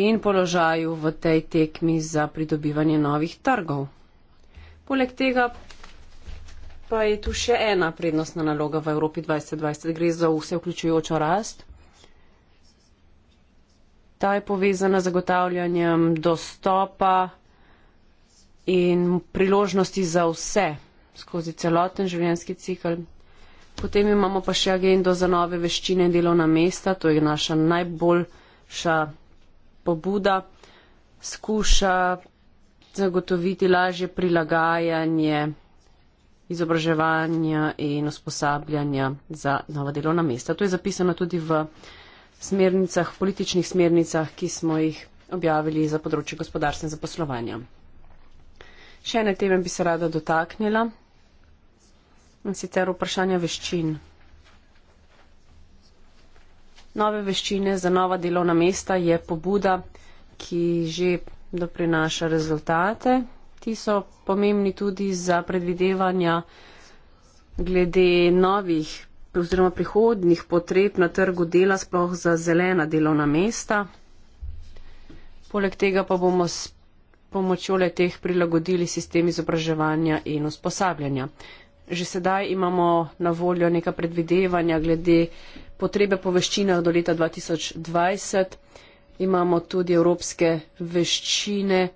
in položaju v tej tekmi za pridobivanje novih trgov. Poleg tega pa je tu še ena prednostna naloga v Evropi 2020. Gre za vse vključujočo rast. Ta je povezana z zagotavljanjem dostopa in priložnosti za vse skozi celoten življenjski cikl Potem imamo pa še agendo za nove veščine delovna mesta, to je naša najboljša pobuda. Skuša zagotoviti lažje prilagajanje izobraževanja in usposabljanja za nova delovna mesta. To je zapisano tudi v smernicah, političnih smernicah, ki smo jih objavili za področje gospodarstva in zaposlovanja. Še ene teme bi se rada dotaknila in sicer vprašanja veščin. Nove veščine za nova delovna mesta je pobuda, ki že doprinaša rezultate. Ti so pomembni tudi za predvidevanja glede novih oziroma prihodnih potreb na trgu dela, sploh za zelena delovna mesta. Poleg tega pa bomo s pomočjo le teh prilagodili sistem izobraževanja in usposabljanja že sedaj imamo na voljo neka predvidevanja glede potrebe po veščinah do leta 2020. Imamo tudi evropske veščine,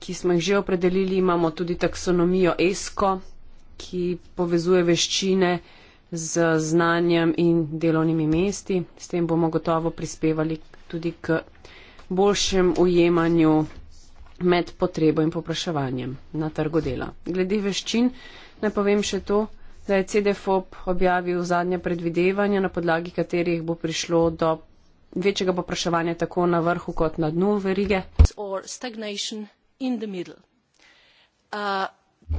ki smo jih že opredelili. Imamo tudi taksonomijo ESCO, ki povezuje veščine z znanjem in delovnimi mesti. S tem bomo gotovo prispevali tudi k boljšem ujemanju med potrebo in popraševanjem na trgu dela. Glede veščin, ne povem še to, da je CDFOP objavil zadnja predvidevanja, na podlagi katerih bo prišlo do večjega popraševanja tako na vrhu kot na dnu verige.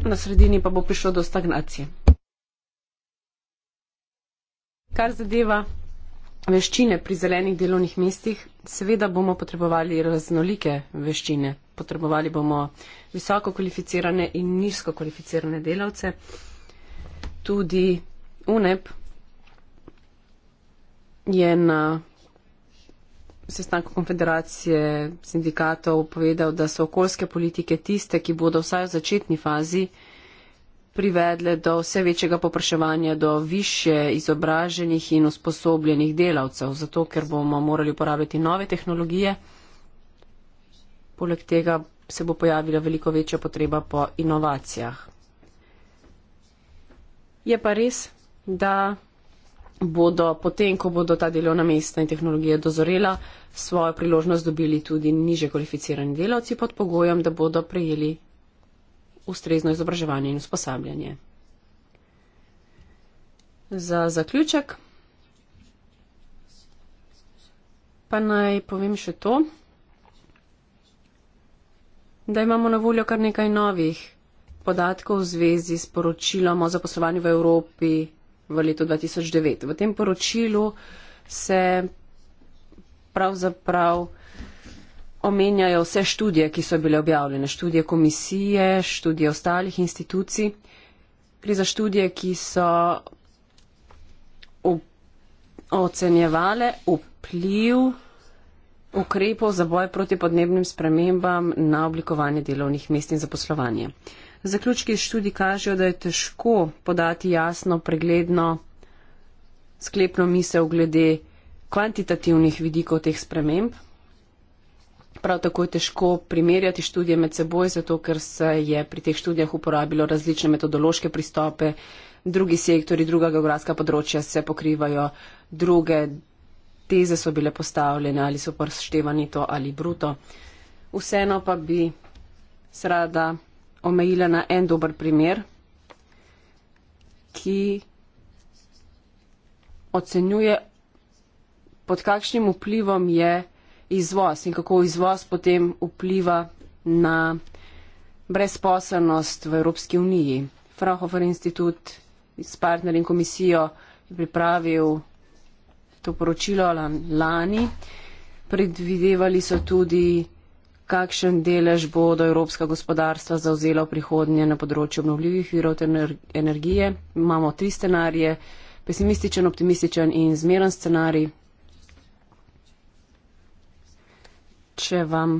Na sredini pa bo prišlo do stagnacije. Kar zadeva veščine pri zelenih delovnih mestih, seveda bomo potrebovali raznolike veščine. Potrebovali bomo visoko kvalificirane in nizko kvalificirane delavce. Tudi UNEP je na sestanku konfederacije sindikatov povedal, da so okoljske politike tiste, ki bodo vsaj v začetni fazi privedle do vse večjega popraševanja do više izobraženih in usposobljenih delavcev, zato ker bomo morali uporabljati nove tehnologije. Poleg tega se bo pojavila veliko večja potreba po inovacijah. Je pa res, da bodo potem, ko bodo ta delovna mesta in tehnologije dozorela, svojo priložnost dobili tudi niže kvalificirani delavci pod pogojem, da bodo prejeli ustrezno izobraževanje in usposabljanje. Za zaključek pa naj povem še to, da imamo na voljo kar nekaj novih podatkov v zvezi s poročilom o zaposlovanju v Evropi v letu 2009. V tem poročilu se pravzaprav omenjajo vse študije, ki so bile objavljene, študije komisije, študije ostalih institucij. Gre za študije, ki so ocenjevale vpliv ukrepov za boj proti podnebnim spremembam na oblikovanje delovnih mest in zaposlovanje. Zaključki študij kažejo, da je težko podati jasno, pregledno, sklepno misel glede kvantitativnih vidikov teh sprememb. Prav tako je težko primerjati študije med seboj, zato ker se je pri teh študijah uporabilo različne metodološke pristope, drugi sektori, druga geografska področja se pokrivajo, druge teze so bile postavljene ali so prštevani to ali bruto. Vseeno pa bi se rada omejila na en dober primer, ki ocenjuje, pod kakšnim vplivom je izvoz in kako izvoz potem vpliva na brezposelnost v Evropski uniji. Frauhofer institut s partnerjem komisijo je pripravil to poročilo lani. Predvidevali so tudi, kakšen delež bodo evropska gospodarstva zauzela v prihodnje na področju obnovljivih virov energije. Imamo tri scenarije, pesimističen, optimističen in zmeren scenarij. če vam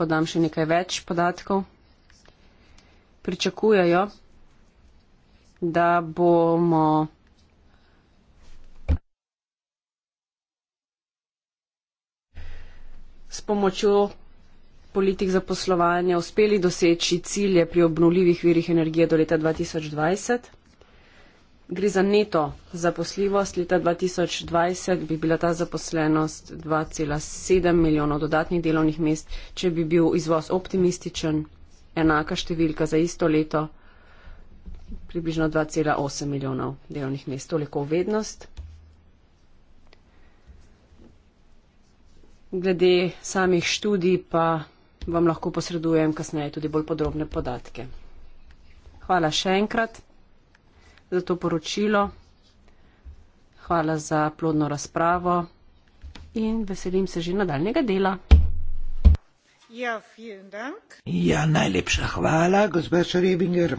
podam še nekaj več podatkov. Pričakujejo, da bomo s pomočjo politik za poslovanje uspeli doseči cilje pri obnuljivih virih energije do leta 2020. Gre za neto zaposljivost. Leta 2020 bi bila ta zaposlenost 2,7 milijonov dodatnih delovnih mest, če bi bil izvoz optimističen, enaka številka za isto leto, približno 2,8 milijonov delovnih mest. Toliko vednost. Glede samih študij pa vam lahko posredujem kasneje tudi bolj podrobne podatke. Hvala še enkrat za to poročilo. Hvala za plodno razpravo in veselim se že nadaljnega dela. Ja, ja najlepša hvala, gospod Šrebinger.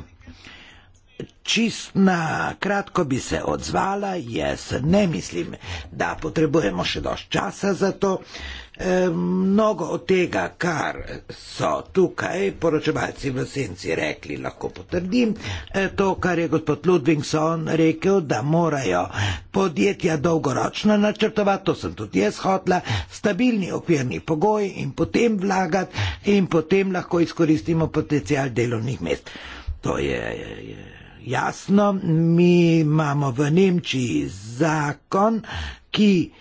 Čist na kratko bi se odzvala, jaz ne mislim, da potrebujemo še dosti časa za to, Eh, mnogo od tega, kar so tukaj poročevalci v senci rekli, lahko potrdim. Eh, to, kar je gospod Ludvigson rekel, da morajo podjetja dolgoročno načrtovati, to sem tudi jaz hotla, stabilni okvirni pogoj in potem vlagati in potem lahko izkoristimo potencial delovnih mest. To je. je, je. Jasno, mi imamo v Nemčiji zakon, ki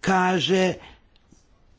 kaže, da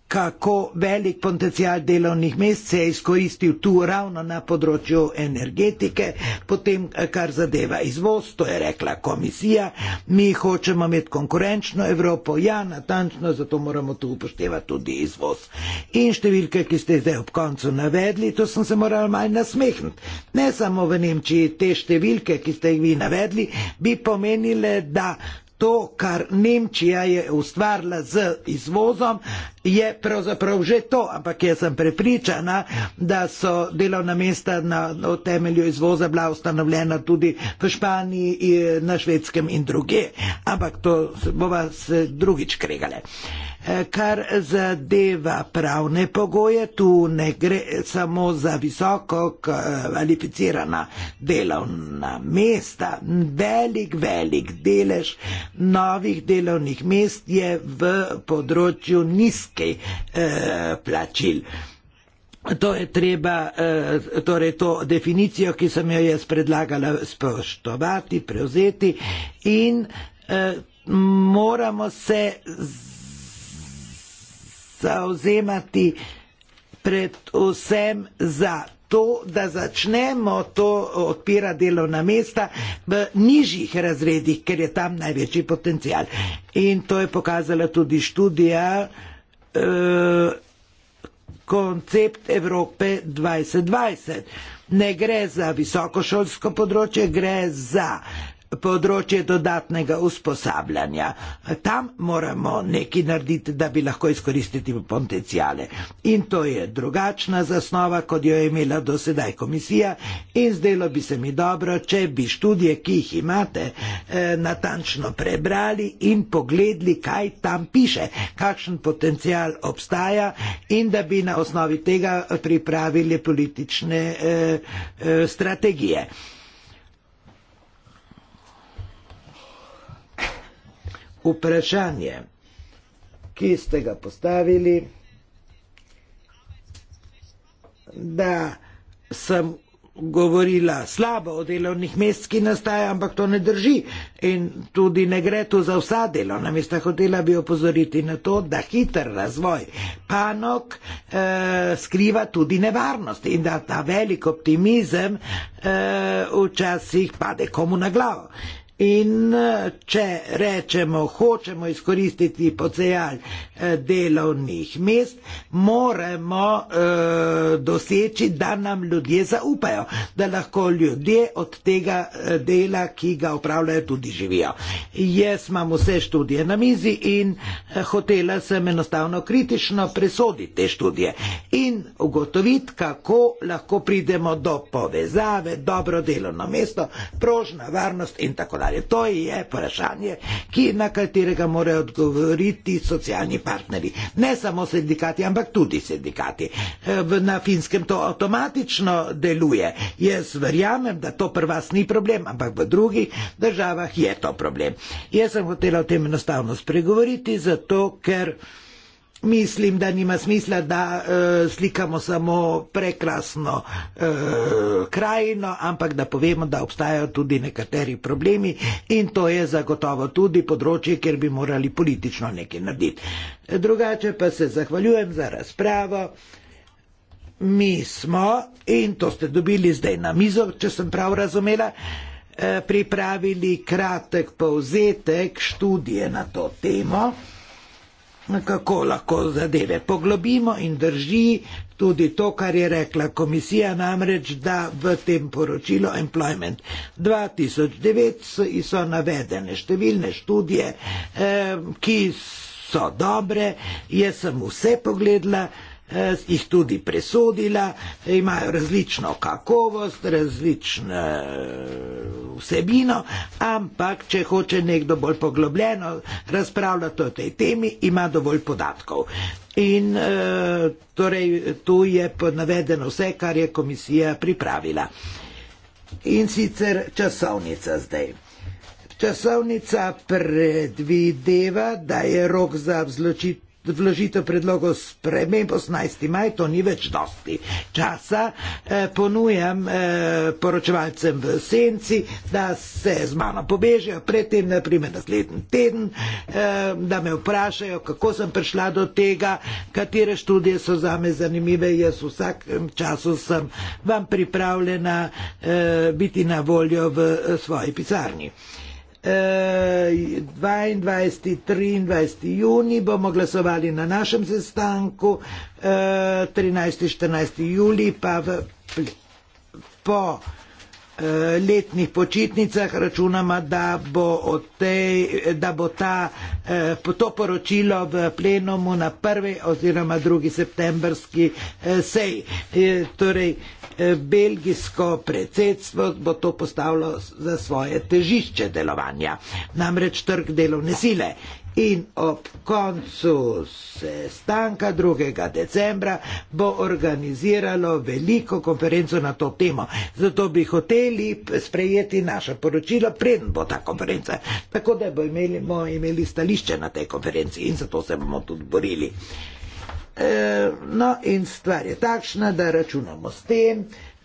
kako velik potencial delovnih mest se je izkoristil tu ravno na področju energetike, potem kar zadeva izvoz, to je rekla komisija, mi hočemo imeti konkurenčno Evropo, ja, natančno, zato moramo tu upoštevati tudi izvoz. In številke, ki ste zdaj ob koncu navedli, to sem se moral malj nasmehniti. Ne samo v Nemčiji, te številke, ki ste jih vi navedli, bi pomenile, da to, kar Nemčija je ustvarila z izvozom, je pravzaprav že to, ampak jaz sem prepričana, da so delovna mesta na, na temelju izvoza bila ustanovljena tudi v Španiji, na švedskem in druge. Ampak to bova se drugič kregale. Eh, kar zadeva pravne pogoje, tu ne gre samo za visoko kvalificirana delovna mesta. Velik, velik delež novih delovnih mest je v področju nizkej eh, plačil. To je treba, eh, torej to definicijo, ki sem jo jaz predlagala, spoštovati, prevzeti in eh, moramo se. Z, zauzemati pred vsem za to, da začnemo to odpira delovna mesta v nižjih razredih, ker je tam največji potencial. In to je pokazala tudi študija eh, koncept Evrope 2020. Ne gre za visokošolsko področje, gre za področje dodatnega usposabljanja. Tam moramo nekaj narediti, da bi lahko izkoristili potencijale. In to je drugačna zasnova, kot jo je imela do sedaj komisija. In zdelo bi se mi dobro, če bi študije, ki jih imate, eh, natančno prebrali in pogledali, kaj tam piše, kakšen potencijal obstaja in da bi na osnovi tega pripravili politične eh, eh, strategije. vprašanje, ki ste ga postavili, da sem govorila slabo o delovnih mest, ki nastaja, ampak to ne drži in tudi ne gre tu za vsa delo. Na mesta hotela bi opozoriti na to, da hiter razvoj panok eh, skriva tudi nevarnost in da ta velik optimizem eh, včasih pade komu na glavo. Eh, In eh, če rečemo, hočemo izkoristiti pocejal eh, delovnih mest, moramo eh, doseči, da nam ljudje zaupajo, da lahko ljudje od tega eh, dela, ki ga upravljajo, tudi živijo. Jaz imam vse študije na mizi in hotela sem enostavno kritično presoditi te študije in ugotoviti, kako lahko pridemo do povezave, dobro delovno mesto, prožna varnost in tako naprej denarja. To je vprašanje, ki, na katerega morajo odgovoriti socialni partneri. Ne samo sindikati, ampak tudi sindikati. E, na finskem to avtomatično deluje. Jaz verjamem, da to pri vas ni problem, ampak v drugih državah je to problem. Jaz sem hotela o tem enostavno spregovoriti, zato ker mislim, da nima smisla, da uh, slikamo samo prekrasno uh, krajino, ampak da povemo, da obstajajo tudi nekateri problemi in to je zagotovo tudi področje, kjer bi morali politično nekaj narediti. Drugače pa se zahvaljujem za razpravo. Mi smo, in to ste dobili zdaj na mizo, če sem prav razumela, eh, pripravili kratek povzetek študije na to temo kako lahko zadeve poglobimo in drži tudi to, kar je rekla komisija, namreč da v tem poročilu Employment 2009 so navedene številne študije, eh, ki so dobre, jaz sem vse pogledala, Eh, jih tudi presodila, imajo različno kakovost, različno eh, vsebino, ampak če hoče nekdo bolj poglobljeno razpravljati o tej temi, ima dovolj podatkov. In eh, torej tu je navedeno vse, kar je komisija pripravila. In sicer časovnica zdaj. Časovnica predvideva, da je rok za vzločitev vložitev predlogov sprememb 18. maj, to ni več dosti časa. Eh, ponujam eh, poročevalcem v senci, da se z mano pobežejo predtem, naprimer naslednji teden, eh, da me vprašajo, kako sem prišla do tega, katere študije so za me zanimive. Jaz v vsakem času sem vam pripravljena eh, biti na voljo v eh, svoji pisarni. Eh, 22. in 23. juni bomo glasovali na našem sestanku, 13. in 14. juli pa v, po eh, letnih počitnicah računamo, da bo, tej, da bo ta, eh, to poročilo v plenumu na 1. oziroma 2. septembrski eh, sej. Torej, Eh, belgijsko predsedstvo bo to postavilo za svoje težišče delovanja, namreč trg delovne sile. In ob koncu sestanka 2. decembra bo organiziralo veliko konferenco na to temo. Zato bi hoteli sprejeti naše poročilo, preden bo ta konferenca. Tako da bomo imeli, imeli stališče na tej konferenci in zato se bomo tudi borili. Eh, no in stvar je takšna, da računamo s tem,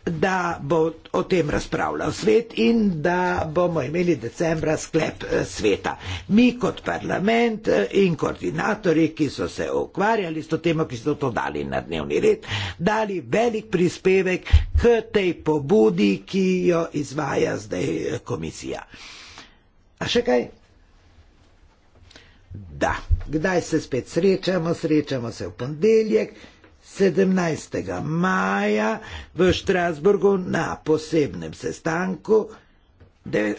da bo o tem razpravljal svet in da bomo imeli decembra sklep eh, sveta. Mi kot parlament eh, in koordinatori, ki so se ukvarjali s to temo, ki so to dali na dnevni red, dali velik prispevek k tej pobudi, ki jo izvaja zdaj komisija. A še kaj? Da, kdaj se spet srečamo? Srečamo se v ponedeljek, 17. maja v Štrasburgu na posebnem sestanku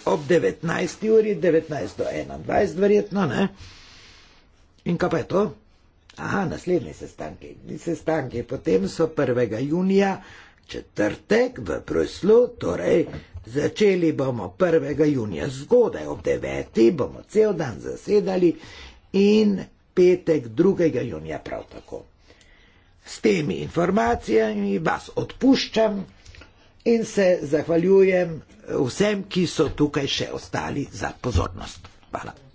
ob 19. uri, 19.21, verjetno. Ne? In kaj pa je to? Aha, naslednji sestanki. Sestanki potem so 1. junija četrtek v Bruslu, torej začeli bomo 1. junija zgodaj ob 9. bomo cel dan zasedali in petek 2. junija prav tako. S temi informacijami vas odpuščam in se zahvaljujem vsem, ki so tukaj še ostali za pozornost. Hvala.